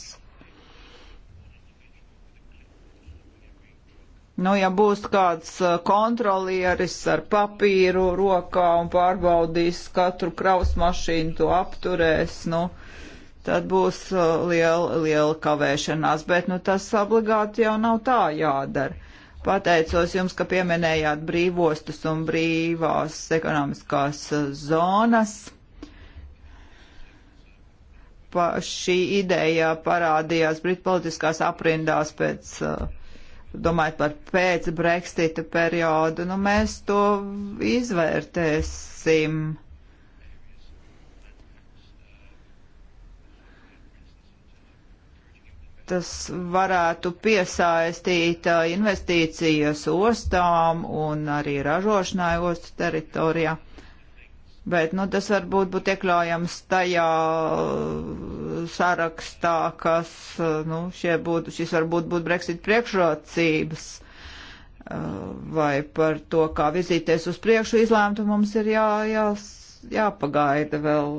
S3: Nu, ja būs kāds uh, kontrolieris ar papīru rokā un pārbaudīs katru kraus mašīnu, to apturēs, nu, tad būs uh, liela, liela kavēšanās. Bet, nu, tas obligāti jau nav tā jādara. Pateicos jums, ka pieminējāt brīvostas un brīvās ekonomiskās zonas. Pa, šī ideja parādījās Britu politiskās aprindās pēc, eh, domājot par pēc Brexita periodu. Nu, mēs to izvērtēsim tas varētu piesaistīt investīcijas ostām un arī ražošanai ostu teritorijā. Bet nu, tas varbūt būtu iekļaujams tajā sarakstā, kas nu, būtu, šis varbūt būtu Brexit priekšrocības. Vai par to, kā virzīties uz priekšu izlēmtu, mums ir jā, jā, jāpagaida vēl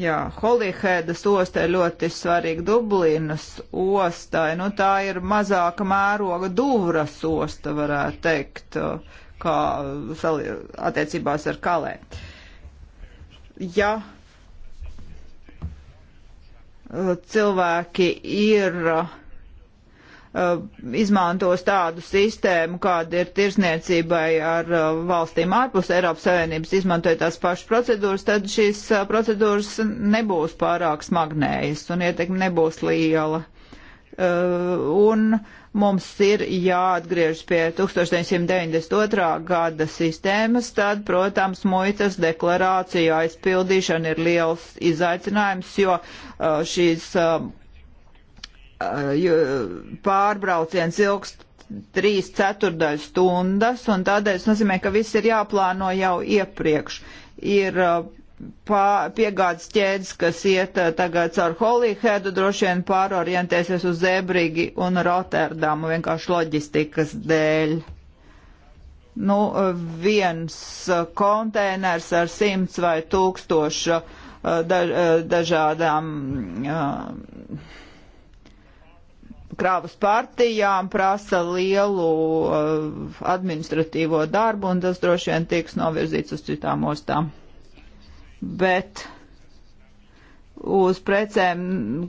S3: Jā, Holihēdas osta ir ļoti svarīga Dublinas ostai. Nu, tā ir mazāka mēroga Duvras osta, varētu teikt, kā attiecībās ar Kalē. Ja cilvēki ir uh, Uh, izmantos tādu sistēmu, kāda ir tirsniecībai ar uh, valstīm ārpus Eiropas Savienības, izmantoja tās pašas procedūras, tad šīs uh, procedūras nebūs pārāk smagnējas un ietekme nebūs liela. Un mums ir jāatgriežas pie 1992. gada sistēmas, tad, protams, muitas deklarācija aizpildīšana ir liels izaicinājums, jo šīs pārbrauciens ilgst trīs ceturdaļ stundas, un tādēļ tas nozīmē, ka viss ir jāplāno jau iepriekš. Ir pā, piegādes ķēdes, kas iet tagad caur Holīhedu, droši vien pārorientēsies uz Zebrigi un Rotterdamu vienkārši loģistikas dēļ. Nu, viens konteiners ar simts vai tūkstošu daž, dažādām. Uh, krāvas partijām prasa lielu uh, administratīvo darbu, un tas droši vien tiks novirzīts uz citām ostām. Bet uz precēm,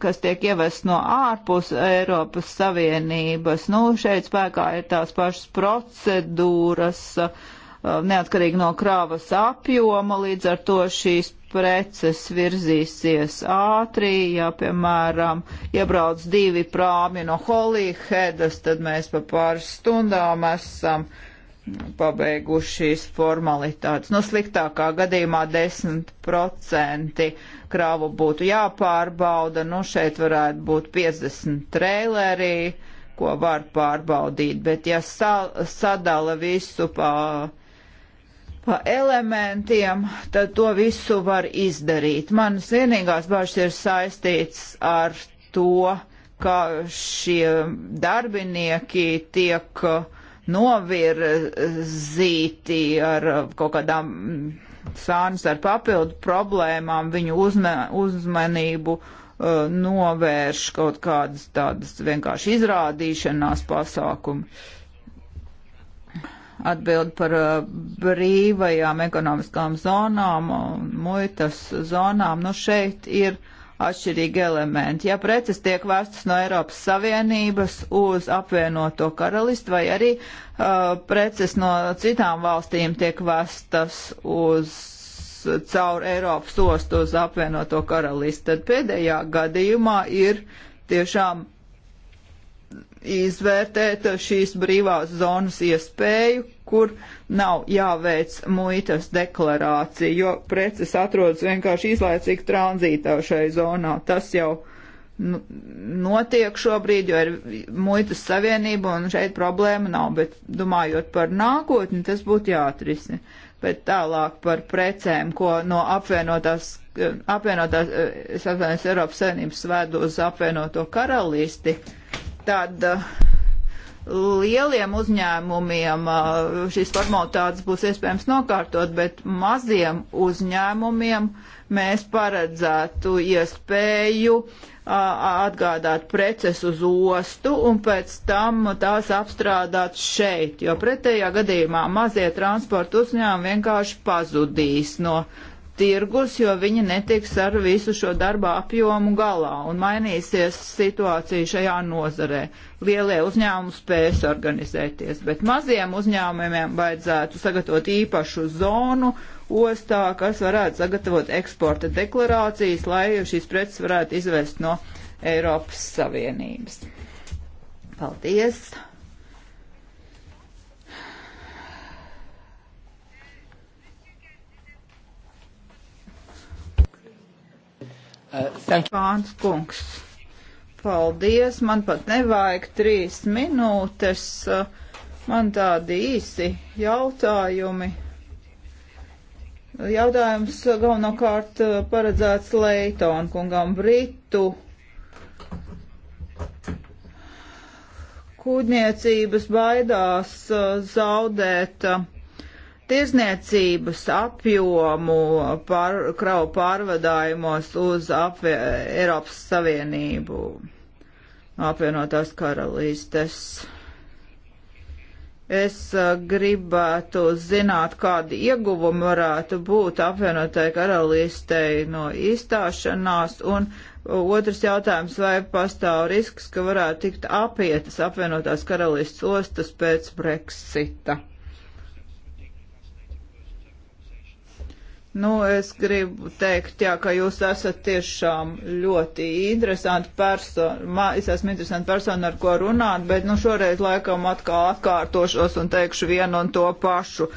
S3: kas tiek ievest no ārpus Eiropas Savienības, nu, šeit spēkā ir tās pašas procedūras. Uh, Uh, neatkarīgi no krāvas apjoma, līdz ar to šīs preces virzīsies ātri, ja, piemēram, iebrauc divi prāmi no Holyheadas, tad mēs pa pāris stundām esam pabeiguši šīs formalitātes. Nu, sliktākā gadījumā 10% kravu būtu jāpārbauda, nu, šeit varētu būt 50 trailerī, ko var pārbaudīt, bet ja sa sadala visu pa. Pā pa elementiem, tad to visu var izdarīt. Manas vienīgās bažas ir saistīts ar to, ka šie darbinieki tiek novirzīti ar kaut kādām sānis ar papildu problēmām, viņu uzme, uzmanību uh, novērš kaut kādas tādas vienkārši izrādīšanās pasākumi. Uh, atbild par uh, brīvajām ekonomiskām zonām un muitas zonām. Nu, šeit ir atšķirīgi elementi. Ja preces tiek vēstas no Eiropas Savienības uz apvienoto karalistu vai arī uh, preces no citām valstīm tiek vēstas uz caur Eiropas ostu uz apvienoto karalistu, tad pēdējā gadījumā ir tiešām izvērtēt šīs brīvās zonas iespēju, kur nav jāveic muitas deklarācija, jo preces atrodas vienkārši izlaicīgi tranzītā šai zonā. Tas jau nu, notiek šobrīd, jo ir muitas savienība un šeit problēma nav, bet domājot par nākotni, tas būtu jāatrisina. Bet tālāk par precēm, ko no apvienotās, apvienotās, es atvainojos Eiropas Savienības svēdu uz apvienoto karalisti. Uh, tad uh, lieliem uzņēmumiem uh, šīs formalitātes būs iespējams nokārtot, bet maziem uzņēmumiem mēs paredzētu iespēju uh, atgādāt preces uz ostu un pēc tam tās apstrādāt šeit, jo pretējā gadījumā mazie transporta uzņēmumi vienkārši pazudīs no tirgus, jo viņi netiks ar visu šo darba apjomu galā un mainīsies situācija šajā nozarē. Lielie uzņēmumi spēs organizēties, bet maziem uzņēmumiem vajadzētu sagatavot īpašu zonu ostā, kas varētu sagatavot eksporta deklarācijas, lai šīs preces varētu izvest no Eiropas Savienības. Paldies! Pāns kungs. Paldies, man pat nevajag trīs minūtes. Man tādi īsi jautājumi. Jautājums galvenokārt paredzēts Leitona kungam Britu kūdniecības baidās zaudēt uh, tirzniecības apjomu pār, kravu pārvadājumos uz apvie, Eiropas Savienību apvienotās karalistes. Es eh, gribētu zināt, kādi ieguvumi varētu būt apvienotai karalistei no izstāšanās, un eh, otrs jautājums, vai pastāv risks, ka varētu tikt apietas apvienotās karalistes ostas pēc Brexita. Nu, es gribu teikt, jā, ka jūs esat tiešām ļoti interesanti persona. Es esmu interesanti persona, ar ko runāt, bet nu, šoreiz laikam atkal atkārtošos un teikšu vienu un to pašu.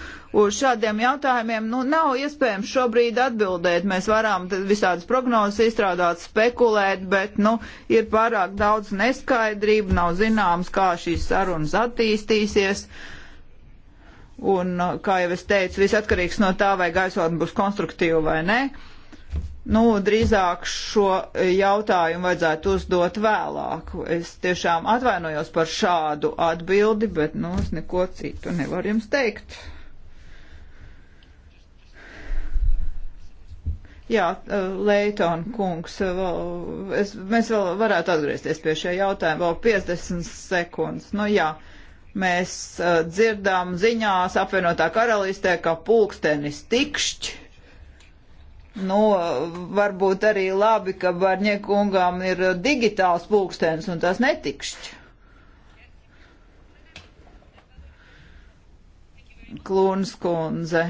S3: Uz šādiem jautājumiem nu, nav iespējams šobrīd atbildēt. Mēs varam visādas prognozes izstrādāt, spekulēt, bet nu, ir pārāk daudz neskaidrību, nav zināms, kā šīs sarunas attīstīsies. Uh, Un, uh, kā jau es teicu, viss atkarīgs no tā, vai gaisotne būs konstruktīva vai nē. Nu, drīzāk šo jautājumu vajadzētu uzdot vēlāk. Es tiešām atvainojos par šādu atbildi, bet, nu, es neko citu nevaru jums teikt. Jā, uh, Leitona kungs, uh, vēl, es, mēs vēl varētu atgriezties pie šie jautājumi, vēl 50 sekundes. Nu, jā. Uh, Mēs uh, dzirdām ziņās apvienotā karalistē, ka pulkstenis tikšķi. Nu, varbūt arī labi, ka Barņiekungām ir digitāls pulkstenis un tas netikšķi. Klūns kundze,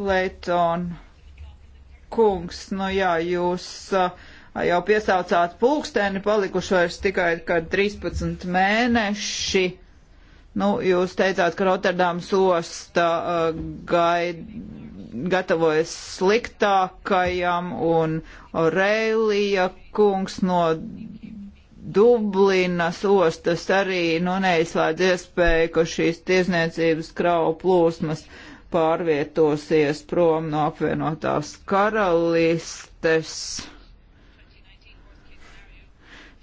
S3: Leiton kungs, nu jā, jūs uh, jau piesaucāt pulksteni, palikuši vairs tikai kad 13 mēneši. Nu, jūs teicāt, ka Rotterdams osta uh, gaid, gatavojas sliktākajam un Aurēlija kungs no Dublinas ostas arī nu, neizslēdz iespēju, ka šīs tiesniecības kravu plūsmas pārvietosies prom no apvienotās karalistes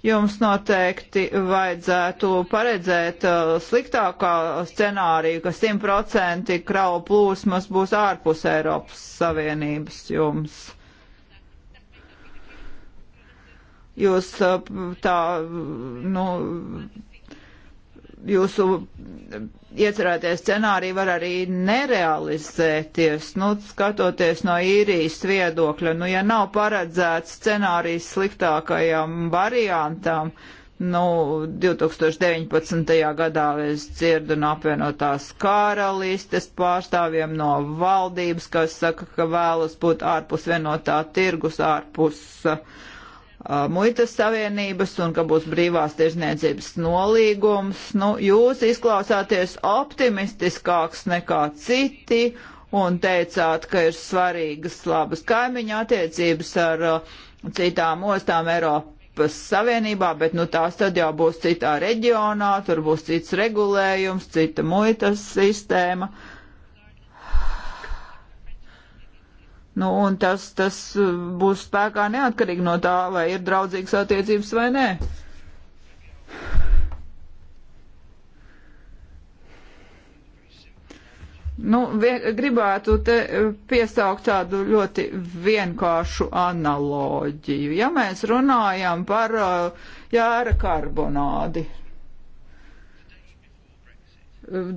S3: jums noteikti vajadzētu paredzēt uh, sliktākā scenāriju, ka 100% kravu plūsmas būs ārpus Eiropas Savienības jums. Jūs uh, tā, nu, jūsu mm, iecerētie scenāriji var arī nerealizēties, nu, skatoties no īrijas viedokļa. Nu, ja nav paredzēts scenārijs sliktākajam variantam, nu, 2019. gadā es dzirdu no apvienotās karalistes pārstāvjiem no valdības, kas saka, ka vēlas būt ārpus vienotā tirgus, ārpus uh, muitas savienības un ka būs brīvās tirzniecības nolīgums. Nu, jūs izklausāties optimistiskāks nekā citi un teicāt, ka ir svarīgas labas kaimiņa attiecības ar uh, citām ostām Eiropas Savienībā, bet nu tās tad jau būs citā reģionā, tur būs cits regulējums, cita muitas sistēma. Uh, Nu, un tas, tas uh, būs spēkā neatkarīgi no tā, vai ir draudzīgas attiecības vai nē. Nu, vien, gribētu te uh, piesaukt tādu ļoti vienkāršu analoģiju. Ja mēs runājam par uh, jāra karbonādi, uh,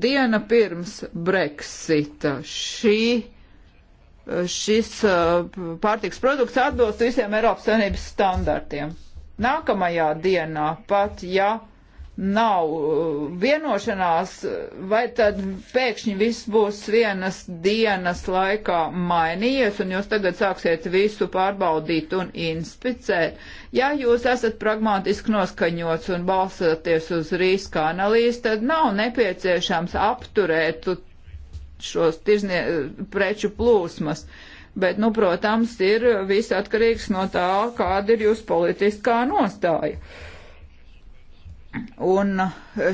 S3: diena pirms Brexita šī šis uh, pārtiks produkts atbilst visiem Eiropas Savienības standartiem. Nākamajā dienā pat, ja nav uh, vienošanās, uh, vai tad pēkšņi viss būs vienas dienas laikā mainījies, un jūs tagad sāksiet visu pārbaudīt un inspicēt. Ja jūs esat pragmatiski noskaņots un balsoties uz riska analīzi, tad nav nepieciešams apturēt šos tirznie, preču plūsmas. Bet, nu, protams, ir viss atkarīgs no tā, kāda ir jūsu politiskā nostāja. Un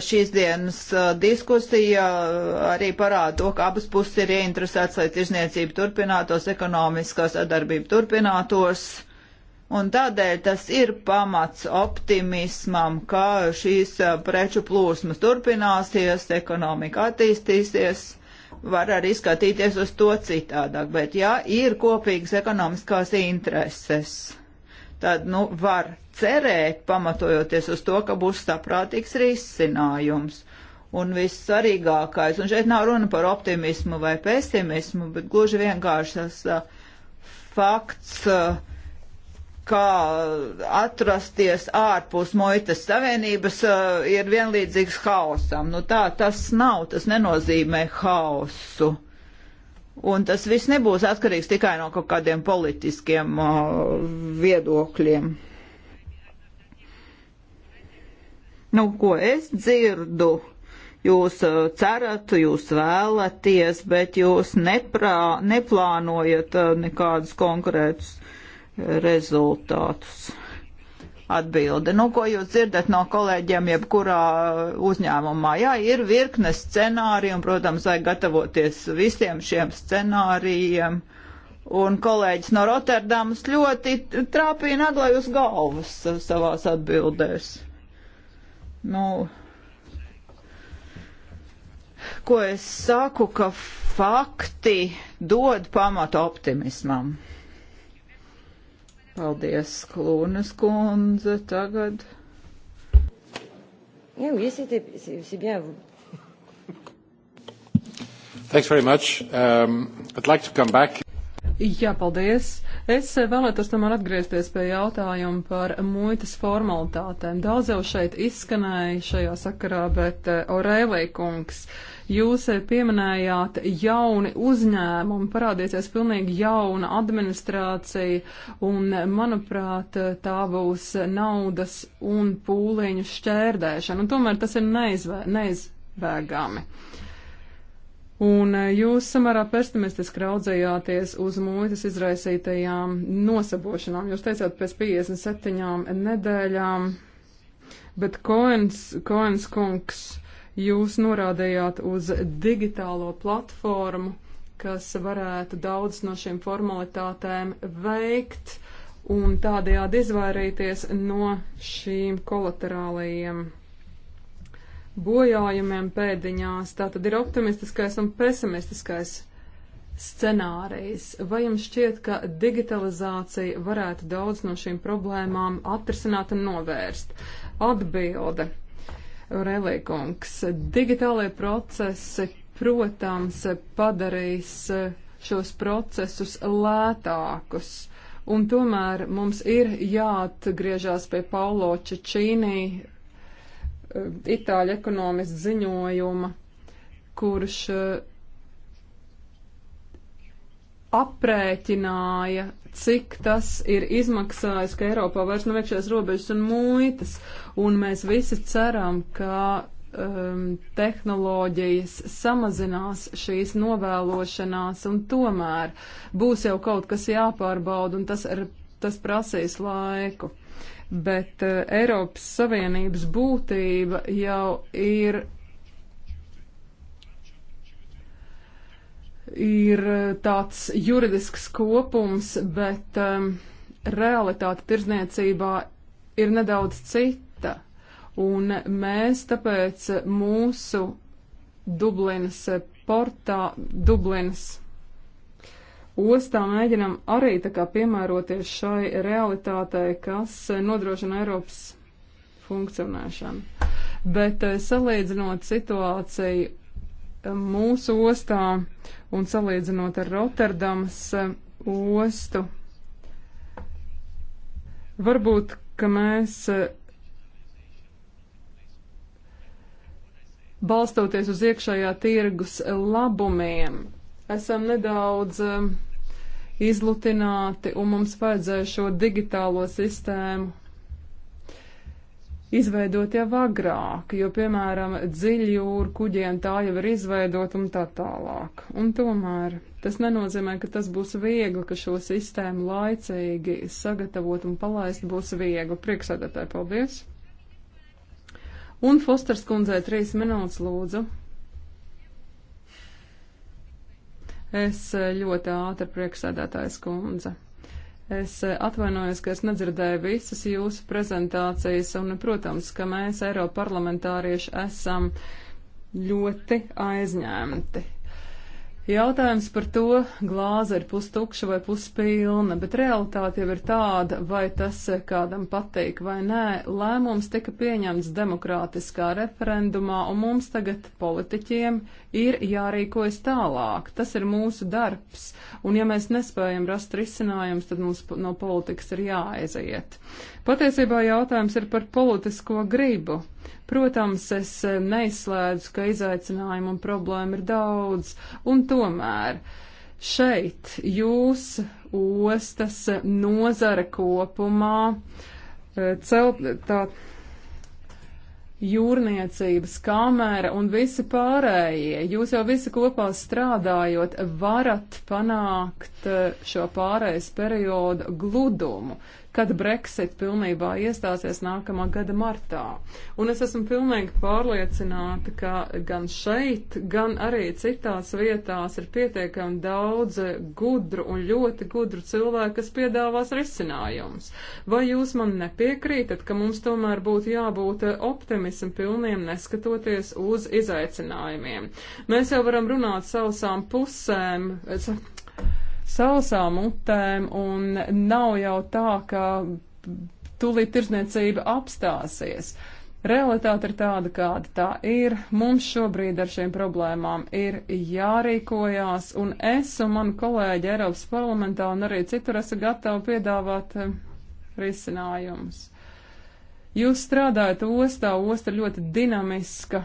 S3: šīs dienas uh, diskusija uh, arī parāda to, ka abas puses ir ieinteresētas, lai tirzniecība turpinātos, ekonomiskā sadarbība turpinātos. Un tādēļ tas ir pamats optimismam, ka šīs uh, preču plūsmas turpināsies, ekonomika attīstīsies var arī skatīties uz to citādāk, bet ja ir kopīgas ekonomiskās intereses, tad nu, var cerēt, pamatojoties uz to, ka būs saprātīgs risinājums. Un viss svarīgākais, un šeit nav runa par optimismu vai pesimismu, bet gluži vienkārši tas uh, fakts, uh, kā atrasties ārpus muitas savienības uh, ir vienlīdzīgs haosam. Nu tā tas nav, tas nenozīmē haosu. Un tas viss nebūs atkarīgs tikai no kaut kādiem politiskiem uh, viedokļiem. Nu, ko es dzirdu? jūs eh, cerat, jūs vēlaties, bet jūs neprā, neplānojat nekādus konkrētus rezultātus. Atbilde. Nu, ko jūs dzirdat no kolēģiem jebkurā uzņēmumā? Jā, ir virkne scenāriju, un, protams, vajag gatavoties visiem šiem scenārijiem. Un kolēģis no Rotterdamas ļoti trāpīja naglai uz galvas savās atbildēs. Nu, ko es saku, ka fakti dod pamatu optimismam. Paldies, Klūnas kundze, tagad. Yeah, oui, c'est bien vous.
S2: Thanks very much. Um, I'd like to come back.
S1: Jā, paldies. Es vēlētos tomēr atgriezties pie jautājuma par muitas formalitātēm. Daudz jau šeit izskanēja šajā sakarā, bet Orēlī eh, kungs. Uh, Jūs eh, pieminējāt jauni uzņēmumi, parādīsies pilnīgi jauna administrācija, un, eh, manuprāt, tā būs naudas un pūliņu šķērdēšana, un tomēr tas ir neizvē, neizbēgami. Un eh, jūs samērā pesimistiski raudzējāties uz muitas izraisītajām nosabošanām. Jūs teicāt, pēc 57 nedēļām, bet Koens, Koens kungs Jūs norādījāt uz digitālo platformu, kas varētu daudz no šiem formalitātēm veikt un tādējādi izvairīties no šīm kolaterālajiem bojājumiem pēdiņās. Tā tad ir optimistiskais un pesimistiskais scenārijs. Vai jums šķiet, ka digitalizācija varētu daudz no šīm problēmām atrisināt un novērst? Atbilde. Relīkungs. Digitālie procesi, protams, padarīs eh, šos procesus lētākus. Un tomēr mums ir jāatgriežās pie Paulo Čečīnī, eh, itāļu ekonomistu ziņojuma, kurš eh, aprēķināja, cik tas ir izmaksājis, ka Eiropā vairs nav iekšējās robežas un muitas, un mēs visi ceram, ka um, tehnoloģijas samazinās šīs novēlošanās, un tomēr būs jau kaut kas jāpārbauda, un tas, ar, tas prasīs laiku. Bet uh, Eiropas Savienības būtība jau ir ir eh, tāds juridisks kopums, bet um, realitāte tirzniecībā ir nedaudz cita. Un mēs tāpēc mūsu Dublinas eh, portā, Dublinas ostā mēģinam arī tā kā piemēroties šai realitātei, kas nodrošina Eiropas funkcionēšanu. Bet eh, salīdzinot situāciju mūsu ostā, un salīdzinot ar Rotterdamas eh, ostu, varbūt, ka mēs eh, balstoties uz iekšējā tirgus labumiem, esam nedaudz eh, izlutināti un mums vajadzēja šo digitālo sistēmu izveidot jau agrāk, jo, piemēram, dziļjūru kuģiem tā jau ir izveidot un tā tālāk. Un tomēr tas nenozīmē, ka tas būs viegli, ka šo sistēmu laicīgi sagatavot un palaist būs viegli. Prieksēdētāji, paldies! Un Fosters kundzei trīs minūtes lūdzu. Es ļoti ātri prieksēdētājs kundze. Es atvainojos, ka es nedzirdēju visas jūsu prezentācijas, un, protams, ka mēs, Eiropa parlamentārieši, esam ļoti aizņemti. Jautājums par to, glāze ir pustukša vai puspilna, bet realitāte jau ir tāda, vai tas kādam patīk vai nē. Lēmums tika pieņemts demokrātiskā referendumā, un mums tagad politiķiem ir jārīkojas tālāk. Tas ir mūsu darbs, un ja mēs nespējam rast risinājums, tad mums no politikas ir jāaiziet. Patiesībā jautājums ir par politisko gribu. Protams, es eh, neizslēdzu, ka izaicinājumu un problēmu ir daudz, un tomēr šeit jūs ostas nozara kopumā eh, celt tā jūrniecības kamera un visi pārējie. Jūs jau visi kopā strādājot, varat panākt eh, šo pārējais periodu gludumu kad Brexit pilnībā iestāsies nākamā gada martā. Un es esmu pilnīgi pārliecināta, ka gan šeit, gan arī citās vietās ir pietiekami daudz gudru un ļoti gudru cilvēku, kas piedāvās risinājumus. Vai jūs man nepiekrītat, ka mums tomēr būtu jābūt optimismu pilniem, neskatoties uz izaicinājumiem? Mēs jau varam runāt sausām pusēm sausām mutēm, un nav jau tā, ka tūlīt tirzniecība apstāsies. Realitāte ir tāda, kāda tā ir. Mums šobrīd ar šiem problēmām ir jārīkojās, un es un mani kolēģi Eiropas parlamentā un arī citur esmu gatavi piedāvāt eh, risinājumus. Jūs strādājat ostā, osta ļoti dinamiska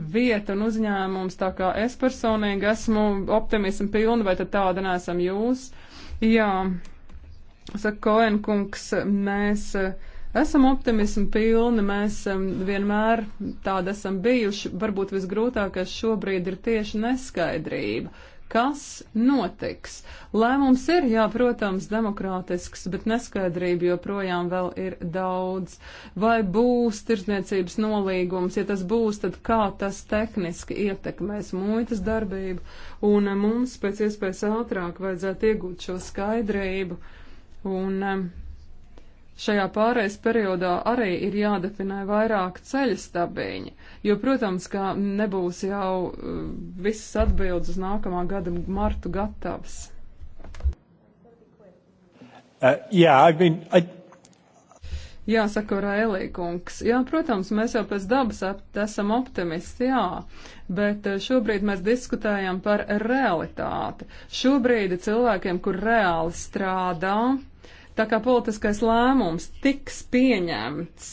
S1: vieta un uzņēmums, tā kā es personīgi esmu optimismu pilna, vai tad tāda nesam jūs? Jā, saka Koenkungs, mēs eh, esam optimismu pilni, mēs eh, vienmēr tāda esam bijuši, varbūt visgrūtākais šobrīd ir tieši neskaidrība kas notiks. Lēmums ir, jā, protams, demokrātisks, bet neskaidrība joprojām vēl ir daudz. Vai būs tirsniecības nolīgums, ja tas būs, tad kā tas tehniski ietekmēs muitas darbību, un eh, mums pēc iespējas ātrāk vajadzētu iegūt šo skaidrību. Un, um, Šajā pārejas periodā arī ir jādefinē vairāk ceļa stabiņi, jo, protams, ka nebūs jau uh, visas atbildes uz nākamā gada martu gatavs.
S3: Uh, yeah, I mean, I...
S1: Jā, saka Rēlīkungs. Jā, protams, mēs jau pēc dabas esam optimisti, jā, bet uh, šobrīd mēs diskutējam par realitāti. Šobrīd cilvēkiem, kur reāli strādā, uh, Tā kā politiskais lēmums tiks pieņemts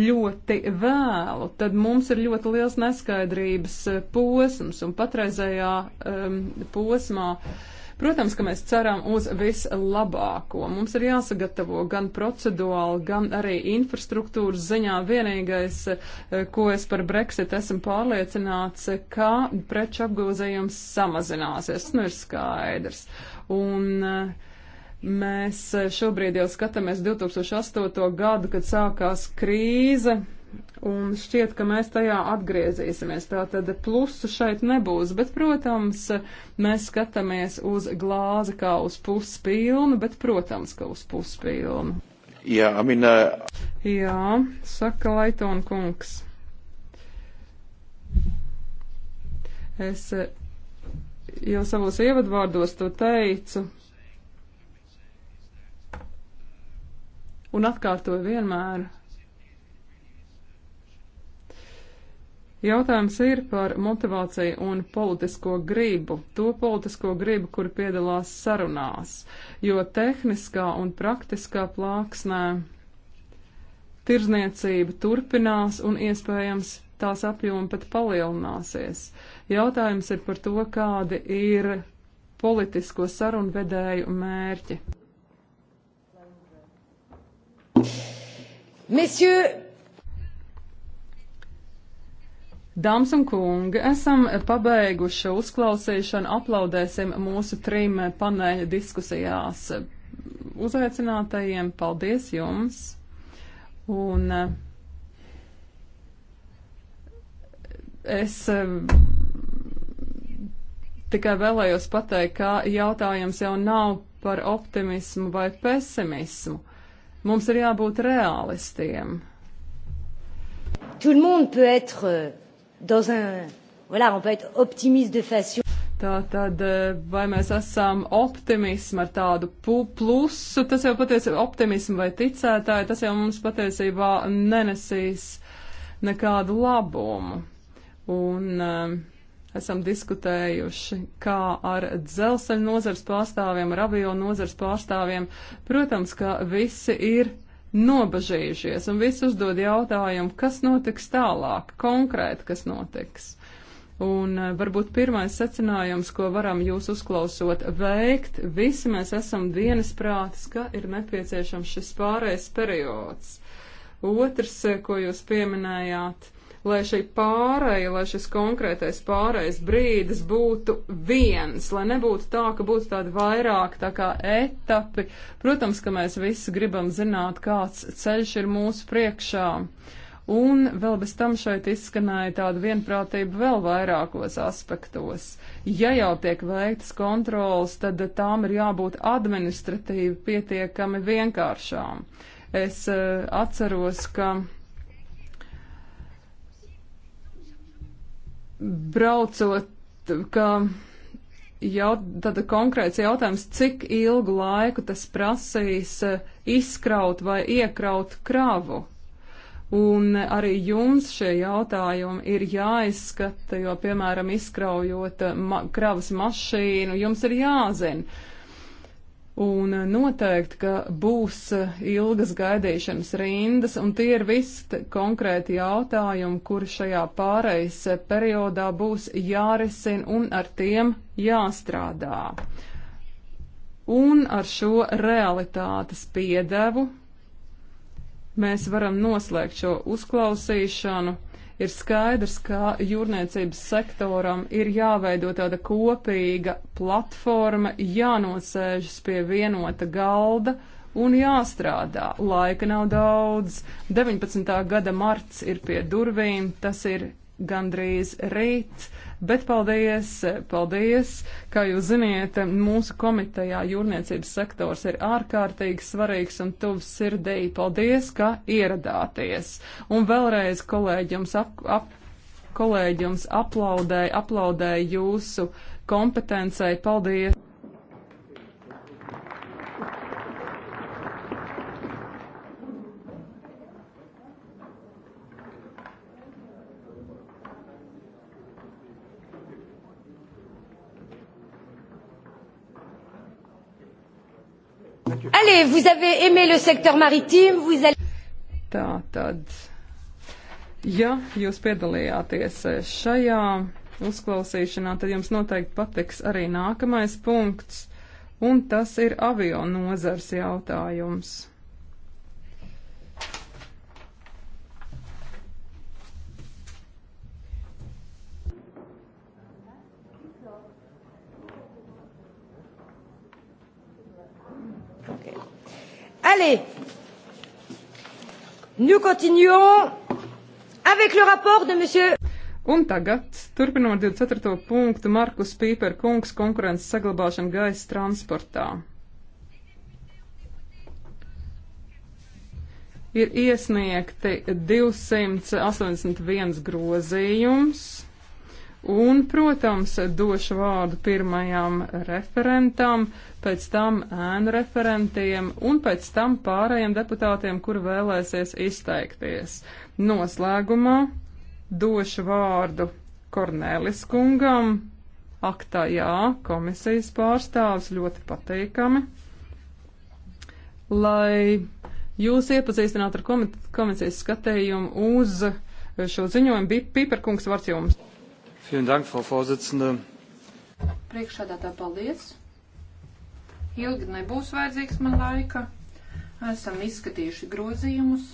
S1: ļoti vēlu, tad mums ir ļoti liels neskaidrības eh, posms un patreizējā um, posmā. Protams, ka mēs ceram uz vislabāko. Mums ir jāsagatavo gan procedūrāli, gan arī infrastruktūras ziņā. Vienīgais, eh, ko es par Brexit esmu pārliecināts, ka preču apgrozījums samazināsies. Nu ir skaidrs. Un, uh, Mēs eh, šobrīd jau skatāmies 2008. gadu, kad sākās krīze, un šķiet, ka mēs tajā atgriezīsimies. Tātad plusu šeit nebūs, bet, protams, mēs skatāmies uz glāzi kā uz puspilnu, bet, protams, ka uz puspilnu.
S2: Jā, I mean, uh...
S1: Jā, saka Laitona kungs. Es eh, jau savos ievadvārdos to teicu, un atkārtoju vienmēr. Jautājums ir par motivāciju un politisko gribu, to politisko gribu, kur piedalās sarunās, jo tehniskā un praktiskā plāksnē tirzniecība turpinās un iespējams tās apjoma pat palielināsies. Jautājums ir par to, kādi ir politisko sarunvedēju mērķi. Messieurs, Dāmas un kungi, esam pabeiguši uzklausīšanu, aplaudēsim mūsu trim paneļa diskusijās uzaicinātajiem. Paldies jums! Un es tikai vēlējos pateikt, ka jautājums jau nav par optimismu vai pesimismu. Mums ir jābūt realistiem. Tout le monde peut être euh, dans un. Voilà, on peut être optimiste de façon. Tā tad, eh, vai mēs esam optimismi ar tādu plusu, tas jau patiesībā optimismu vai ticētāji, tas jau mums patiesībā nenesīs nekādu labumu. Un, uh, esam diskutējuši, kā ar dzelzceļa nozars pārstāvjiem, ar avio nozars pārstāvjiem. Protams, ka visi ir nobažījušies un visi uzdod jautājumu, kas notiks tālāk, konkrēti, kas notiks. Un eh, varbūt pirmais secinājums, ko varam jūs uzklausot veikt, visi mēs esam dienas prātis, ka ir nepieciešams šis pārējais periods. Otrs, eh, ko jūs pieminējāt, lai šī pāreja, lai šis konkrētais pārejas brīdis būtu viens, lai nebūtu tā, ka būtu tādi vairāk tā kā etapi. Protams, ka mēs visi gribam zināt, kāds ceļš ir mūsu priekšā. Un vēl bez tam šeit izskanēja tāda vienprātība vēl vairākos aspektos. Ja jau tiek veiktas kontrolas, tad tām ir jābūt administratīvi pietiekami vienkāršām. Es uh, atceros, ka braucot, ka jau tāda konkrēts jautājums, cik ilgu laiku tas prasīs eh, izkraut vai iekraut kravu. Un arī jums šie jautājumi ir jāizskata, jo, piemēram, izkraujot eh, ma kravas mašīnu, jums ir jāzina, Un eh, noteikti, ka būs eh, ilgas gaidīšanas rindas, un tie ir visi konkrēti jautājumi, kur šajā pārejas eh, periodā būs jārisina un ar tiem jāstrādā. Un ar šo realitātes piedevu mēs varam noslēgt šo uzklausīšanu ir skaidrs, ka jūrniecības sektoram ir jāveido tāda kopīga platforma, jānosēžas pie vienota galda un jāstrādā. Laika nav daudz. 19. gada marts ir pie durvīm, tas ir gandrīz rīt. Bet paldies, paldies, kā jūs ziniet, mūsu komitejā jūrniecības sektors ir ārkārtīgi svarīgs un tuvs sirdī. Paldies, ka ieradāties. Un vēlreiz kolēģums ap. ap kolēģi jums aplaudēja, aplaudēja jūsu kompetencei. Paldies!
S3: Allez, vous avez aimé le secteur maritime, vous allez.
S1: Tā tad, ja jūs piedalījāties e, šajā uzklausīšanā, tad jums noteikti patiks arī nākamais punkts, un tas ir avio nozars jautājums.
S3: Allez,
S2: nous continuons avec le rapport de monsieur. Un tagad,
S1: turpinot 24. punktu, Markus Pīper kungs konkurences saglabāšana gaisa transportā. Ir iesniegti 281 grozījums. Un, protams, došu vārdu pirmajam referentam, pēc tam ēnu referentiem un pēc tam pārējiem deputātiem, kuri vēlēsies izteikties. Noslēgumā došu vārdu Kornelis kungam. Aktā jā, komisijas pārstāvs ļoti pateikami. Lai jūs iepazīstinātu ar komisijas skatījumu uz šo ziņojumu, bija Piperkungs vārds jums.
S2: Vielen Dank, Frau Vorsitzende. Priekšādātā paldies. Ilgi nebūs vajadzīgs man laika. Esam izskatījuši grozījumus.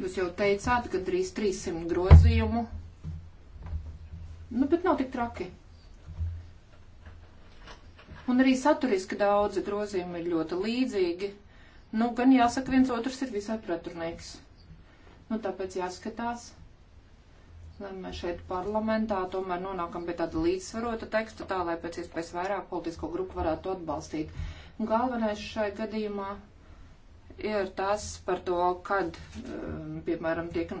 S2: Jūs jau teicāt, ka drīz 300 grozījumu. Nu, bet nav tik traki. Un arī saturiski daudzi grozījumi ir ļoti līdzīgi. Nu, gan jāsaka, viens otrs ir visai pretrunīgs. Nu, tāpēc jāskatās lai mēs šeit parlamentā tomēr nonākam pie tāda līdzsvarota teksta, tā lai pēc iespējas vairāk politisko grupu varētu to atbalstīt. Un galvenais šai gadījumā ir tas par to, kad, um, piemēram, tiek,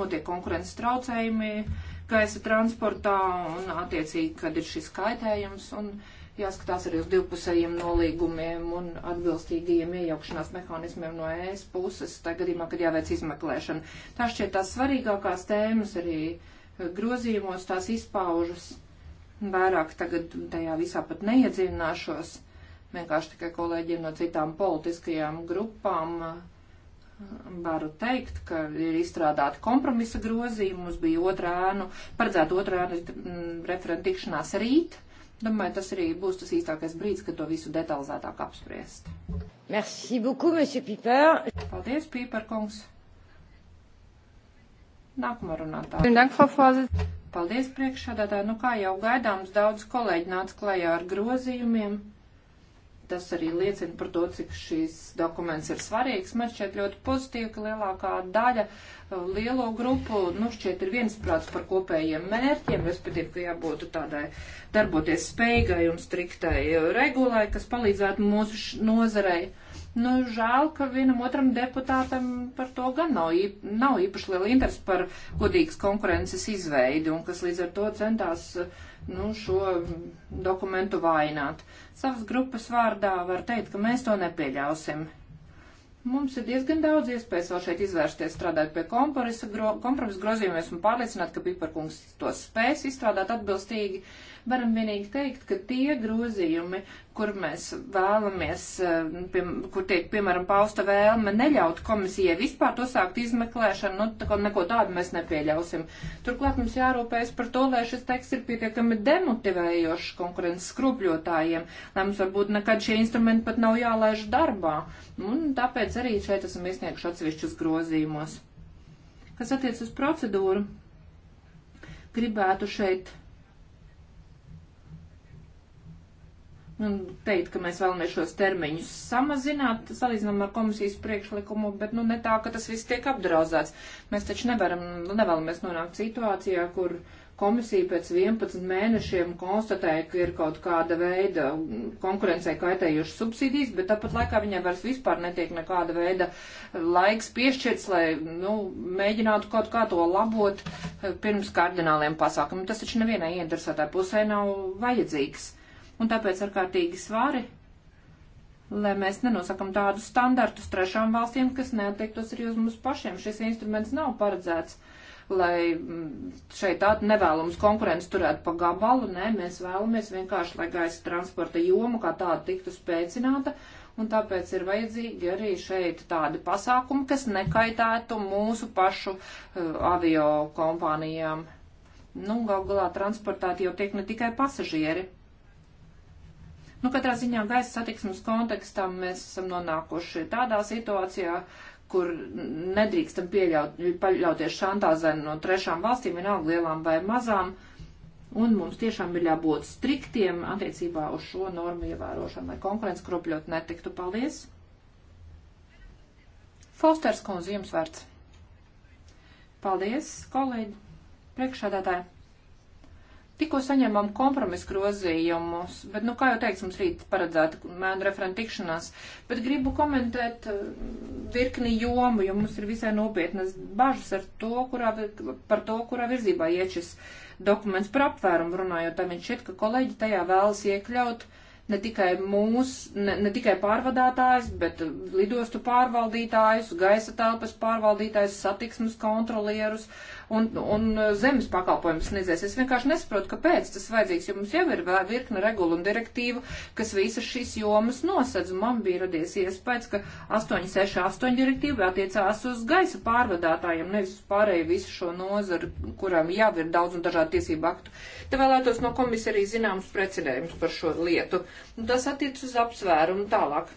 S2: notiek konkurences traucējumi gaisa transportā un attiecīgi, kad ir šis kaitējums. Un, uh, jāskatās arī uz divpusējiem nolīgumiem un atbilstīgajiem iejaukšanās mehānismiem no ES puses, tā gadījumā, kad jāveic izmeklēšana. Tā šķiet tās svarīgākās tēmas arī eh, grozījumos tās izpaužas. Vairāk tagad tajā visā pat neiedziļināšos, vienkārši tikai kolēģiem no citām politiskajām grupām eh, varu teikt, ka ir izstrādāti kompromisa grozījumi. Mums bija otrā ēnu, paredzēta otrā ēnu mm, referenta tikšanās rīt. Domāju, tas arī būs tas īstākais brīdis, kad to visu detalizētāk apspriest. Merci beaucoup, monsieur Piper. Paldies, Piper kungs. Nākamā runātāja. Paldies, priekšādātāji. Nu, kā jau gaidāms, daudz kolēģi nāca klajā ar grozījumiem. Tas arī liecina par to, cik šīs dokuments ir svarīgs. Man šķiet ļoti pozitīvi, ka lielākā daļa uh, lielo grupu, nu, šķiet ir viensprāts par kopējiem mērķiem, respektīvi, ka jābūt tādai darboties spējīgai un striktai regulai, kas palīdzētu mūsu nozarei. Nu, žēl, ka vienam otram deputātam par to gan nav, īp nav īpaši liela interesi par godīgas konkurences izveidi, un kas līdz ar to centās uh, nu, šo dokumentu vainot. Savas grupas vārdā var teikt, ka mēs to nepieļausim. Mums ir diezgan daudz iespējas vēl šeit izvērsties, strādāt pie kompromisa, gro, kompromisa grozījumiem. Esmu pārliecināta, ka Piperkungs tos spēs izstrādāt atbilstīgi. Uh, Varam vienīgi teikt, ka tie grozījumi, kur mēs vēlamies, eh, pie, kur tiek, piemēram, pausta vēlme neļaut komisijai vispār uzsākt izmeklēšanu, nu, tā kā neko tādu mēs nepieļausim. Turklāt mums jārūpējas par to, lai šis teksts ir pietiekami demotivējošs konkurences skrupļotājiem, lai mums varbūt nekad šie instrumenti pat nav jālaiž darbā. Nu, un tāpēc arī šeit esam iesnieguši atsevišķus grozījumus. Kas attiec uz procedūru, gribētu šeit un nu, teikt, ka mēs vēlamies šos termiņus samazināt, salīdzinām ar komisijas priekšlikumu, bet nu ne tā, ka tas viss tiek apdrauzēts. Mēs taču nevaram, nu, nevēlamies nonākt situācijā, kur komisija pēc 11 mēnešiem konstatēja, ka ir kaut kāda veida konkurencei kaitējušas subsīdijas, bet tāpat laikā viņai vairs vispār netiek nekāda veida laiks piešķirts, lai, nu, mēģinātu kaut kā to labot eh, pirms kardināliem pasākumiem. Tas taču nevienai interesētāji pusē nav vajadzīgs un tāpēc ārkārtīgi svāri, lai mēs nenosakam tādus standartus trešām valstīm, kas neatiektos arī uz mums pašiem. Šis instruments nav paredzēts, lai mm, šeit tādu nevēlamus konkurences turētu pa gabalu. Nē, mēs vēlamies vienkārši, lai gaisa transporta joma kā tāda tiktu spēcināta un tāpēc ir vajadzīgi arī šeit tādi pasākumi, kas nekaitētu mūsu pašu uh, avio kompānijām. Nu, gal galā transportēti jau tiek ne tikai pasažieri. Nu, katrā ziņā gaisa satiksmes kontekstā mēs esam nonākuši tādā situācijā, kur nedrīkstam pieļaut, paļauties šantāzēm no trešām valstīm, vienalga lielām vai mazām. Un mums tiešām ir jābūt striktiem attiecībā uz šo normu ievērošanu, lai konkurence kropļot netiktu. Paldies! Fosters kundze, jums vārds. Paldies, kolēģi, priekšādātāji. Tikko saņemam kompromisu grozījumus, bet, nu, kā jau teicu, mums rīt paredzēta mēnu referenta tikšanās, bet gribu komentēt eh, virkni jomu, jo mums ir visai nopietnas bažas ar to, kurā, par to, kurā virzībā iet šis dokuments par apvērumu runājot, tā viņš šķiet, ka kolēģi tajā vēlas iekļaut ne tikai mūs, ne, ne tikai pārvadātājs, bet eh, lidostu pārvaldītājus, gaisa telpas pārvaldītājus, satiksmes kontrolierus, un, un uh, zemes pakalpojumu sniedzēs. Es vienkārši nesaprotu, kāpēc tas vajadzīgs, jo mums jau ir virkne regulu un direktīvu, kas visas šīs jomas nosedz. Man bija radies iespējas, ka 868 direktīva attiecās uz gaisa pārvadātājiem, nevis uz pārēju visu šo nozaru, kurām jau ir daudz un dažādu tiesību aktu. Te vēlētos no komisijas arī zināms precedējums par šo lietu. Un tas attiec uz apsvērumu tālāk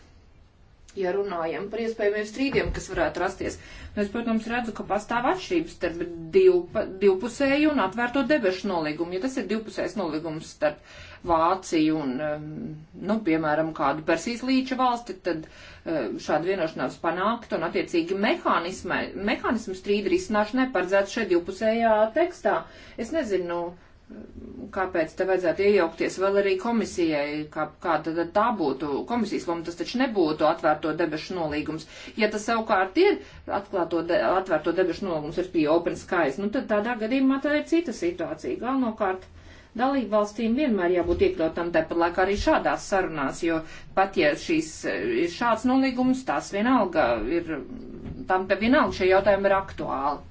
S2: ja runājam par iespējamiem strīdiem, kas varētu rasties. Nu, es, protams, redzu, ka pastāv atšķirības starp div, divpusēju un atvērto debešu nolīgumu. Ja tas ir divpusējs nolīgums starp Vāciju un, um, nu, piemēram, kādu Persijas līča valsti, tad um, šāda vienošanās panākt un, attiecīgi, mehānismu strīdu risināšanai paredzēts šeit divpusējā tekstā. Es nezinu, nu, kāpēc te vajadzētu iejaukties vēl arī komisijai, kā, kāda tad tā būtu komisijas loma, tas taču nebūtu atvērto debešu nolīgums. Ja tas savukārt ir atklāto, de, atvērto debešu nolīgums, ir pie Open Skies, nu tad tādā gadījumā tā ir cita situācija. Galvenokārt dalību valstīm vienmēr jābūt iekļautam tāpat laikā arī šādās sarunās, jo pat ja šīs ir šāds nolīgums, tās vienalga ir, tam te vienalga šie jautājumi ir aktuāli.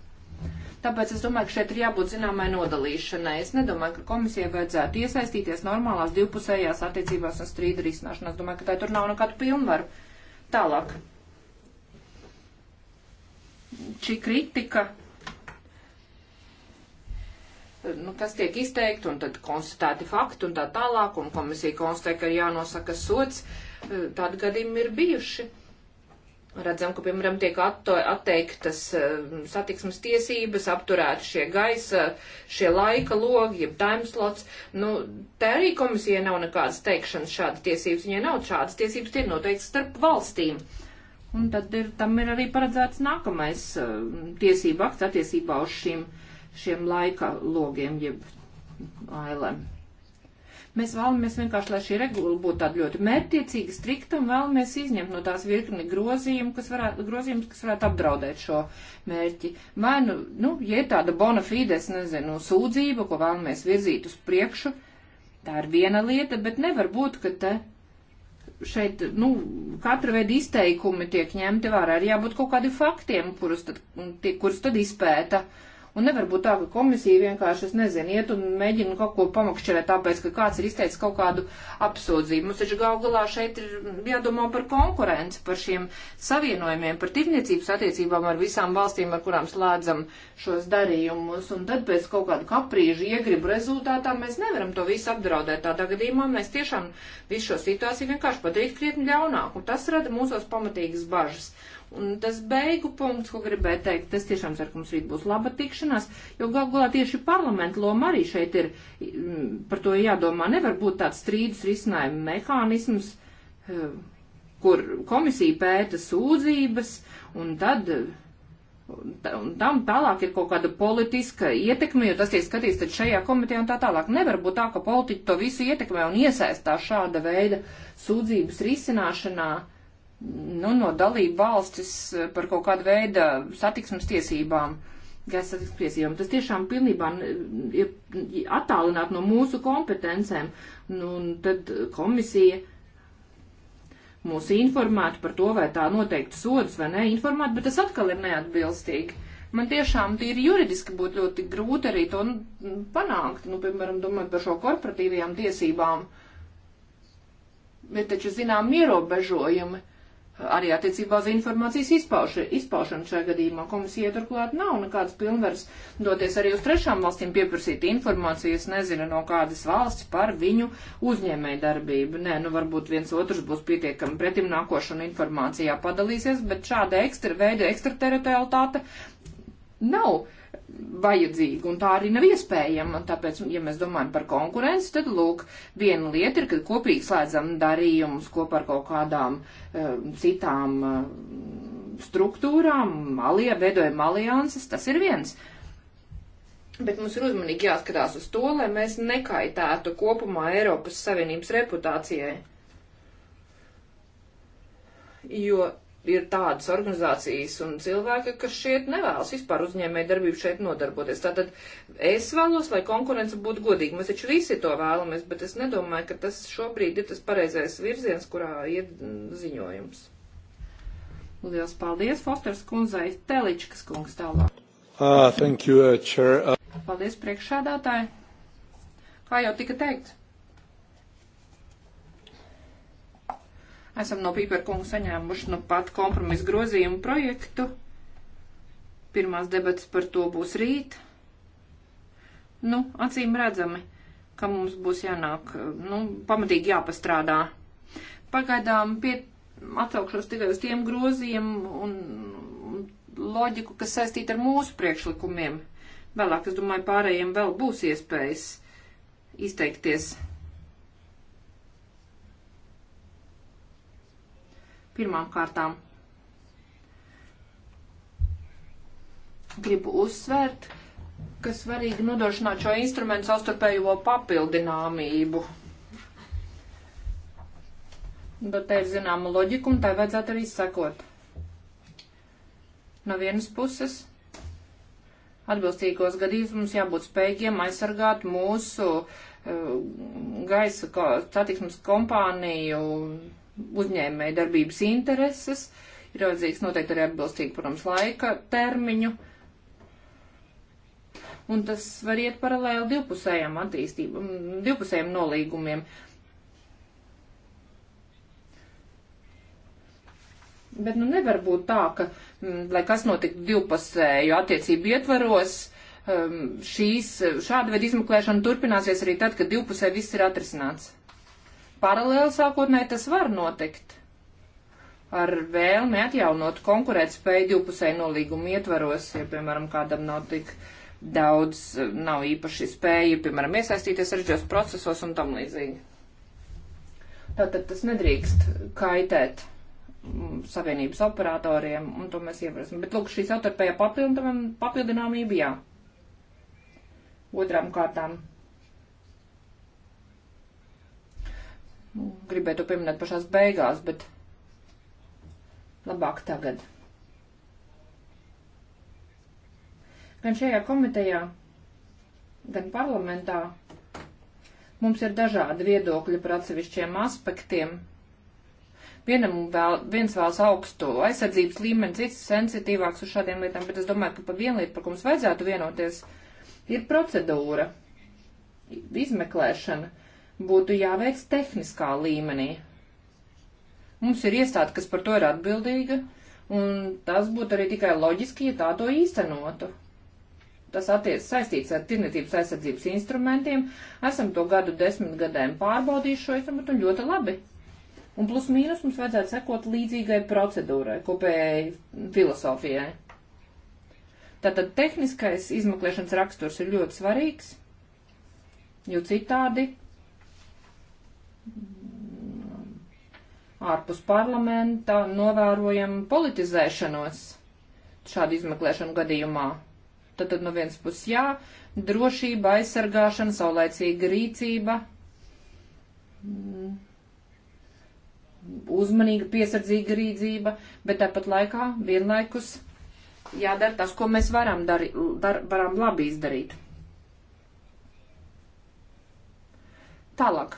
S2: Tāpēc es domāju, ka šeit ir jābūt zināmai nodalīšanai. Es nedomāju, ka komisijai vajadzētu iesaistīties normālās divpusējās attiecībās un strīdu risināšanā. Es domāju, ka tai tur nav nekādu pilnvaru. Tālāk. Šī kritika nu, kas tiek izteikti, un tad konstatēti fakti un tā tālāk, un komisija konstatē, ka ir jānosaka sots, tādi gadījumi ir bijuši. Redzam, ka, piemēram, tiek atteiktas um, satiksmes tiesības, apturēti šie gaisa, šie laika logi, jeb timeslots. Nu, te arī komisija nav nekādas teikšanas šādas tiesības, viņai nav šādas tiesības, tie ir noteikti starp valstīm. Un tad ir, tam ir arī paredzēts nākamais um, tiesību akts attiecībā uz šiem, šiem laika logiem, jeb ailēm. Mēs vēlamies vienkārši, lai šī regula būtu tāda ļoti mērķtiecīga, strikta un vēlamies izņemt no tās virkni grozījumu, kas varētu, grozījums, kas varētu apdraudēt šo mērķi. Vai nu, nu ja ir tāda bona fides, nezinu, sūdzība, ko vēlamies virzīt uz priekšu, tā ir viena lieta, bet nevar būt, ka te šeit, nu, katra veida izteikumi tiek ņemti vērā, ir jābūt kaut kādi faktiem, kurus tad, tie, kurus tad izpēta. Uh, Un nevar būt tā, ka komisija vienkārši, es nezinu, iet un mēģina kaut ko pamakšķerēt, tāpēc, ka kāds ir izteicis kaut kādu apsūdzību. Mums taču gal galā šeit ir jādomā par konkurenci, par šiem savienojumiem, par tirniecības attiecībām ar visām valstīm, ar kurām slēdzam šos darījumus. Un tad pēc kaut kādu kaprīžu iegribu rezultātā mēs nevaram to visu apdraudēt. Tādā gadījumā mēs tiešām visu šo situāciju vienkārši padarīt krietni ļaunāku. Un tas rada mūsos pamatīgas bažas. Un tas beigu punkts, ko gribēju teikt, tas tiešām ceru, ka mums rīt būs laba tikšanās, jo gal galā tieši parlamenta loma arī šeit ir, mm, par to jādomā, nevar būt tāds strīdus risinājuma mehānisms, eh, kur komisija pēta sūdzības un tad eh, un tam tālāk ir kaut kāda politiska ietekme, jo tas tiek skatīts tad šajā komitejā un tā tālāk. Nevar būt tā, ka politiķi to visu ietekmē un iesaistās šāda veida sūdzības risināšanā. Uh, nu, no dalību valstis eh, par kaut kādu veidu satiksmes tiesībām, gaisa satiksmes tiesībām. Tas tiešām pilnībā ir attālināt no mūsu kompetencēm. Nu, un tad komisija mūs informētu par to, vai tā noteikti sodas vai neinformētu, bet tas atkal ir neatbilstīgi. Man tiešām tīri juridiski būtu ļoti grūti arī to nu, panākt, nu, piemēram, domājot par šo korporatīvajām tiesībām. Ir taču zinām ierobežojumi. Uh, arī attiecībā uz informācijas izpauši, izpaušanu šajā gadījumā. Komisija turklāt nav nekādas pilnvaras doties arī uz trešām valstīm pieprasīt informāciju, es nezinu, no kādas valsts par viņu uzņēmēju darbību. Nē, nu varbūt viens otrs būs pietiekami pretim nākoši un informācijā padalīsies, bet šāda ekstra veida ekstrateritorialitāte nav vajadzīga, un tā arī nav iespējama. Tāpēc, ja mēs domājam par konkurenci, tad, lūk, viena lieta ir, kad kopīgi slēdzam darījumus kopā ar kaut kādām uh, citām uh, struktūrām, malie, veidojam alianses, tas ir viens. Bet mums ir uzmanīgi jāskatās uz to, lai mēs nekaitētu kopumā Eiropas Savienības reputācijai. Jo ir tādas organizācijas un cilvēki, kas šeit nevēlas vispār uzņēmēju darbību šeit nodarboties. Tātad es vēlos, lai konkurence būtu godīga. Mēs taču visi to vēlamies, bet es nedomāju, ka tas šobrīd ir tas pareizais virziens, kurā ir mm, ziņojums. Lielas paldies, Fosters kundzei, Teličkas kungs tālāk. Ah, thank
S3: you, uh, chair. Uh...
S2: Paldies, priekšsēdātāji. Kā jau tika teikts? Esam no Pīperkunga saņēmuši nu pat kompromisu grozījumu projektu. Pirmās debatas par to būs rīt. Nu, acīm redzami, ka mums būs jānāk, nu, pamatīgi jāpastrādā. Pagaidām pie, atsaukšos tikai uz tiem groziem un, un loģiku, kas saistīta ar mūsu priekšlikumiem. Vēlāk, es domāju, pārējiem vēl būs iespējas izteikties. Pirmām kārtām gribu uzsvērt, ka svarīgi nodrošināt šo instrumentu savstarpējo papildināmību. Bet te ir zināma loģika, un tai vajadzētu arī sekot. No vienas puses, atbilstīgos gadījumos mums jābūt spējīgiem aizsargāt mūsu uh, gaisa satiksmes kompāniju uzņēmēja darbības intereses, ir vajadzīgs noteikti arī atbilstīgi, protams, laika termiņu. Un tas var iet paralēli divpusējām attīstībām, divpusējiem nolīgumiem. Bet nu nevar būt tā, ka, m, lai kas notiktu divpusēju attiecību ietvaros, um, šīs, šāda veida izmeklēšana turpināsies arī tad, kad divpusē viss ir atrisināts. Paralēli sākotnēji tas var notikt ar vēlmi atjaunot konkurētspēju divpusēju nolīgumu ietvaros, ja, piemēram, kādam nav tik daudz, nav īpaši spēja, piemēram, iesaistīties sarežģījos procesos un tam līdzīgi. Tātad tas nedrīkst kaitēt mm, savienības operatoriem, un to mēs ieprasim. Bet, lūk, šī satarpējā papildinājumība, jā. Otrām kārtām Nu, gribēju to pieminēt pašās beigās, bet labāk tagad. Gan šajā komitejā, gan parlamentā mums ir dažādi viedokļi par atsevišķiem aspektiem. Vienam vēl, viens vēlas augstu aizsardzības līmeni, cits sensitīvāks uz šādiem lietām, bet es domāju, ka pa vienu lietu, par ko mums vajadzētu vienoties, ir procedūra, izmeklēšana būtu jāveic tehniskā līmenī. Mums ir iestāde, kas par to ir atbildīga, un tas būtu arī tikai loģiski, ja tā to īstenotu. Tas attiec saistīts ar tirnetības aizsardzības instrumentiem. Esam to gadu desmitgadēm pārbaudījuši šo instrumentu un ļoti labi. Un plus mīnus mums vajadzētu sekot līdzīgai procedūrai, kopējai filozofijai. Tātad tehniskais izmeklēšanas raksturs ir ļoti svarīgs, jo citādi ārpus parlamenta novērojam politizēšanos šādu izmeklēšanu gadījumā. Tad, tad no vienas puses jā, drošība, aizsargāšana, saulaicīga rīcība, uzmanīga, piesardzīga rīcība, bet tāpat laikā vienlaikus jādara tas, ko mēs varam, dari, dar, varam labi izdarīt. Tālāk.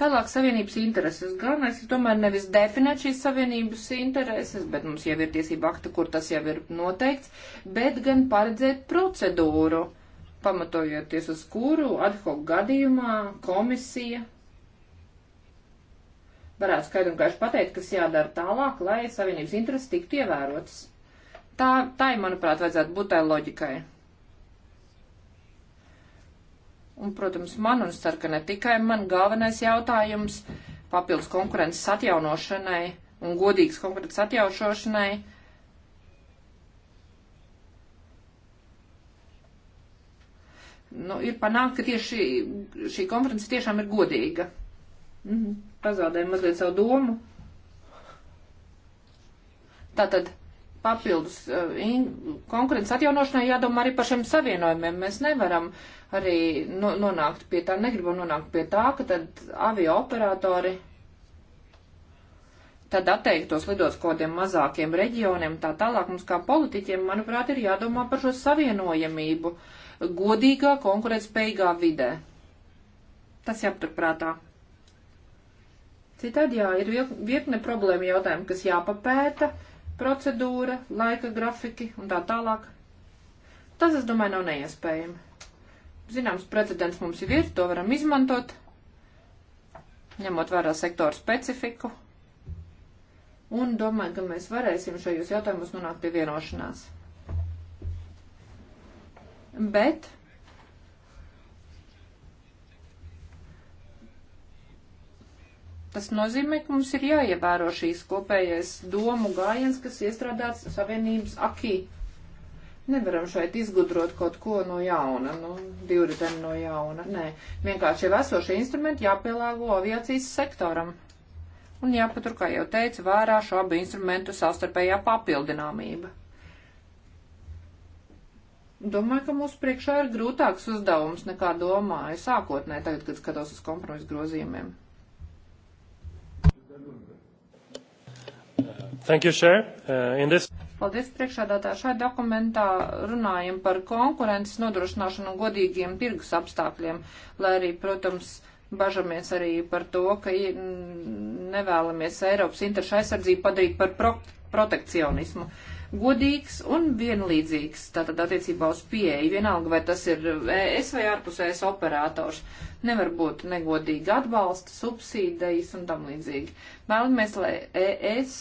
S2: Tālāk savienības intereses gan es tomēr nevis definēt šīs savienības intereses, bet mums jau ir tiesība akta, kur tas jau ir noteikts, bet gan paredzēt procedūru, pamatojoties uz kuru ad hoc gadījumā komisija varētu skaidri un gaiši pateikt, kas jādara tālāk, lai savienības intereses tiktu ievērotas. Tā, tā ir, manuprāt, vajadzētu būt tai loģikai. Un, protams, man un ceru, ka ne tikai man galvenais jautājums papildus konkurences atjaunošanai un godīgas konkurences atjaušošanai. Nu, ir panākt, ka tieši šī, šī konference tiešām ir godīga. Mhm. Pazaudēju mazliet savu domu. Tātad papildus uh, in, konkurences atjaunošanai jādomā arī par šiem savienojumiem. Mēs nevaram uh, arī no, nonākt pie tā, negribam nonākt pie tā, ka tad avio operatori tad atteiktos lidot kaut kādiem mazākiem reģioniem, tā tālāk mums kā politiķiem, manuprāt, ir jādomā par šo savienojamību godīgā, konkurētspējīgā vidē. Tas jāpaturprātā. Citādi jā, ir virkne problēma jautājumu, kas jāpapēta, procedūra, laika grafiki un tā tālāk. Tas, es domāju, nav neiespējami. Zināms, precedents mums jau ir, to varam izmantot, ņemot vērā sektoru specifiku. Un domāju, ka mēs varēsim šajos jautājumos nonākt pie vienošanās. Bet Tas nozīmē, ka mums ir jāievēro šīs kopējais domu gājiens, kas iestrādāts Savienības akī Nevaram šeit izgudrot kaut ko no jauna, nu, divriteni no jauna. Nē, vienkārši jau esošie instrumenti jāpielāgo aviācijas sektoram. Un jāpatur, kā jau teicu, vērā šo abu instrumentu savstarpējā papildināmība. Domāju, ka mūsu priekšā ir grūtāks uzdevums nekā domāju sākotnē, tagad, kad skatos uz kompromisu grozījumiem.
S1: Thank you, Chair. Uh, in this...
S2: Paldies priekšādātā. Šai dokumentā runājam par konkurences nodrošināšanu un godīgiem tirgus apstākļiem, lai arī, protams, bažamies arī par to, ka nevēlamies Eiropas interešu aizsardzību padarīt par pro protekcionismu. Uh, godīgs un vienlīdzīgs, tātad attiecībā uz pieeju, vienalga vai tas ir ES vai ārpusējs operators. Nevar būt negodīgi atbalsta, subsīdijas un tam līdzīgi. Vēlamies, lai ES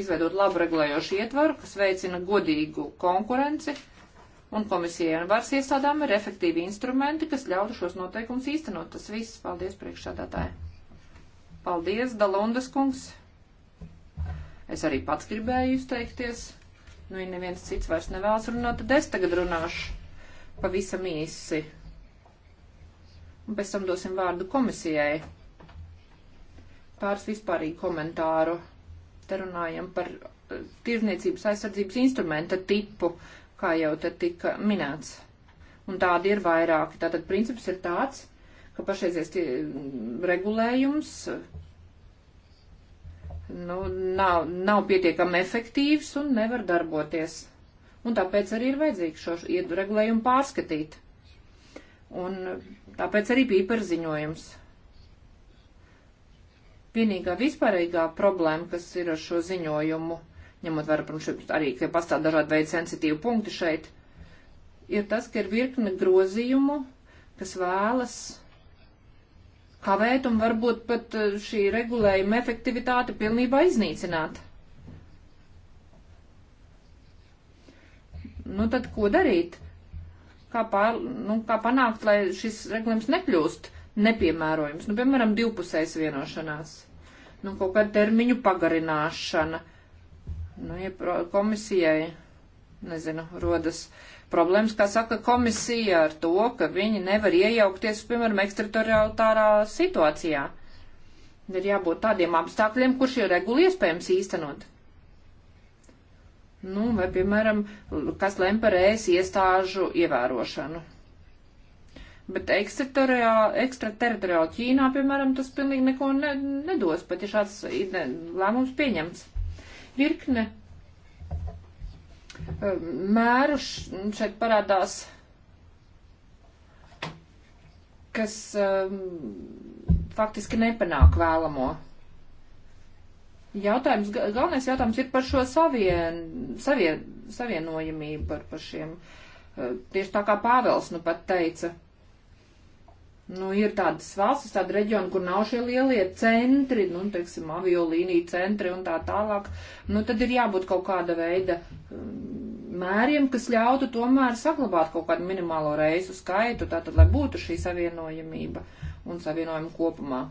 S2: izveidot labu regulējošu ietvaru, kas veicina godīgu konkurenci, un komisijai un varas iestādām ir efektīvi instrumenti, kas ļautu šos noteikumus īstenot. Tas viss. Paldies priekšsādātāji. Paldies, Dalundas kungs. Es arī pats gribēju izteikties. Nu, ja neviens cits vairs nevēlas runāt, tad es tagad runāšu pavisam īsi. Un pēc tam dosim vārdu komisijai. Pāris vispārīgi komentāru. Te runājam par eh, tirzniecības aizsardzības instrumenta tipu, kā jau te tika minēts. Un tādi ir vairāki. Tātad princips ir tāds, ka pašreizies mm, regulējums nu, nav, nav pietiekami efektīvs un nevar darboties. Un tāpēc arī ir vajadzīgs šo regulējumu pārskatīt. Un tāpēc arī pīperziņojums. Vienīgā vispārīgā problēma, kas ir ar šo ziņojumu, ņemot vērā, protams, arī, ka pastāv dažādi veidi sensitīvi punkti šeit, ir tas, ka ir virkne grozījumu, kas vēlas kavēt un varbūt pat eh, šī regulējuma efektivitāte pilnībā iznīcināt. Nu tad ko darīt? Kā, pār, nu, kā panākt, lai šis regulējums nekļūst nepiemērojams? Nu, piemēram, divpusējas vienošanās, nu, kaut kāda termiņu pagarināšana, nu, ja komisijai, nezinu, rodas uh, problēmas, kā saka komisija, ar to, ka viņi nevar iejaukties, piemēram, eksteritoriālā situācijā. Ir jābūt tādiem apstākļiem, kur šī regula iespējams īstenot. Nu, vai, piemēram, kas lem par ēs iestāžu ievērošanu. Bet ekstrateritoriāli Ķīnā, piemēram, tas pilnīgi neko ne, nedos, pat ja šāds lēmums pieņemts. Virkne mēru šeit parādās, kas um, faktiski nepanāk vēlamo. Jautājums, galvenais jautājums ir par šo savien, savien, savienojamību, par, par šiem, uh, tieši tā kā Pāvels nu pat teica, Nu, ir tādas valstis, tāda reģiona, kur nav šie lielie centri, nu, teiksim, aviolīnija centri un tā tālāk. Nu, tad ir jābūt kaut kāda veida um, mēriem, kas ļautu tomēr saglabāt kaut kādu minimālo reisu skaitu, tātad, lai būtu šī savienojamība un savienojuma kopumā.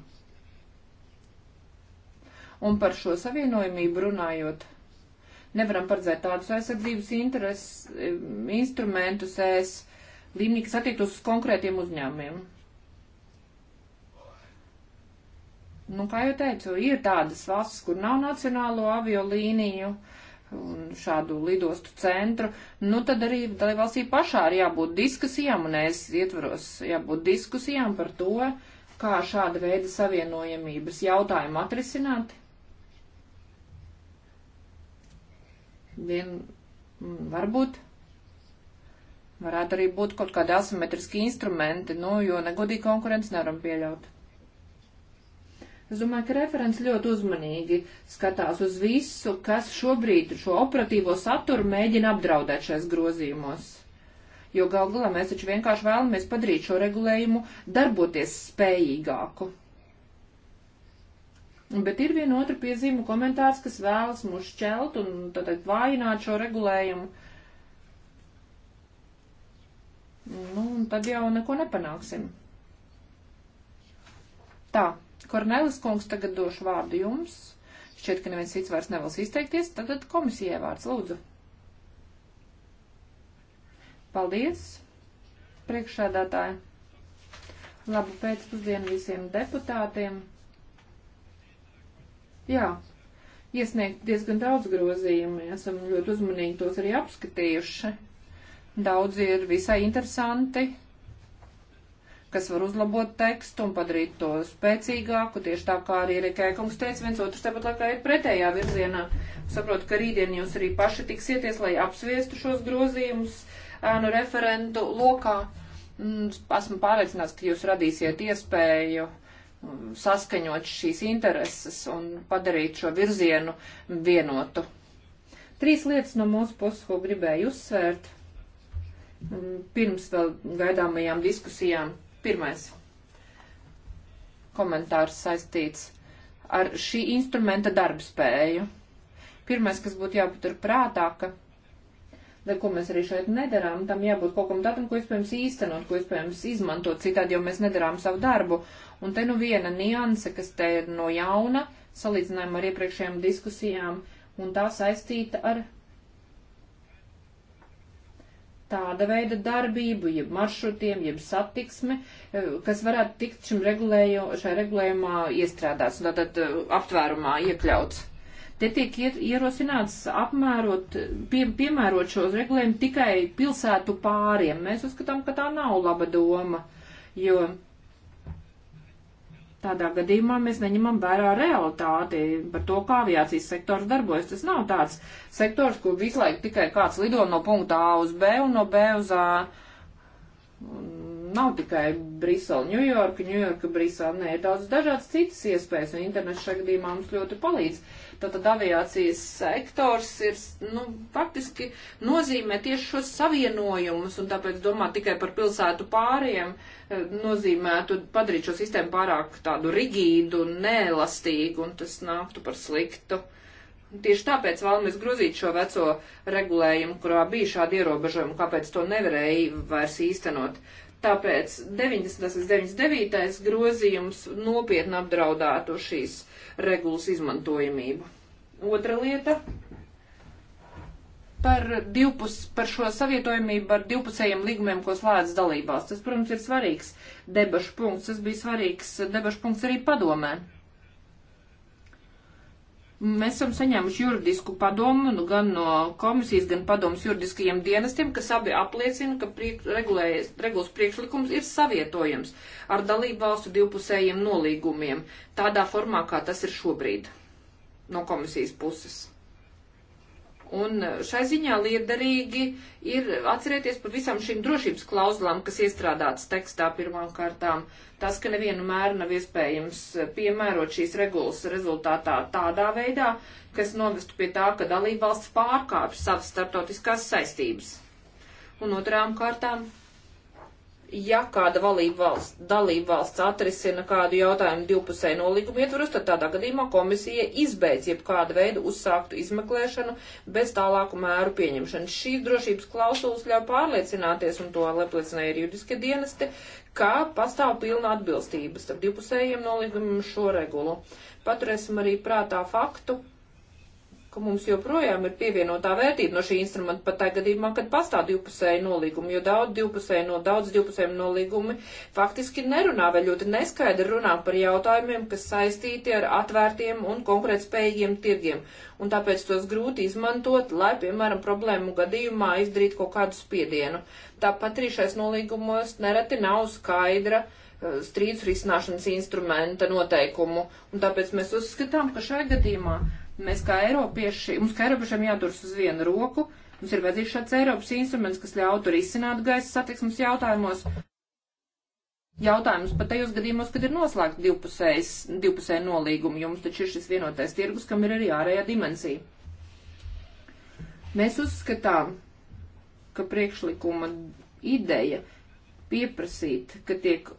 S2: Un par šo savienojamību runājot, nevaram paredzēt tādus aizsardzības interes, um, instrumentus, es, līmenī, kas attiektos uz konkrētiem uzņēmumiem Nu, kā jau teicu, ir tādas valstis, kur nav nacionālo aviolīniju un šādu lidostu centru, nu tad arī valstī pašā ir jābūt diskusijām, un es ietvaros jābūt diskusijām par to, kā šāda veida savienojamības jautājumu atrisināt. Vien mm, varbūt varētu arī būt kaut kādi asimetriski instrumenti, nu, jo negodīgi konkurence nevaram pieļaut. Es domāju, ka referents ļoti uzmanīgi skatās uz visu, kas šobrīd šo operatīvo saturu mēģina apdraudēt šais grozījumos. Jo gal galā mēs taču vienkārši vēlamies padarīt šo regulējumu darboties spējīgāku. Bet ir viena otra piezīme komentārs, kas vēlas mūs šķelt un tātad vājināt šo regulējumu. Nu, un tad jau neko nepanāksim. Tā. Kornelis kungs, tagad došu vārdu jums. Šķiet, ka neviens cits vairs nevēlas izteikties. Tad, tad komisijai vārds lūdzu. Paldies, priekšsēdētāji. Labu pēcpusdienu visiem deputātiem. Jā, iesniegt diezgan daudz grozījumu. Esam ļoti uzmanīgi tos arī apskatījuši. Daudzi ir visai interesanti kas var uzlabot tekstu un padarīt to spēcīgāku, tieši tā kā arī Rekēkungs teica, viens otrs tepat laikā ir pretējā virzienā. Saprotu, ka rītdien jūs arī paši tiksieties, lai apsviestu šos grozījumus ēnu referentu lokā. Mm, esmu pārliecināts, ka jūs radīsiet iespēju mm, saskaņot šīs intereses un padarīt šo virzienu vienotu. Trīs lietas no mūsu puses, ko gribēju uzsvērt mm, pirms vēl gaidāmajām diskusijām Pirmais komentārs saistīts ar šī instrumenta darbspēju. Pirmais, kas būtu jāpatur prātā, ka bet ko mēs arī šeit nedarām, tam jābūt kaut kam tādam, ko iespējams īstenot, ko iespējams izmantot, citādi jau mēs nedarām savu darbu. Un te nu viena nianse, kas te ir no jauna, salīdzinājumā ar iepriekšējām diskusijām, un tā saistīta ar tāda veida darbību, jeb maršrutiem, jeb satiksmi, eh, kas varētu tikt šim regulēju, šai regulējumā iestrādāts, tātad eh, aptvērumā iekļauts. Te tiek ierosināts apmērot, pie, piemērot šos regulējumus tikai pilsētu pāriem. Mēs uzskatām, ka tā nav laba doma, jo Tādā gadījumā mēs neņemam vērā realitāti par to, kā aviācijas sektors darbojas. Tas nav tāds sektors, kur visu laiku tikai kāds lido no punkta A uz B un no B uz A. Nav tikai Brisele, Ņujorka, Ņujorka, Brisele. Nē, ir daudz dažādas citas iespējas, un internets šajā gadījumā mums ļoti palīdz. Uh, Tātad aviācijas sektors ir, nu, faktiski nozīmē tieši šos savienojumus, un tāpēc domāt tikai par pilsētu pāriem eh, nozīmētu padarīt šo sistēmu pārāk tādu rigīdu un neelastīgu, un tas nāktu par sliktu. Tieši tāpēc vēlamies grozīt šo veco regulējumu, kurā bija šādi ierobežojumi, kāpēc to nevarēja vairs īstenot. Tāpēc 90. līdz 99. grozījums nopietni apdraudētu šīs regulas izmantojamību. Otra lieta par, divpus, par šo savietojamību ar divpusējiem līgumiem, ko slēdz dalībās. Tas, protams, ir svarīgs debašu punkts. Tas bija svarīgs debašu punkts arī padomē. Mēs esam saņēmuši juridisku padomu nu, gan no komisijas, gan padomus juridiskajiem dienestiem, kas abi apliecina, ka priek, regulas priekšlikums ir savietojams ar dalību valstu divpusējiem nolīgumiem, tādā formā, kā tas ir šobrīd no komisijas puses. Un šai ziņā liederīgi ir atcerēties par visām šīm drošības klauzulām, kas iestrādātas tekstā pirmām kārtām. Tas, ka nevienmēr nav iespējams piemērot šīs regulas rezultātā tādā veidā, kas novestu pie tā, ka dalībvalsts pārkāpj savas starptautiskās saistības. Un otrām kārtām ja kāda valība valsts, dalība valsts atrisina kādu jautājumu divpusēju nolīgumu ietvaros, tad tādā gadījumā komisija izbeidz jebkādu veidu uzsāktu izmeklēšanu bez tālāku mēru pieņemšanas. Šīs drošības klausulas ļauj pārliecināties, un to apliecināja arī juridiskie dienesti, ka pastāv pilna atbilstības starp divpusējiem nolīgumiem šo regulu. Paturēsim arī prātā faktu, ka mums joprojām ir pievienotā vērtība no šī instrumenta, pat tā gadījumā, kad pastāv divpusēji nolīgumi, jo daudz divpusēji no daudz divpusēji nolīgumi faktiski nerunā vai ļoti neskaidri runā par jautājumiem, kas saistīti ar atvērtiem un konkurētspējīgiem tirgiem. Un tāpēc tos grūti izmantot, lai, piemēram, problēmu gadījumā izdarītu kaut kādu spiedienu. Tāpat arī šais nolīgumos nereti nav skaidra eh, strīdus risināšanas instrumenta noteikumu, un tāpēc mēs uzskatām, ka šajā gadījumā Mēs kā Eiropieši, mums kā Eiropiešiem jāduras uz vienu roku, mums ir vajadzīgs šāds Eiropas instruments, kas ļautu risināt gaisa satiksmes jautājumos. Jautājums pat tajos gadījumos, kad ir noslēgta divpusēja nolīguma, jums taču ir šis vienotais tirgus, kam ir arī ārējā dimensija. Mēs uzskatām, ka priekšlikuma ideja pieprasīt, ka tiek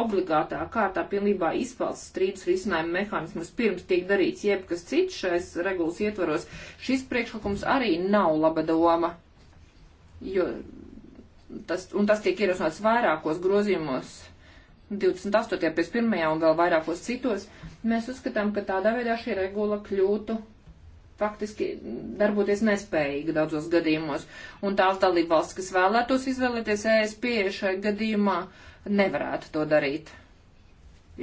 S2: obligātā kārtā pilnībā izpalst strīdus risinājumu mehānismus pirms tiek darīts jebkas cits šais regulas ietvaros, šis priekšlikums arī nav laba doma. Jo tas, un tas tiek ierosināts vairākos grozījumos. 28. pēc 1. un vēl vairākos citos, mēs uzskatām, ka tādā veidā šī regula kļūtu faktiski darboties nespējīga daudzos gadījumos. Un tās dalība valsts, kas vēlētos izvēlēties ES pieeja šai gadījumā, uh, nevarētu to darīt.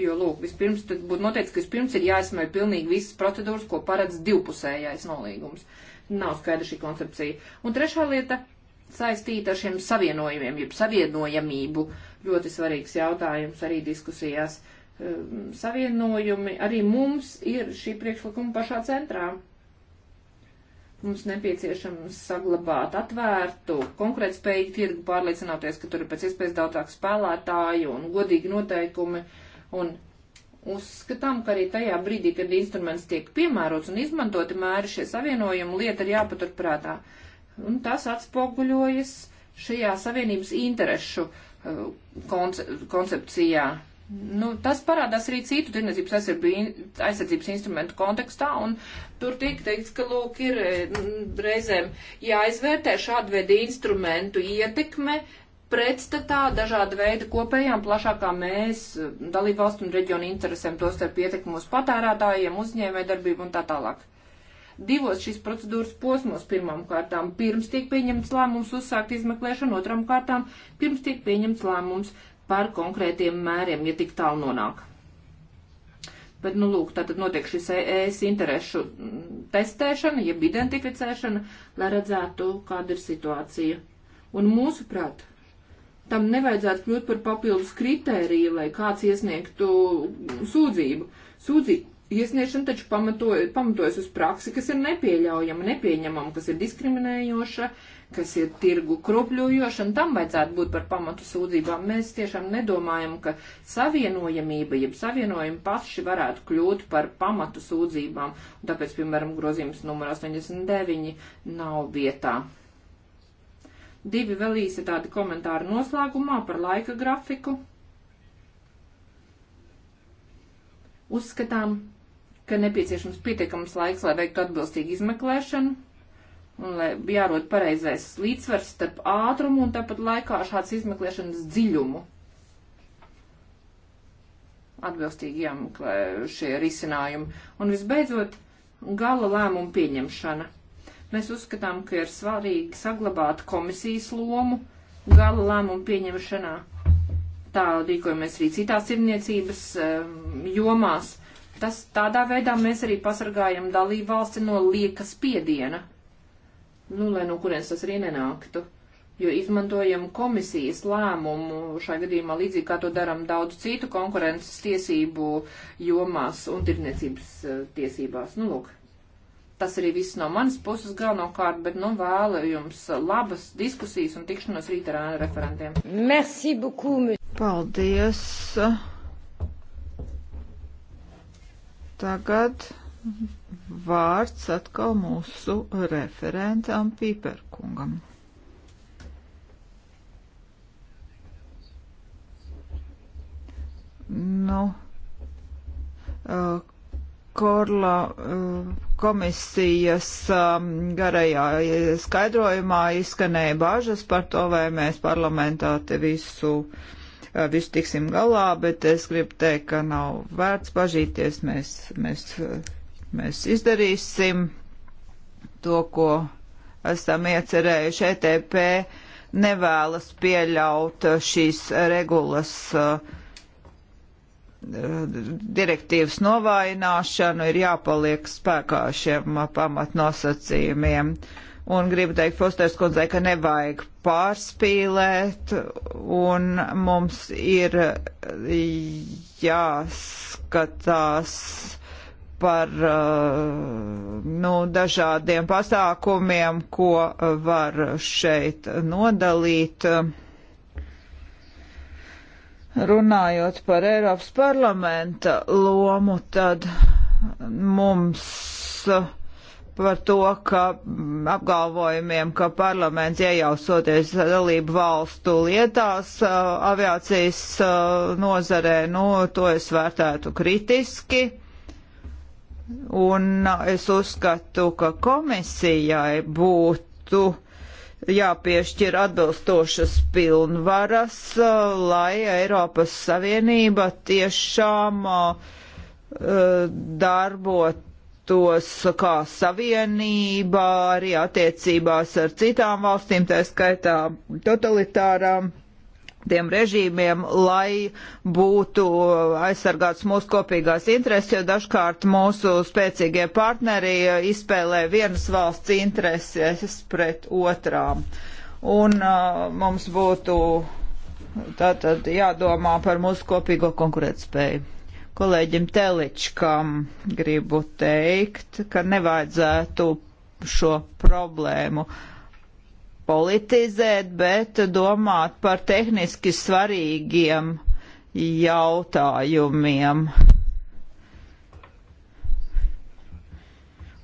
S2: Jo, lūk, vispirms, tad būtu noteikts, ka vispirms ir jāizsmēr pilnīgi visas procedūras, ko paredz divpusējais nolīgums. Nav skaidra šī koncepcija. Un trešā lieta saistīta ar šiem savienojumiem, jeb savienojamību. Ļoti svarīgs jautājums arī diskusijās. Ehm, savienojumi arī mums ir šī priekšlikuma pašā centrā. Mums nepieciešams saglabāt atvērtu, konkurētspējīgu tirgu, pārliecināties, ka tur ir pēc iespējas daudzāk spēlētāju un godīgi noteikumi. Un uzskatām, ka arī tajā brīdī, kad instruments tiek piemērots un izmantoti mēri šie savienojumi, lieta ir jāpaturprātā. Un tas atspoguļojas šajā savienības interešu eh, konce koncepcijā. Nu, tas parādās arī citu tirnezības aizsardzības instrumentu kontekstā, un tur tiek teikts, ka, lūk, ir mm, reizēm jāizvērtē šādu veidu instrumentu ietekme pretstatā dažāda veida kopējām plašākām mēs mm, dalību valstu un reģionu interesēm, tos starp ietekmu uz patērētājiem, uzņēmē darbību un tā tālāk. Divos šīs procedūras posmos pirmām kārtām pirms tiek pieņemts lēmums uzsākt izmeklēšanu, otram kārtām pirms tiek pieņemts lēmums par konkrētiem mēriem, ja tik tālu nonāk. Bet, nu, lūk, tātad notiek šis ES interešu testēšana, jeb identificēšana, lai redzētu, kāda ir situācija. Un mūsuprāt, tam nevajadzētu kļūt par papildus kritēriju, lai kāds iesniegtu sūdzību. Sūdzību iesniegšana taču pamatojas uz praksi, kas ir nepieļaujama, nepieņemama, kas ir diskriminējoša, uh, kas ir tirgu kropļojošana, tam vajadzētu būt par pamatu sūdzībām. Mēs tiešām nedomājam, ka savienojamība, jeb savienojumi paši varētu kļūt par pamatu sūdzībām, un tāpēc, piemēram, grozījums numur 89 nav vietā. Divi vēl īsi tādi komentāri noslēgumā par laika grafiku. Uzskatām, ka nepieciešams pietiekams laiks, lai veiktu atbilstīgu izmeklēšanu un lai jārod pareizais līdzsvars starp ātrumu un tāpat laikā šāds izmeklēšanas dziļumu. Atbilstīgi jāmeklē šie risinājumi. Un visbeidzot, gala lēmumu pieņemšana. Mēs uzskatām, ka ir svarīgi saglabāt komisijas lomu gala lēmumu pieņemšanā. Tā rīkojamies arī citās cirniecības jomās. Tas tādā veidā mēs arī pasargājam dalību valsti no lieka spiediena nu, lai no kurienes tas arī nenāktu. Jo izmantojam komisijas lēmumu šajā gadījumā līdzīgi kā to daram daudz citu konkurences tiesību jomās un tirniecības eh, tiesībās. Nu, lūk, tas arī viss no manas puses galvenokārt, bet, nu, vēlu jums labas diskusijas un tikšanos rīt ar ēnu referentiem.
S3: Merci beaucoup. Paldies. Tagad. Mm-hmm vārds atkal mūsu referentam Pīperkungam. Nu, eh, Korla eh, komisijas eh, garajā skaidrojumā izskanēja bažas par to, vai mēs parlamentā te visu visu tiksim galā, bet es gribu teikt, ka nav vērts bažīties, mēs, mēs Mēs izdarīsim to, ko esam iecerējuši. ETP nevēlas pieļaut šīs regulas uh, direktīvas novājināšanu, ir jāpaliek spēkā šiem pamatnosacījumiem. Un gribu teikt Fosters kundzei, ka nevajag pārspīlēt, un mums ir jāskatās par eh, nu, dažādiem pasākumiem, ko var šeit nodalīt. Runājot par Eiropas parlamenta lomu, tad mums par to, ka apgalvojumiem, ka parlaments iejausoties dalību valstu lietās eh, aviācijas eh, nozarē, nu, to es vērtētu kritiski Un es uzskatu, ka komisijai būtu jāpiešķir atbilstošas pilnvaras, lai Eiropas Savienība tiešām uh, darbotos kā savienība arī attiecībās ar citām valstīm, tā skaitā totalitārām tiem režīmiem, lai būtu aizsargāts mūsu kopīgās intereses, jo dažkārt mūsu spēcīgie partneri izspēlē vienas valsts intereses pret otrām. Un uh, mums būtu tātad jādomā par mūsu kopīgo konkurētspēju. Kolēģim Teličkam gribu teikt, ka nevajadzētu šo problēmu uh, politizēt, bet domāt par tehniski svarīgiem jautājumiem.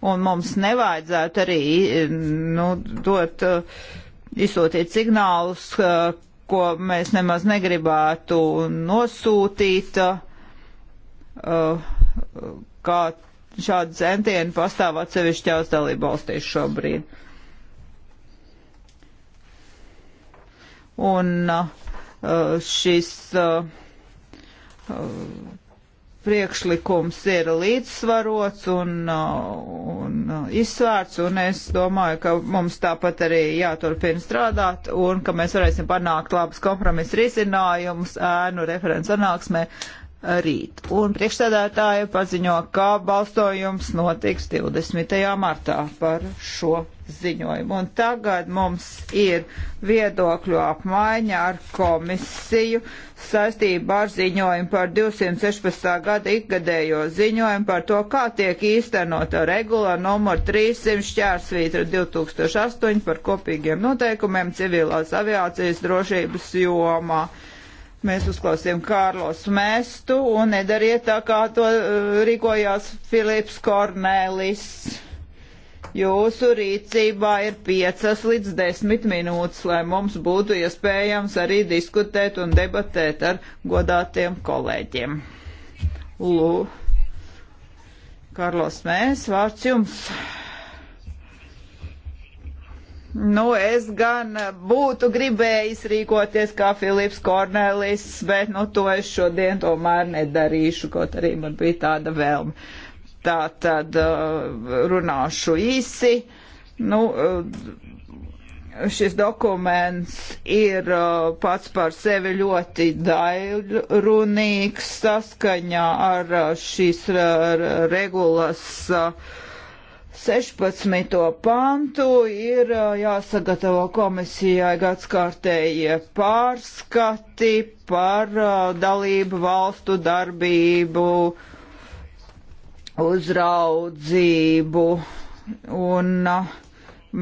S3: Un mums nevajadzētu arī nu, dot, uh, izsūtīt signālus, uh, ko mēs nemaz negribētu nosūtīt, uh, kā šādi centieni pastāv atsevišķās dalībvalstīs šobrīd. un uh, šis uh, uh, priekšlikums ir līdzsvarots un, un izsvērts, un es domāju, ka mums tāpat arī jāturpina strādāt, un ka mēs varēsim panākt labus kompromisu risinājumus ēnu referents sanāksmē rīt. Un priekšsēdētāja paziņo, ka balstojums notiks 20. martā par šo ziņojumu. Un tagad mums ir viedokļu apmaiņa ar komisiju saistībā ar ziņojumu par 216. gada ikgadējo ziņojumu par to, kā tiek īstenota regula numur 300 šķērsvītra 2008 par kopīgiem noteikumiem civilās aviācijas drošības jomā. Mēs uzklausījām Kārlos Mēstu un nedariet tā, kā to eh, rīkojās Filips Kornēlis. Jūsu rīcībā ir 5 līdz 10 minūtes, lai mums būtu iespējams arī diskutēt un debatēt ar godātiem kolēģiem. Lū. Karlos Mēs, vārds jums. Nu, es gan būtu gribējis rīkoties kā Filips Kornelis, bet nu to es šodien tomēr nedarīšu, kaut arī man bija tāda vēlme tā tad uh, runāšu īsi. Nu, uh, šis dokuments ir uh, pats par sevi ļoti daļrunīgs saskaņā ar šīs regulas 16. pantu ir jāsagatavo komisijai gadskārtējie pārskati par dalību valstu darbību uh, uzraudzību. Un uh,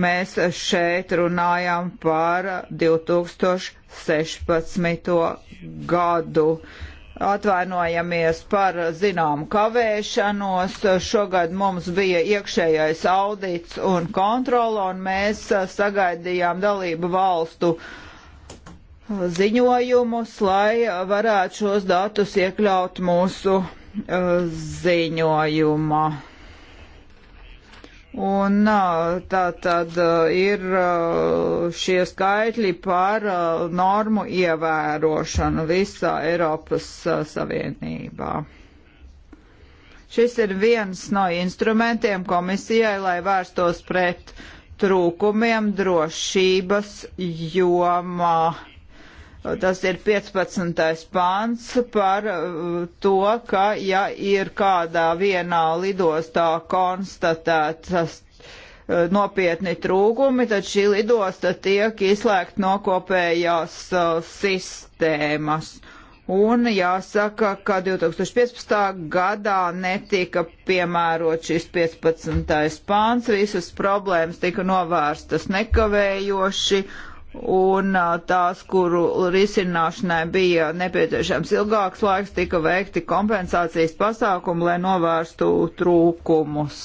S3: mēs šeit runājam par 2016. gadu. Atvainojamies par zināmu kavēšanos. Šogad mums bija iekšējais audits un kontrola, un mēs sagaidījām dalību valstu ziņojumus, lai varētu šos datus iekļaut mūsu ziņojuma. Un tā tad ir šie skaitļi par normu ievērošanu visā Eiropas Savienībā. Šis ir viens no instrumentiem komisijai, lai vērstos pret trūkumiem drošības jomā tas ir 15. pāns par uh, to, ka ja ir kādā vienā lidostā konstatētas uh, nopietni trūkumi, tad šī lidosta tiek izslēgta no kopējās uh, sistēmas. Un jāsaka, ka 2015. gadā netika piemērot šis 15. pāns, visas problēmas tika novērstas nekavējoši un tās, kuru risināšanai bija nepieciešams ilgāks laiks, tika veikti kompensācijas pasākumi, lai novērstu trūkumus.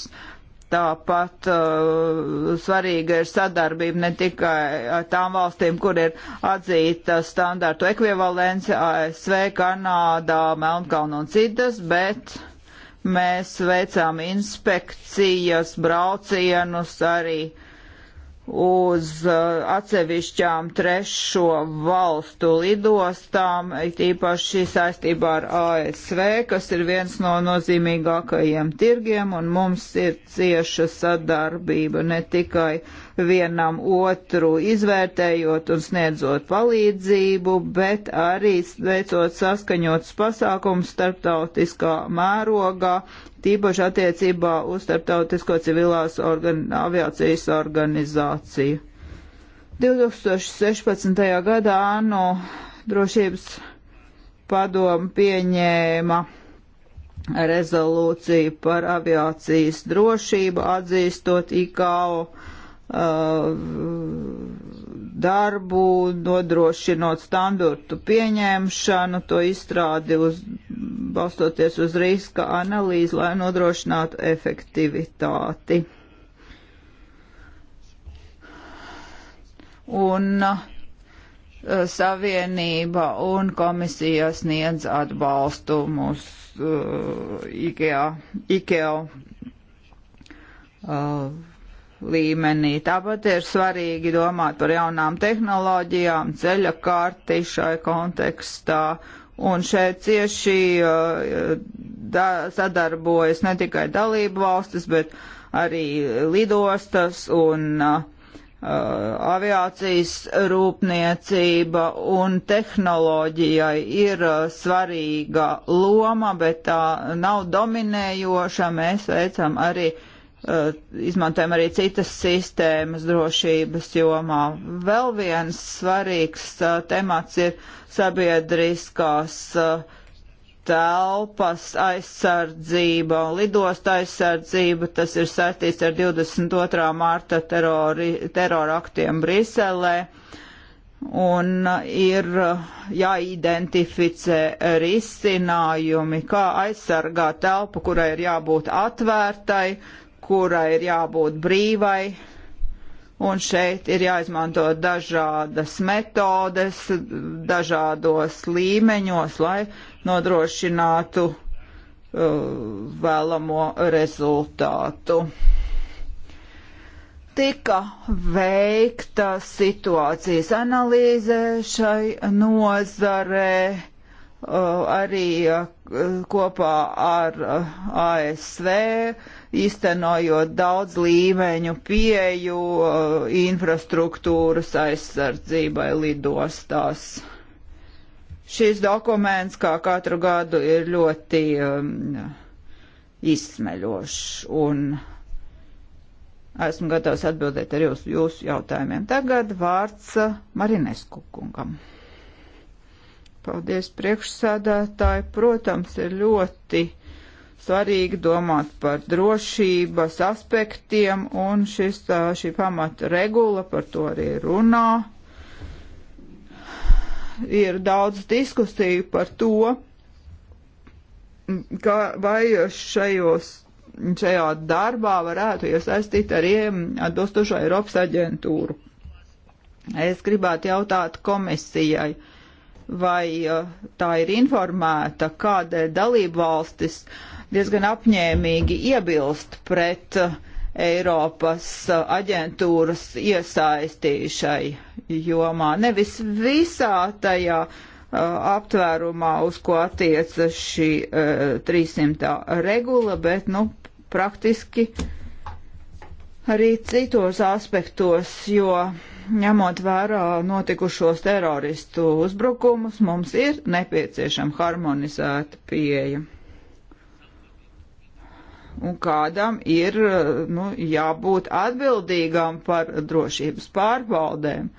S3: Tāpat uh, svarīga ir sadarbība ne tikai ar tām valstīm, kur ir atzīta standārtu ekvivalence ASV, Kanādā, Melnkalna un citas, bet mēs veicām inspekcijas, braucienus arī uz uh, atsevišķām trešo valstu lidostām, tīpaši saistībā ar ASV, kas ir viens no nozīmīgākajiem tirgiem, un mums ir cieša sadarbība ne tikai vienam otru izvērtējot un sniedzot palīdzību, bet arī veicot saskaņotus pasākumus starptautiskā mērogā, tīpaši attiecībā uz starptautisko civilās organ aviācijas organizāciju. 2016. gadā ANO drošības padomu pieņēma rezolūciju par aviācijas drošību, atzīstot IKO Uh, darbu, nodrošinot standartu pieņemšanu, to izstrādi uz, balstoties uz riska analīzi, lai nodrošinātu efektivitāti. Un uh, Savienība un komisija sniedz atbalstu mūsu uh, IKEA, IKEA uh, līmenī. Tāpat ir svarīgi domāt par jaunām tehnoloģijām, ceļa karti šai kontekstā. Un šeit cieši uh, da, sadarbojas ne tikai dalību valstis, bet arī lidostas un uh, aviācijas rūpniecība un tehnoloģijai ir uh, svarīga loma, bet tā nav dominējoša. Mēs veicam arī uh, Eh, izmantojam arī citas sistēmas drošības jomā. Vēl viens svarīgs uh, temats ir sabiedriskās uh, telpas aizsardzība un lidosta aizsardzība. Tas ir saistīts ar 22. mārta terori, teroraktiem Briselē. Un uh, ir jāidentificē risinājumi, kā aizsargāt telpu, kurai ir jābūt atvērtai, kura ir jābūt brīvai, un šeit ir jāizmanto dažādas metodes, dažādos līmeņos, lai nodrošinātu uh, vēlamo rezultātu. Tika veikta situācijas analīze šai nozarē, uh, arī uh, kopā ar uh, ASV, īstenojot daudz līmeņu pieju uh, infrastruktūras aizsardzībai lidostās. Šis dokuments, kā katru gadu, ir ļoti um, izsmeļošs un esmu gatavs atbildēt ar jūsu, jūsu jautājumiem. Tagad vārds uh, Marinesku kungam. Paldies priekšsēdētāji. Protams, ir ļoti svarīgi domāt par drošības aspektiem, un šis, šī pamata regula par to arī runā. Ir daudz diskusiju par to, ka vai šajos, šajā darbā varētu iesaistīt arī atbilstošo Eiropas aģentūru. Es gribētu jautāt komisijai, vai tā ir informēta, kādēļ dalību valstis uh, diezgan apņēmīgi iebilst pret uh, Eiropas uh, aģentūras iesaistīšai jomā. Nevis visā tajā uh, aptvērumā, uz ko attieca šī 300. regula, bet, nu, praktiski arī citos aspektos, jo ņemot vērā notikušos teroristu uzbrukumus, mums ir nepieciešama harmonizēta pieeja un kādam ir nu, jābūt atbildīgam par drošības pārbaudēm.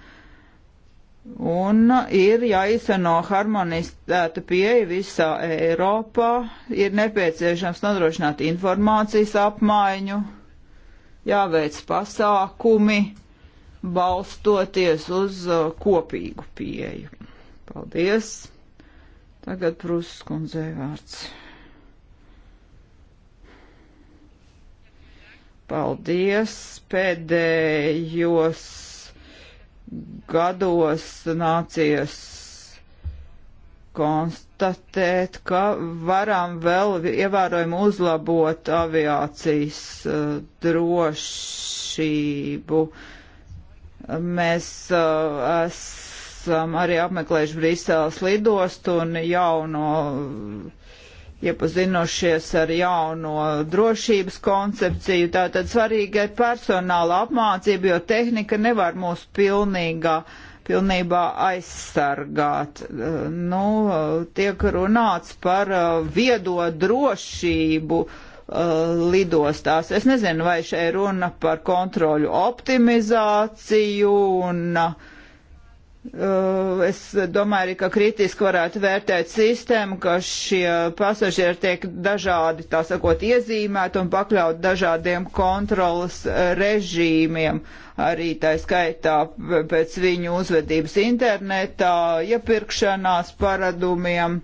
S3: Un ir jāizsano harmonizēta pieeja visā Eiropā, ir nepieciešams nodrošināt informācijas apmaiņu, jāveic pasākumi, balstoties uz uh, kopīgu pieeju. Paldies! Tagad Prūsas kundzei vārds. Paldies! Pēdējos gados nācies konstatēt, ka varam vēl ievērojami uzlabot aviācijas eh, drošību. Mēs uh, esam arī apmeklējuši Brīseles lidostu un jauno uh, iepazinušies ar jauno drošības koncepciju. Tātad svarīga ir personāla apmācība, jo tehnika nevar mūs pilnīgā, pilnībā aizsargāt. Nu, tiek runāts par uh, viedo drošību uh, lidostās. Es nezinu, vai šeit runa par kontroļu optimizāciju un uh, Uh, es domāju arī, ka kritiski varētu vērtēt sistēmu, ka šie pasažieri tiek dažādi, tā sakot, iezīmēti un pakļaut dažādiem kontrolas režīmiem, arī tā skaitā pēc viņu uzvedības internetā, iepirkšanās paradumiem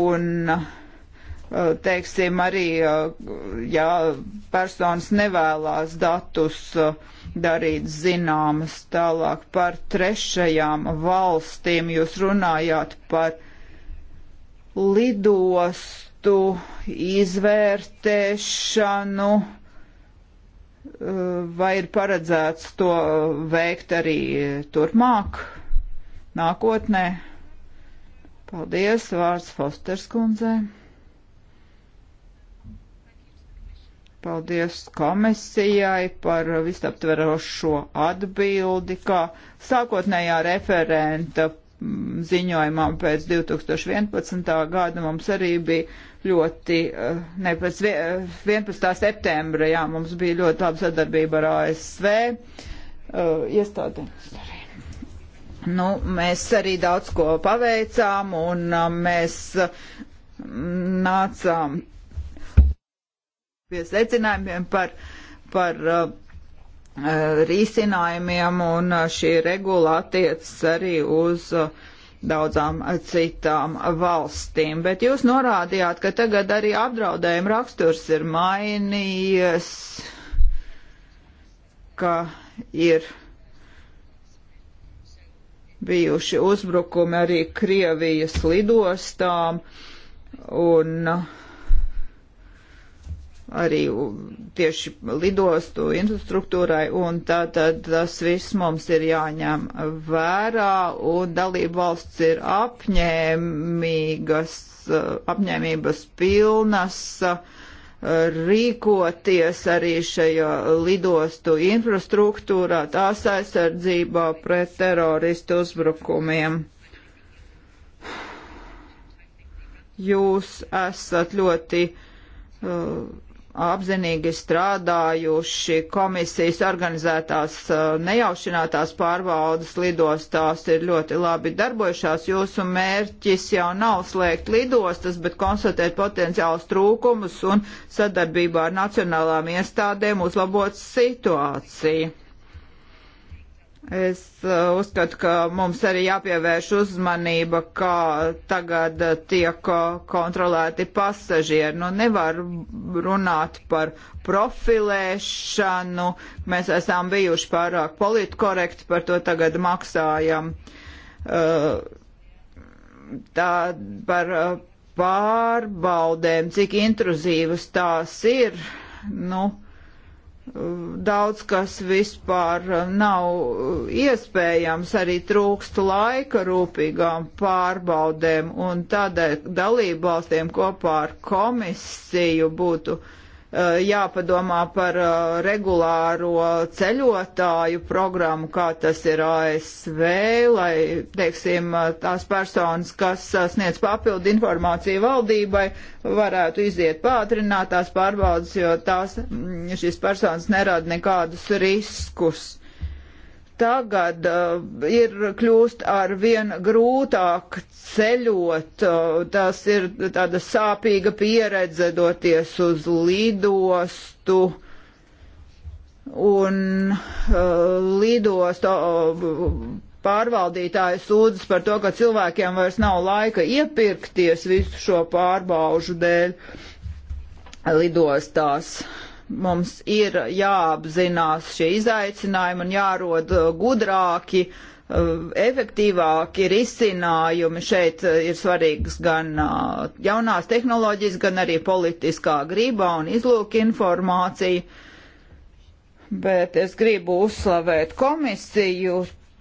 S3: un uh, Eh, teiksim, arī, eh, ja personas nevēlās datus eh, darīt zināmas tālāk par trešajām valstīm, jūs runājāt par lidostu izvērtēšanu, vai ir paredzēts to veikt arī turpmāk, nākotnē? Paldies, vārds Fosters kundzei. Paldies komisijai par visaptverošo atbildi, kā sākotnējā referenta mm, ziņojumā pēc 2011. gada mums arī bija ļoti, eh, ne pēc 11. Eh, septembra, jā, mums bija ļoti laba sadarbība ar ASV eh, iestādēm. Nu, mēs arī daudz ko paveicām un mēs mm, nācām pie secinājumiem par, par uh, uh risinājumiem, un uh, šī regula attiecas arī uz uh, daudzām uh, citām valstīm. Bet jūs norādījāt, ka tagad arī apdraudējuma raksturs ir mainījies, ka ir bijuši uzbrukumi arī Krievijas lidostām un uh, arī tieši lidostu infrastruktūrai, un tātad tas viss mums ir jāņem vērā, un dalību valsts ir apņēmīgas, eh, apņēmības pilnas eh, rīkoties arī šajā lidostu infrastruktūrā, tās aizsardzībā pret teroristu uzbrukumiem. Jūs esat ļoti uh, apzinīgi strādājuši komisijas organizētās uh, nejaušinātās pārbaudas lidostās ir ļoti labi darbojušās. Jūsu mērķis jau nav slēgt lidostas, bet konstatēt potenciālus trūkumus un sadarbībā ar nacionālām iestādēm uzlabot situāciju. Es uh, uzskatu, ka mums arī jāpievērš uzmanība, kā tagad tiek uh, kontrolēti pasažieri. Nu, nevar runāt par profilēšanu. Mēs esam bijuši pārāk politkorekti, par to tagad maksājam. Uh, tā par pārbaudēm, cik intruzīvas tās ir. Nu, daudz kas vispār nav iespējams, arī trūkst laika rūpīgām pārbaudēm, un tādēļ dalībvalstiem kopā ar komisiju būtu Eh, jāpadomā par eh, regulāro ceļotāju programmu, kā tas ir ASV, lai, teiksim, eh, tās personas, kas sniedz papildu informāciju valdībai, varētu iziet pātrinātās pārbaudas, jo tās, mm, šīs personas nerada nekādus riskus tagad uh, ir kļūst ar vien grūtāk ceļot. Uh, tas ir tāda sāpīga pieredze doties uz lidostu. Un uh, lidostu uh, pārvaldītāji sūdzas par to, ka cilvēkiem vairs nav laika iepirkties visu šo pārbaužu dēļ lidostās. Uh, Mums ir jāapzinās šie izaicinājumi un jārod uh, gudrāki, uh, efektīvāki risinājumi. Šeit uh, ir svarīgas gan jaunās tehnoloģijas, gan arī politiskā grība un izlūk informācija. Bet es gribu uzslavēt komisiju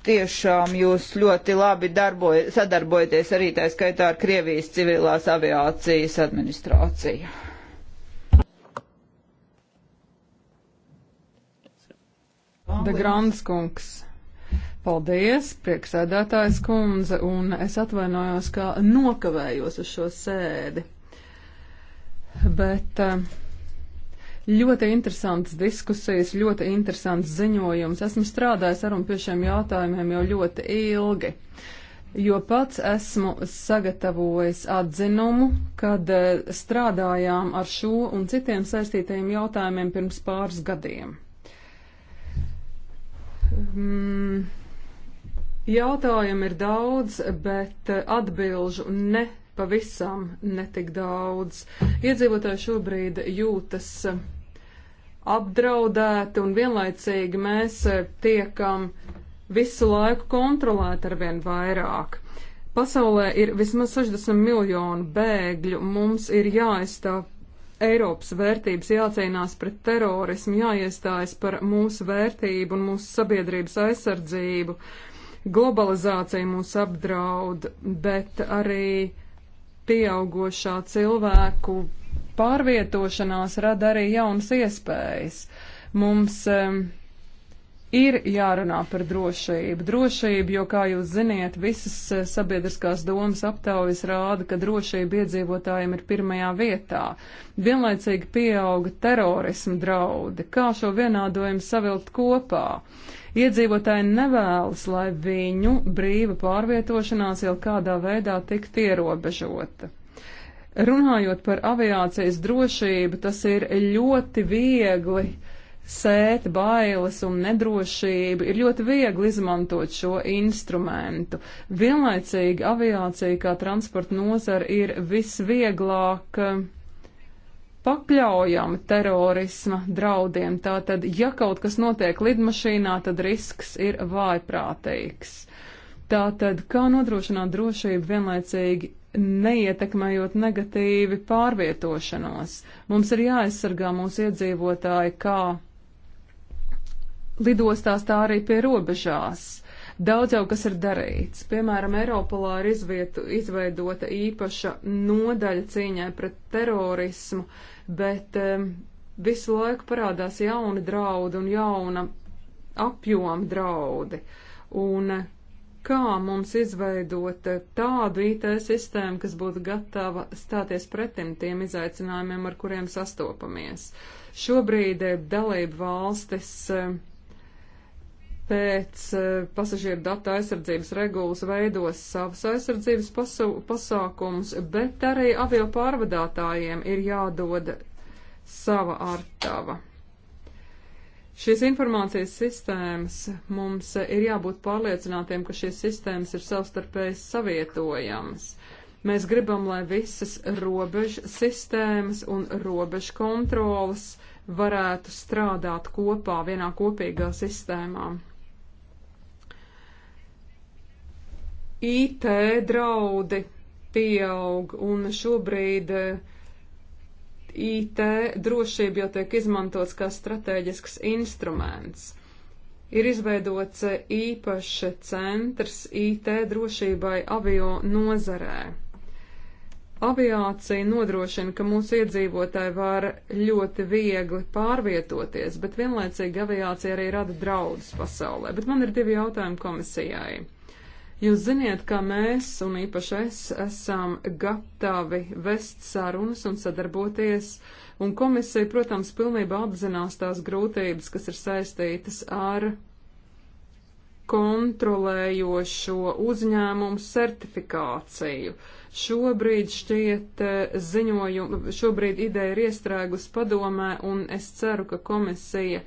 S3: tiešām jūs ļoti labi darboja, sadarbojaties arī tā skaitā ar Krievijas civilās aviācijas administrāciju.
S1: De Grands kungs. Paldies, prieksēdētājs kundze, un es atvainojos, ka nokavējos uz šo sēdi. Bet eh, ļoti interesants diskusijas, ļoti interesants ziņojums. Esmu strādājis ar un pie šiem jautājumiem jau ļoti ilgi jo pats esmu sagatavojis atzinumu, kad eh, strādājām ar šo un citiem saistītajiem jautājumiem pirms pāris gadiem. Mm. Jautājumu ir daudz, bet eh, atbilžu ne pavisam netik daudz. Iedzīvotāji šobrīd jūtas eh, apdraudēti un vienlaicīgi mēs eh, tiekam visu laiku kontrolēti arvien vairāk. Pasaulē ir vismaz 60 miljonu bēgļu, mums ir jāaizstāv Eiropas vērtības, jācīnās pret terorismu, jāiestājas par mūsu vērtību un mūsu sabiedrības aizsardzību. Globalizācija mūs apdraud, bet arī pieaugošā cilvēku pārvietošanās rada arī jaunas iespējas. Mums um, ir jārunā par drošību. Drošību, jo, kā jūs ziniet, visas eh, sabiedriskās domas aptaujas rāda, ka drošība iedzīvotājiem ir pirmajā vietā. Vienlaicīgi pieauga terorisma draudi. Kā šo vienādojumu savilkt kopā? Iedzīvotāji nevēlas, lai viņu brīva pārvietošanās jau kādā veidā tiktu ierobežota. Runājot par aviācijas drošību, tas ir ļoti viegli sēt bailes un nedrošību, ir ļoti viegli izmantot šo instrumentu. Vienlaicīgi aviācija kā transporta nozara ir visvieglāk eh, pakļaujama terorisma draudiem. Tātad, ja kaut kas notiek lidmašīnā, tad risks ir vājprātīgs. Tātad, kā nodrošināt drošību vienlaicīgi neietekmējot negatīvi pārvietošanos? Mums ir jāaizsargā mūsu iedzīvotāji kā lidostās, tā arī pie robežās. Daudz jau kas ir darīts. Piemēram, Eiropolā ir izvietu, izveidota īpaša nodaļa cīņai pret terorismu, bet um, visu laiku parādās jauni draudi un jauna apjoma draudi. Un kā mums izveidot tādu IT sistēmu, kas būtu gatava stāties pretim tiem izaicinājumiem, ar kuriem sastopamies. Šobrīd eh, dalību valstis pēc eh, pasažieru data aizsardzības regulas veidos savus aizsardzības pasākumus, bet arī avio pārvadātājiem ir jādod sava artava. Šīs informācijas sistēmas mums ir jābūt pārliecinātiem, ka šīs sistēmas ir savstarpēji savietojamas. Mēs gribam, lai visas robežu sistēmas un robežu kontrolas varētu strādāt kopā vienā kopīgā sistēmā. IT draudi pieaug un šobrīd eh, IT drošība jau tiek izmantots kā strateģisks instruments. Ir izveidots eh, īpašs centrs IT drošībai avio nozarē. Aviācija nodrošina, ka mūsu iedzīvotāji var ļoti viegli pārvietoties, bet vienlaicīgi aviācija arī rada draudus pasaulē. Bet man ir divi jautājumi komisijai. Jūs ziniet, ka mēs, un īpaši es, esam gatavi vest sarunas un sadarboties, un komisija, protams, pilnībā apzinās tās grūtības, kas ir saistītas ar kontrolējošo uzņēmumu certifikāciju. Šobrīd šķiet eh, ziņojumu, šobrīd ideja ir iestrēgus padomē, un es ceru, ka komisija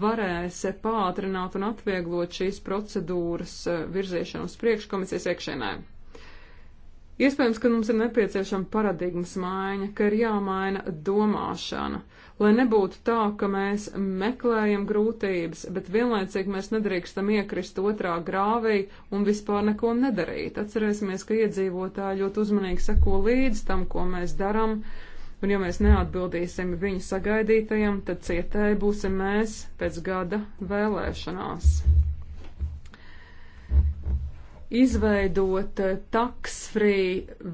S1: varēs pātrināt un atvieglot šīs procedūras eh, virziešanu uz priekšu komisijas iekšēnē. Iespējams, ka mums ir nepieciešama paradigmas maiņa, ka ir jāmaina domāšana, lai nebūtu tā, ka mēs meklējam grūtības, bet vienlaicīgi mēs nedrīkstam iekrist otrā grāvī un vispār neko nedarīt. Atcerēsimies, ka iedzīvotāji ļoti uzmanīgi seko līdz tam, ko mēs darām, uh, un ja mēs neatbildīsim viņu sagaidītajam, tad cietēji būsim mēs pēc gada vēlēšanās. Izveidot eh, taksfrī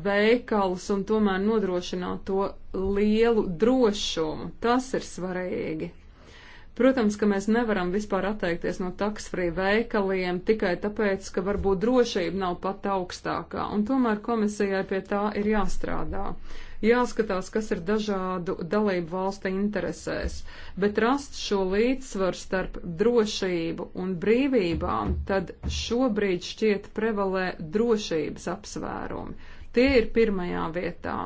S1: veikalus un tomēr nodrošināt to lielu drošumu, tas ir svarīgi. Protams, ka mēs nevaram vispār atteikties no taksfrī veikaliem tikai tāpēc, ka varbūt drošība nav pat augstākā, un tomēr komisijai pie tā ir jāstrādā jāskatās, kas ir dažādu dalību valstu interesēs, bet rast šo līdzsvaru starp drošību un brīvībām, tad šobrīd šķiet prevalē drošības apsvērumi. Tie ir pirmajā vietā.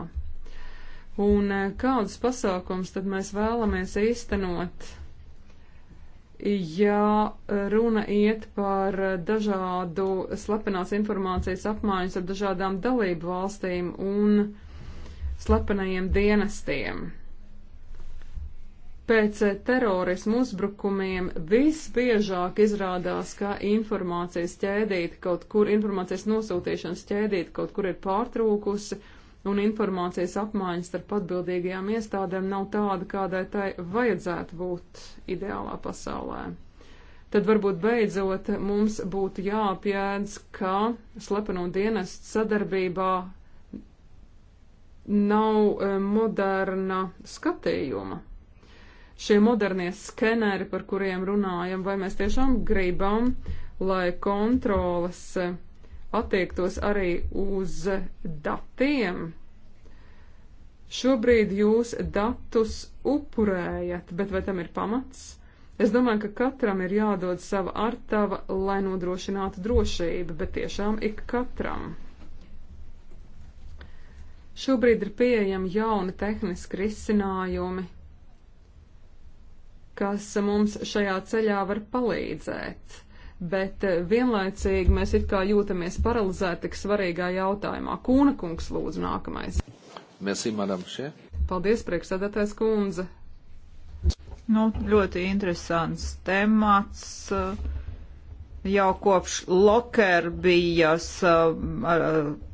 S1: Un eh, kādus pasākums tad mēs vēlamies īstenot, ja runa iet par dažādu slepenās informācijas apmaiņas ar dažādām dalību valstīm un uh, slepenajiem dienestiem. Pēc eh, terorismu uzbrukumiem visbiežāk izrādās, ka informācijas ķēdīte kaut kur, informācijas nosūtīšanas ķēdīte kaut kur ir pārtrūkusi, un informācijas apmaiņas starp atbildīgajām iestādēm nav tāda, kādai tai vajadzētu būt ideālā pasaulē. Tad varbūt beidzot mums būtu jāapjēdz, ka slepeno dienestu sadarbībā nav eh, moderna skatījuma. Šie modernie skeneri, par kuriem runājam, vai mēs tiešām gribam, lai kontrolas eh, attiektos arī uz datiem. Šobrīd jūs datus upurējat, bet vai tam ir pamats? Es domāju, ka katram ir jādod sava artava, lai nodrošinātu drošību, bet tiešām ik katram. Šobrīd ir pieejami jauni tehniski risinājumi, kas mums šajā ceļā var palīdzēt bet eh, vienlaicīgi mēs it kā jūtamies paralizēti tik svarīgā jautājumā. Kūna kungs lūdzu nākamais.
S2: Mēs imanam šie.
S1: Paldies, priekšsēdētājs kundze.
S3: Nu, ļoti interesants temats. Jau kopš Lokerbijas ar,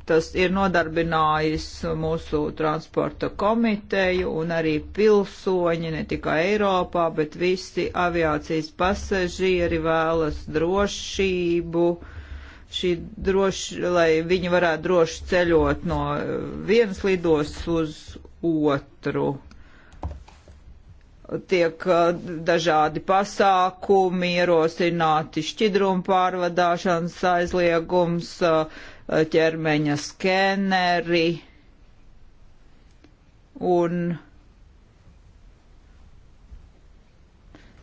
S3: tas ir nodarbinājis mūsu transporta komiteju un arī pilsoņi, ne tikai Eiropā, bet visi aviācijas pasažieri vēlas drošību, šī droši, lai viņi varētu droši ceļot no vienas lidos uz otru. Tiek uh, dažādi pasākumi, ierosināti šķidrumu pārvadāšanas aizliegums, uh, ķermeņa skeneri un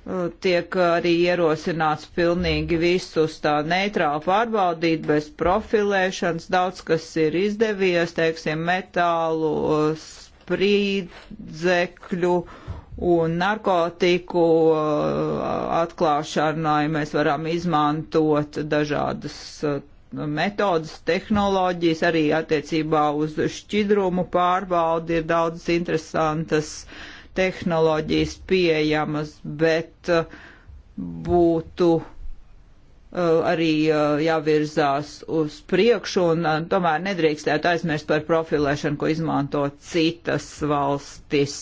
S3: uh, tiek arī ierosināts pilnīgi visus tā neitrāli pārbaudīt bez profilēšanas. Daudz kas ir izdevies, teiksim, metālu, uh, sprīdzekļu un narkotiku uh, atklāšanai mēs varam izmantot dažādas metodas, tehnoloģijas, arī attiecībā uz šķidrumu pārbaudi ir daudzas interesantas tehnoloģijas pieejamas, bet uh, būtu uh, arī uh, jāvirzās uz priekšu un tomēr nedrīkstētu aizmirst par profilēšanu, ko izmanto citas valstis.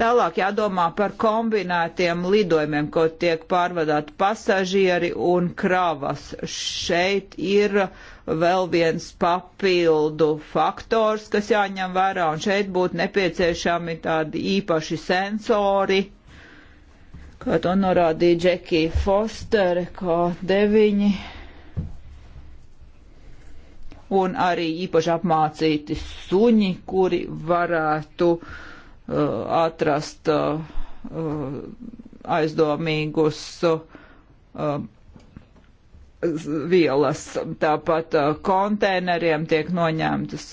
S3: Tālāk jādomā par kombinētiem lidojumiem, ko tiek pārvadāti pasažieri un kravas. Šeit ir vēl viens papildu faktors, kas jāņem vērā, un šeit būtu nepieciešami tādi īpaši sensori, kā to norādīja Džekija Fostere, kā deviņi, un arī īpaši apmācīti suņi, kuri varētu uh, Uh, atrast uh, uh, aizdomīgus vielas. Tāpat konteineriem tiek noņemtas,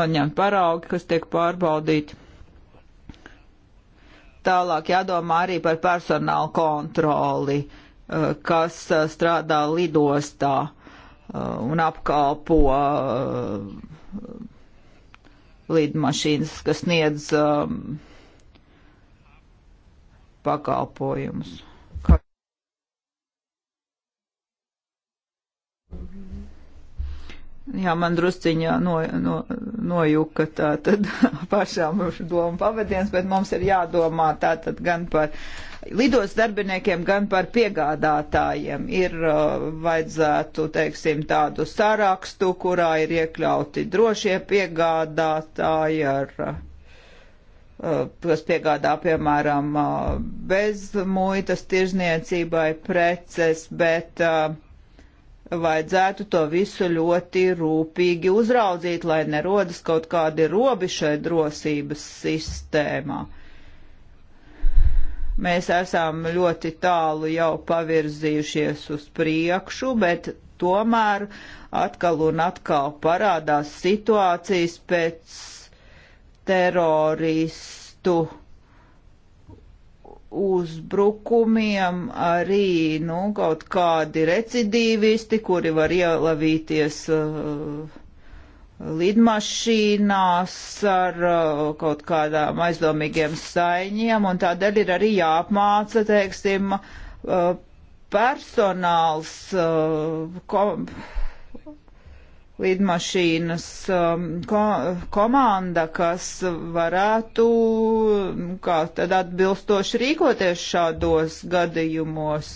S3: noņemt paraugi, kas tiek pārbaudīti. Tālāk jādomā arī par personālu kontroli, kas strādā lidostā un apkalpo lidmašīnas, kas sniedz um, pakalpojumus. Kā... Jā, man drusciņā no, no, nojuka tā tad pašām domu pavadiens, bet mums ir jādomā tā tad gan par uh, lidos darbiniekiem, gan par piegādātājiem. Ir uh, vajadzētu, teiksim, tādu sarakstu, kurā ir iekļauti drošie piegādātāji ar uh, kas piegādā, piemēram, uh, bez muitas tirzniecībai preces, bet uh, vajadzētu to visu ļoti rūpīgi uzraudzīt, lai nerodas kaut kādi robi šai drosības sistēmā. Uh, Mēs esam ļoti tālu jau pavirzījušies uz priekšu, bet tomēr atkal un atkal parādās situācijas pēc teroristu uzbrukumiem arī nu, kaut kādi recidīvisti, kuri var ielavīties uh, lidmašīnās ar uh, kaut kādām aizdomīgiem saiņiem, un tādēļ ir arī jāapmāca, teiksim, uh, personāls uh, kom, lidmašīnas um, ko, komanda, kas varētu um, kā tad atbilstoši rīkoties šādos gadījumos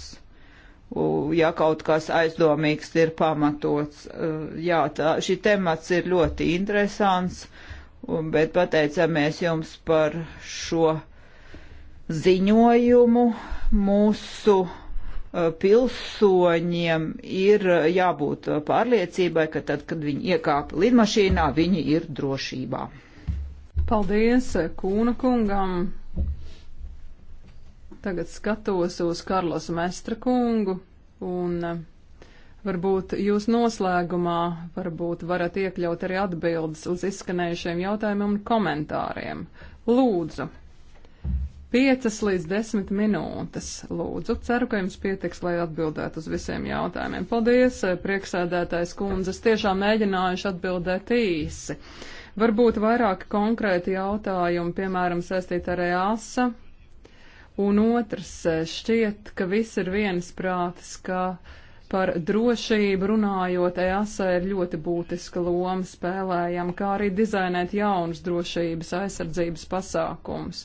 S3: ja kaut kas aizdomīgs ir pamatots. Eh, jā, tā, šī temats ir ļoti interesants, bet pateicamies jums par šo ziņojumu. Mūsu eh, pilsoņiem ir eh, jābūt pārliecībai, ka tad, kad viņi iekāpa lidmašīnā, viņi ir drošībā.
S1: Paldies Kūna kungam! Tagad skatos uz Karlosu Mestra kungu un eh, varbūt jūs noslēgumā varbūt varat iekļaut arī atbildes uz izskanējušiem jautājumiem un komentāriem. Lūdzu, 5 līdz 10 minūtes. Lūdzu, ceru, ka jums pietiks, lai atbildētu uz visiem jautājumiem. Paldies, eh, prieksēdētājs kundzes, tiešām mēģinājuši atbildēt īsi. Varbūt vairāk konkrēti jautājumi, piemēram, saistīt ar EASA Un otrs, e, šķiet, ka viss ir viensprātis, ka par drošību runājot, EASA e ir ļoti būtiska loma spēlējama, kā arī dizainēt jaunus drošības aizsardzības pasākumus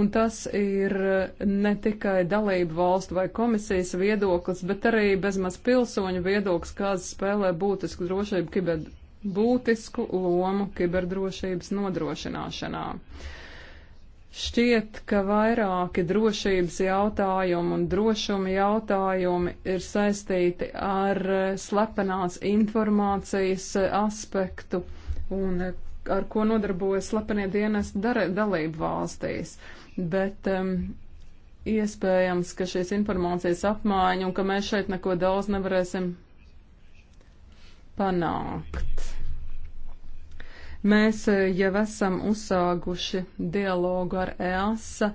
S1: un tas ir e, ne tikai dalību valstu vai komisijas viedoklis, bet arī bezmaz pilsoņu viedoklis, kāds spēlē būtisku drošību kiber, būtisku lomu kiberdrošības nodrošināšanā. Šķiet, ka vairāki drošības jautājumi un drošuma jautājumi ir saistīti ar eh, slepenās informācijas eh, aspektu un eh, ar ko nodarbojas slepenie dienesti dalību valstīs. Bet um, iespējams, ka šīs informācijas apmaiņa un ka mēs šeit neko daudz nevarēsim panākt. Mēs e, jau esam uzsāguši dialogu ar EASA,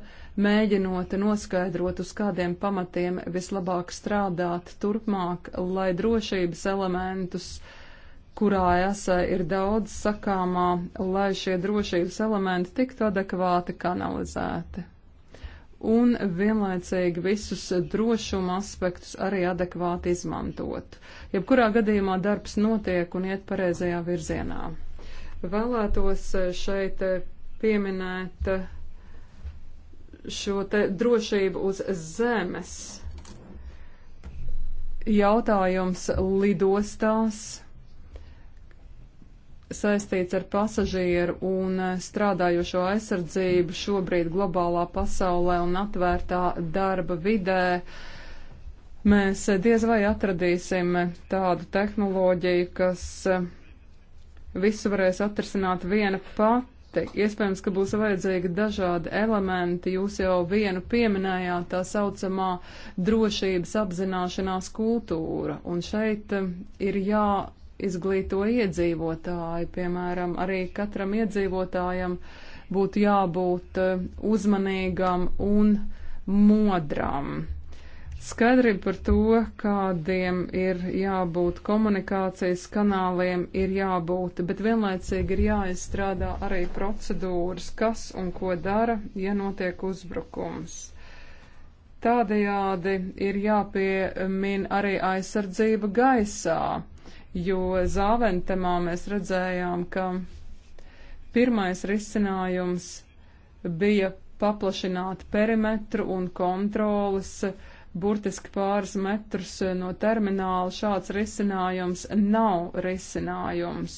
S1: mēģinot noskaidrot, uz kādiem pamatiem vislabāk strādāt turpmāk, lai drošības elementus, kurā EASA ir daudz sakāmā, lai šie drošības elementi tiktu adekvāti kanalizēti. Un vienlaicīgi visus drošuma aspektus arī adekvāti izmantot. Jebkurā gadījumā darbs notiek un iet pareizajā virzienā. Vēlētos eh, šeit eh, pieminēt eh, šo te drošību uz zemes. Jautājums lidostās saistīts ar pasažieru un strādājošo aizsardzību šobrīd globālā pasaulē un atvērtā darba vidē. Mēs diez vai atradīsim tādu tehnoloģiju, kas visu varēs atrisināt viena pati. Iespējams, ka būs vajadzīgi dažādi elementi. Jūs jau vienu pieminējāt tā saucamā drošības apzināšanās kultūra. Un šeit um, ir jāizglīto iedzīvotāji, piemēram, arī katram iedzīvotājam būtu jābūt uh, uzmanīgam un modram. Skaidrība par to, kādiem ir jābūt komunikācijas kanāliem, ir jābūt, bet vienlaicīgi ir jāizstrādā arī procedūras, kas un ko dara, ja notiek uzbrukums. Tādējādi ir jāpiemin arī aizsardzība gaisā, jo zāventemā mēs redzējām, ka pirmais risinājums bija paplašināt perimetru un kontrolas uh, burtiski pāris metrus eh, no termināla šāds risinājums nav risinājums.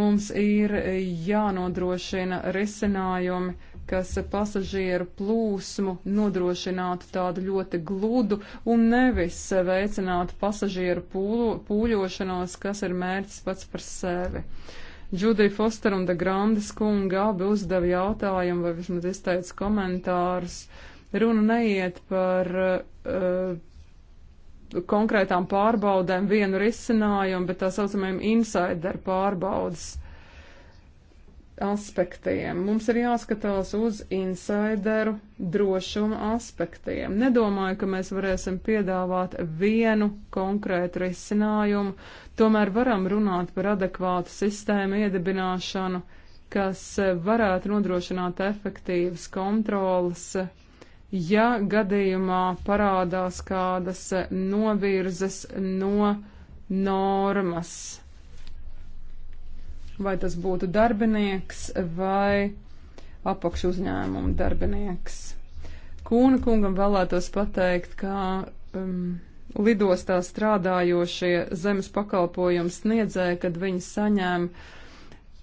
S1: Mums ir eh, jānodrošina risinājumi kas pasažieru plūsmu nodrošinātu tādu ļoti gludu un nevis veicinātu pasažieru pūlo, pūļošanos, kas ir mērķis pats par sevi. Džudija Foster un De Grandes kunga abi uzdeva jautājumu vai vismaz izteica komentārus. Uh, Runa neiet par uh, konkrētām pārbaudēm vienu risinājumu, bet tā saucamajiem insider pārbaudas aspektiem. Mums ir jāskatās uz insideru drošuma aspektiem. Nedomāju, ka mēs varēsim piedāvāt vienu konkrētu risinājumu, tomēr varam runāt par adekvātu sistēmu iedibināšanu, kas varētu nodrošināt efektīvas kontrolas ja gadījumā parādās kādas novirzes no normas. Vai tas būtu darbinieks vai apakšu uzņēmumu darbinieks. Kūna kungam vēlētos pateikt, ka um, lidostā strādājošie zemes pakalpojumu sniedzēji, kad viņi saņem uh,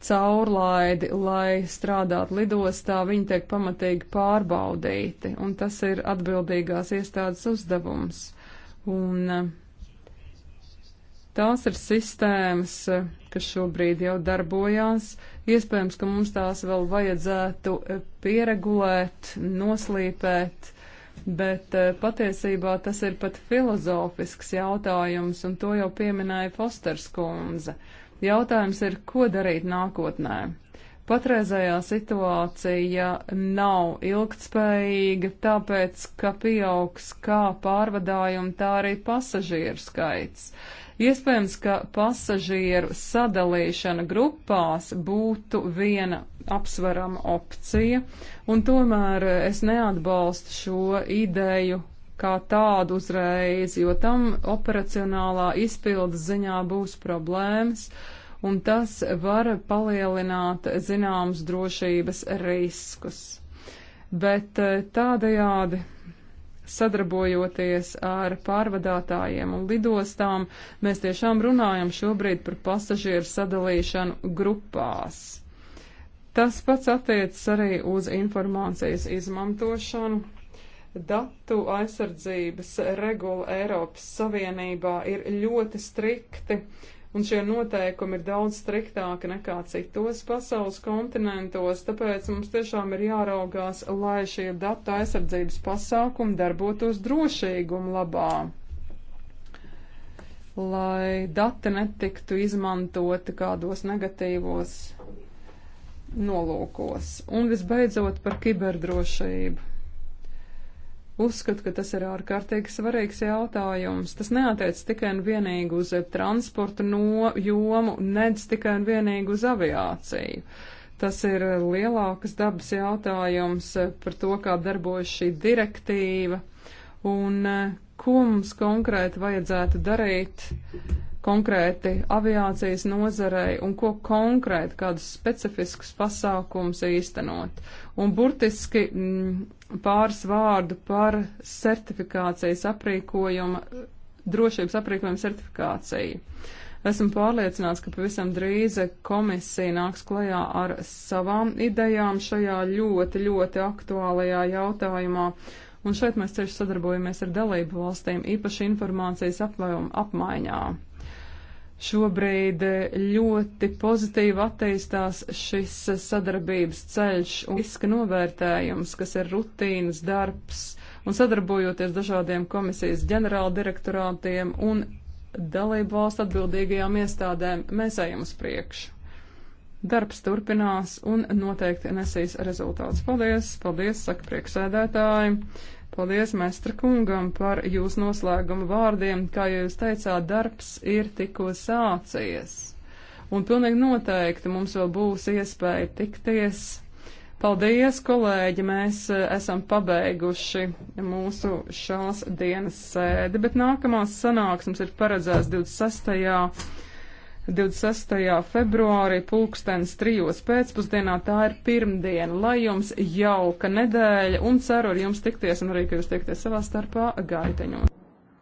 S1: caurlaidi, lai strādātu lidostā, viņi tiek pamatīgi pārbaudīti, un tas ir atbildīgās iestādes uzdevums. Un eh, tās ir sistēmas, eh, kas šobrīd jau darbojās. Iespējams, ka mums tās vēl vajadzētu eh, pieregulēt, noslīpēt, bet patiesībā tas ir pat filozofisks jautājums, un to jau pieminēja Fosters kundze. Uh, Jautājums ir, ko darīt nākotnē? Patreizējā situācija nav ilgtspējīga, tāpēc, ka pieaugs kā pārvadājumi, tā arī pasažieru skaits. Iespējams, ka pasažieru sadalīšana grupās būtu viena apsverama opcija, un tomēr es neatbalstu šo ideju kā tādu uzreiz, jo tam operacionālā izpildes ziņā būs problēmas, un tas var palielināt zināmas drošības riskus. Bet eh, tādajādi sadarbojoties ar pārvadātājiem un lidostām, mēs tiešām runājam šobrīd par pasažieru sadalīšanu grupās. Tas pats attiecas arī uz informācijas izmantošanu, datu aizsardzības regula Eiropas Savienībā ir ļoti strikti, un šie noteikumi ir daudz striktāki nekā citos pasaules kontinentos, tāpēc mums tiešām ir jāraugās, lai šie datu aizsardzības pasākumi darbotos drošīguma labā lai dati netiktu izmantoti kādos negatīvos nolūkos. Un visbeidzot par kiberdrošību. Uzskatu, ka tas ir ārkārtīgi svarīgs jautājums. Tas neatiec tikai un vienīgi uz transporta no jomu, nedz tikai un vienīgi uz aviāciju. Tas ir lielākas dabas jautājums par to, kā darbojas šī direktīva un eh, ko mums konkrēti vajadzētu darīt konkrēti aviācijas nozarei un ko konkrēti kādus specifiskus pasākums īstenot. Un burtiski m, mm, pāris vārdu par certifikācijas aprīkojuma, drošības aprīkojuma certifikāciju. Esmu pārliecināts, ka pavisam drīz komisija nāks klajā ar savām idejām šajā ļoti, ļoti aktuālajā jautājumā. Un šeit mēs cieši sadarbojamies ar dalību valstīm, īpaši informācijas apmaiņā. Šobrīd eh, ļoti pozitīvi attīstās šis eh, sadarbības ceļš un riska novērtējums, kas ir rutīnas darbs, un sadarbojoties dažādiem komisijas ģenerāldirektorātiem un dalību valstu atbildīgajām iestādēm, mēs ejam uz priekšu. Darbs turpinās un noteikti nesīs rezultātus. Paldies, paldies, saka prieksēdētāji. Paldies, mestra kungam, par jūsu noslēguma vārdiem. Kā jūs teicāt, darbs ir tikko sācies. Un pilnīgi noteikti mums vēl būs iespēja tikties. Paldies, kolēģi! Mēs eh, esam pabeiguši mūsu šās dienas sēdi, bet nākamās sanāksmes ir paredzēts 26. 26. februārī pulkstens trijos pēcpusdienā. Tā ir pirmdiena. Lai jums jauka nedēļa un ceru ar jums tikties un arī, ka jūs tiekties savā starpā gaiteņos.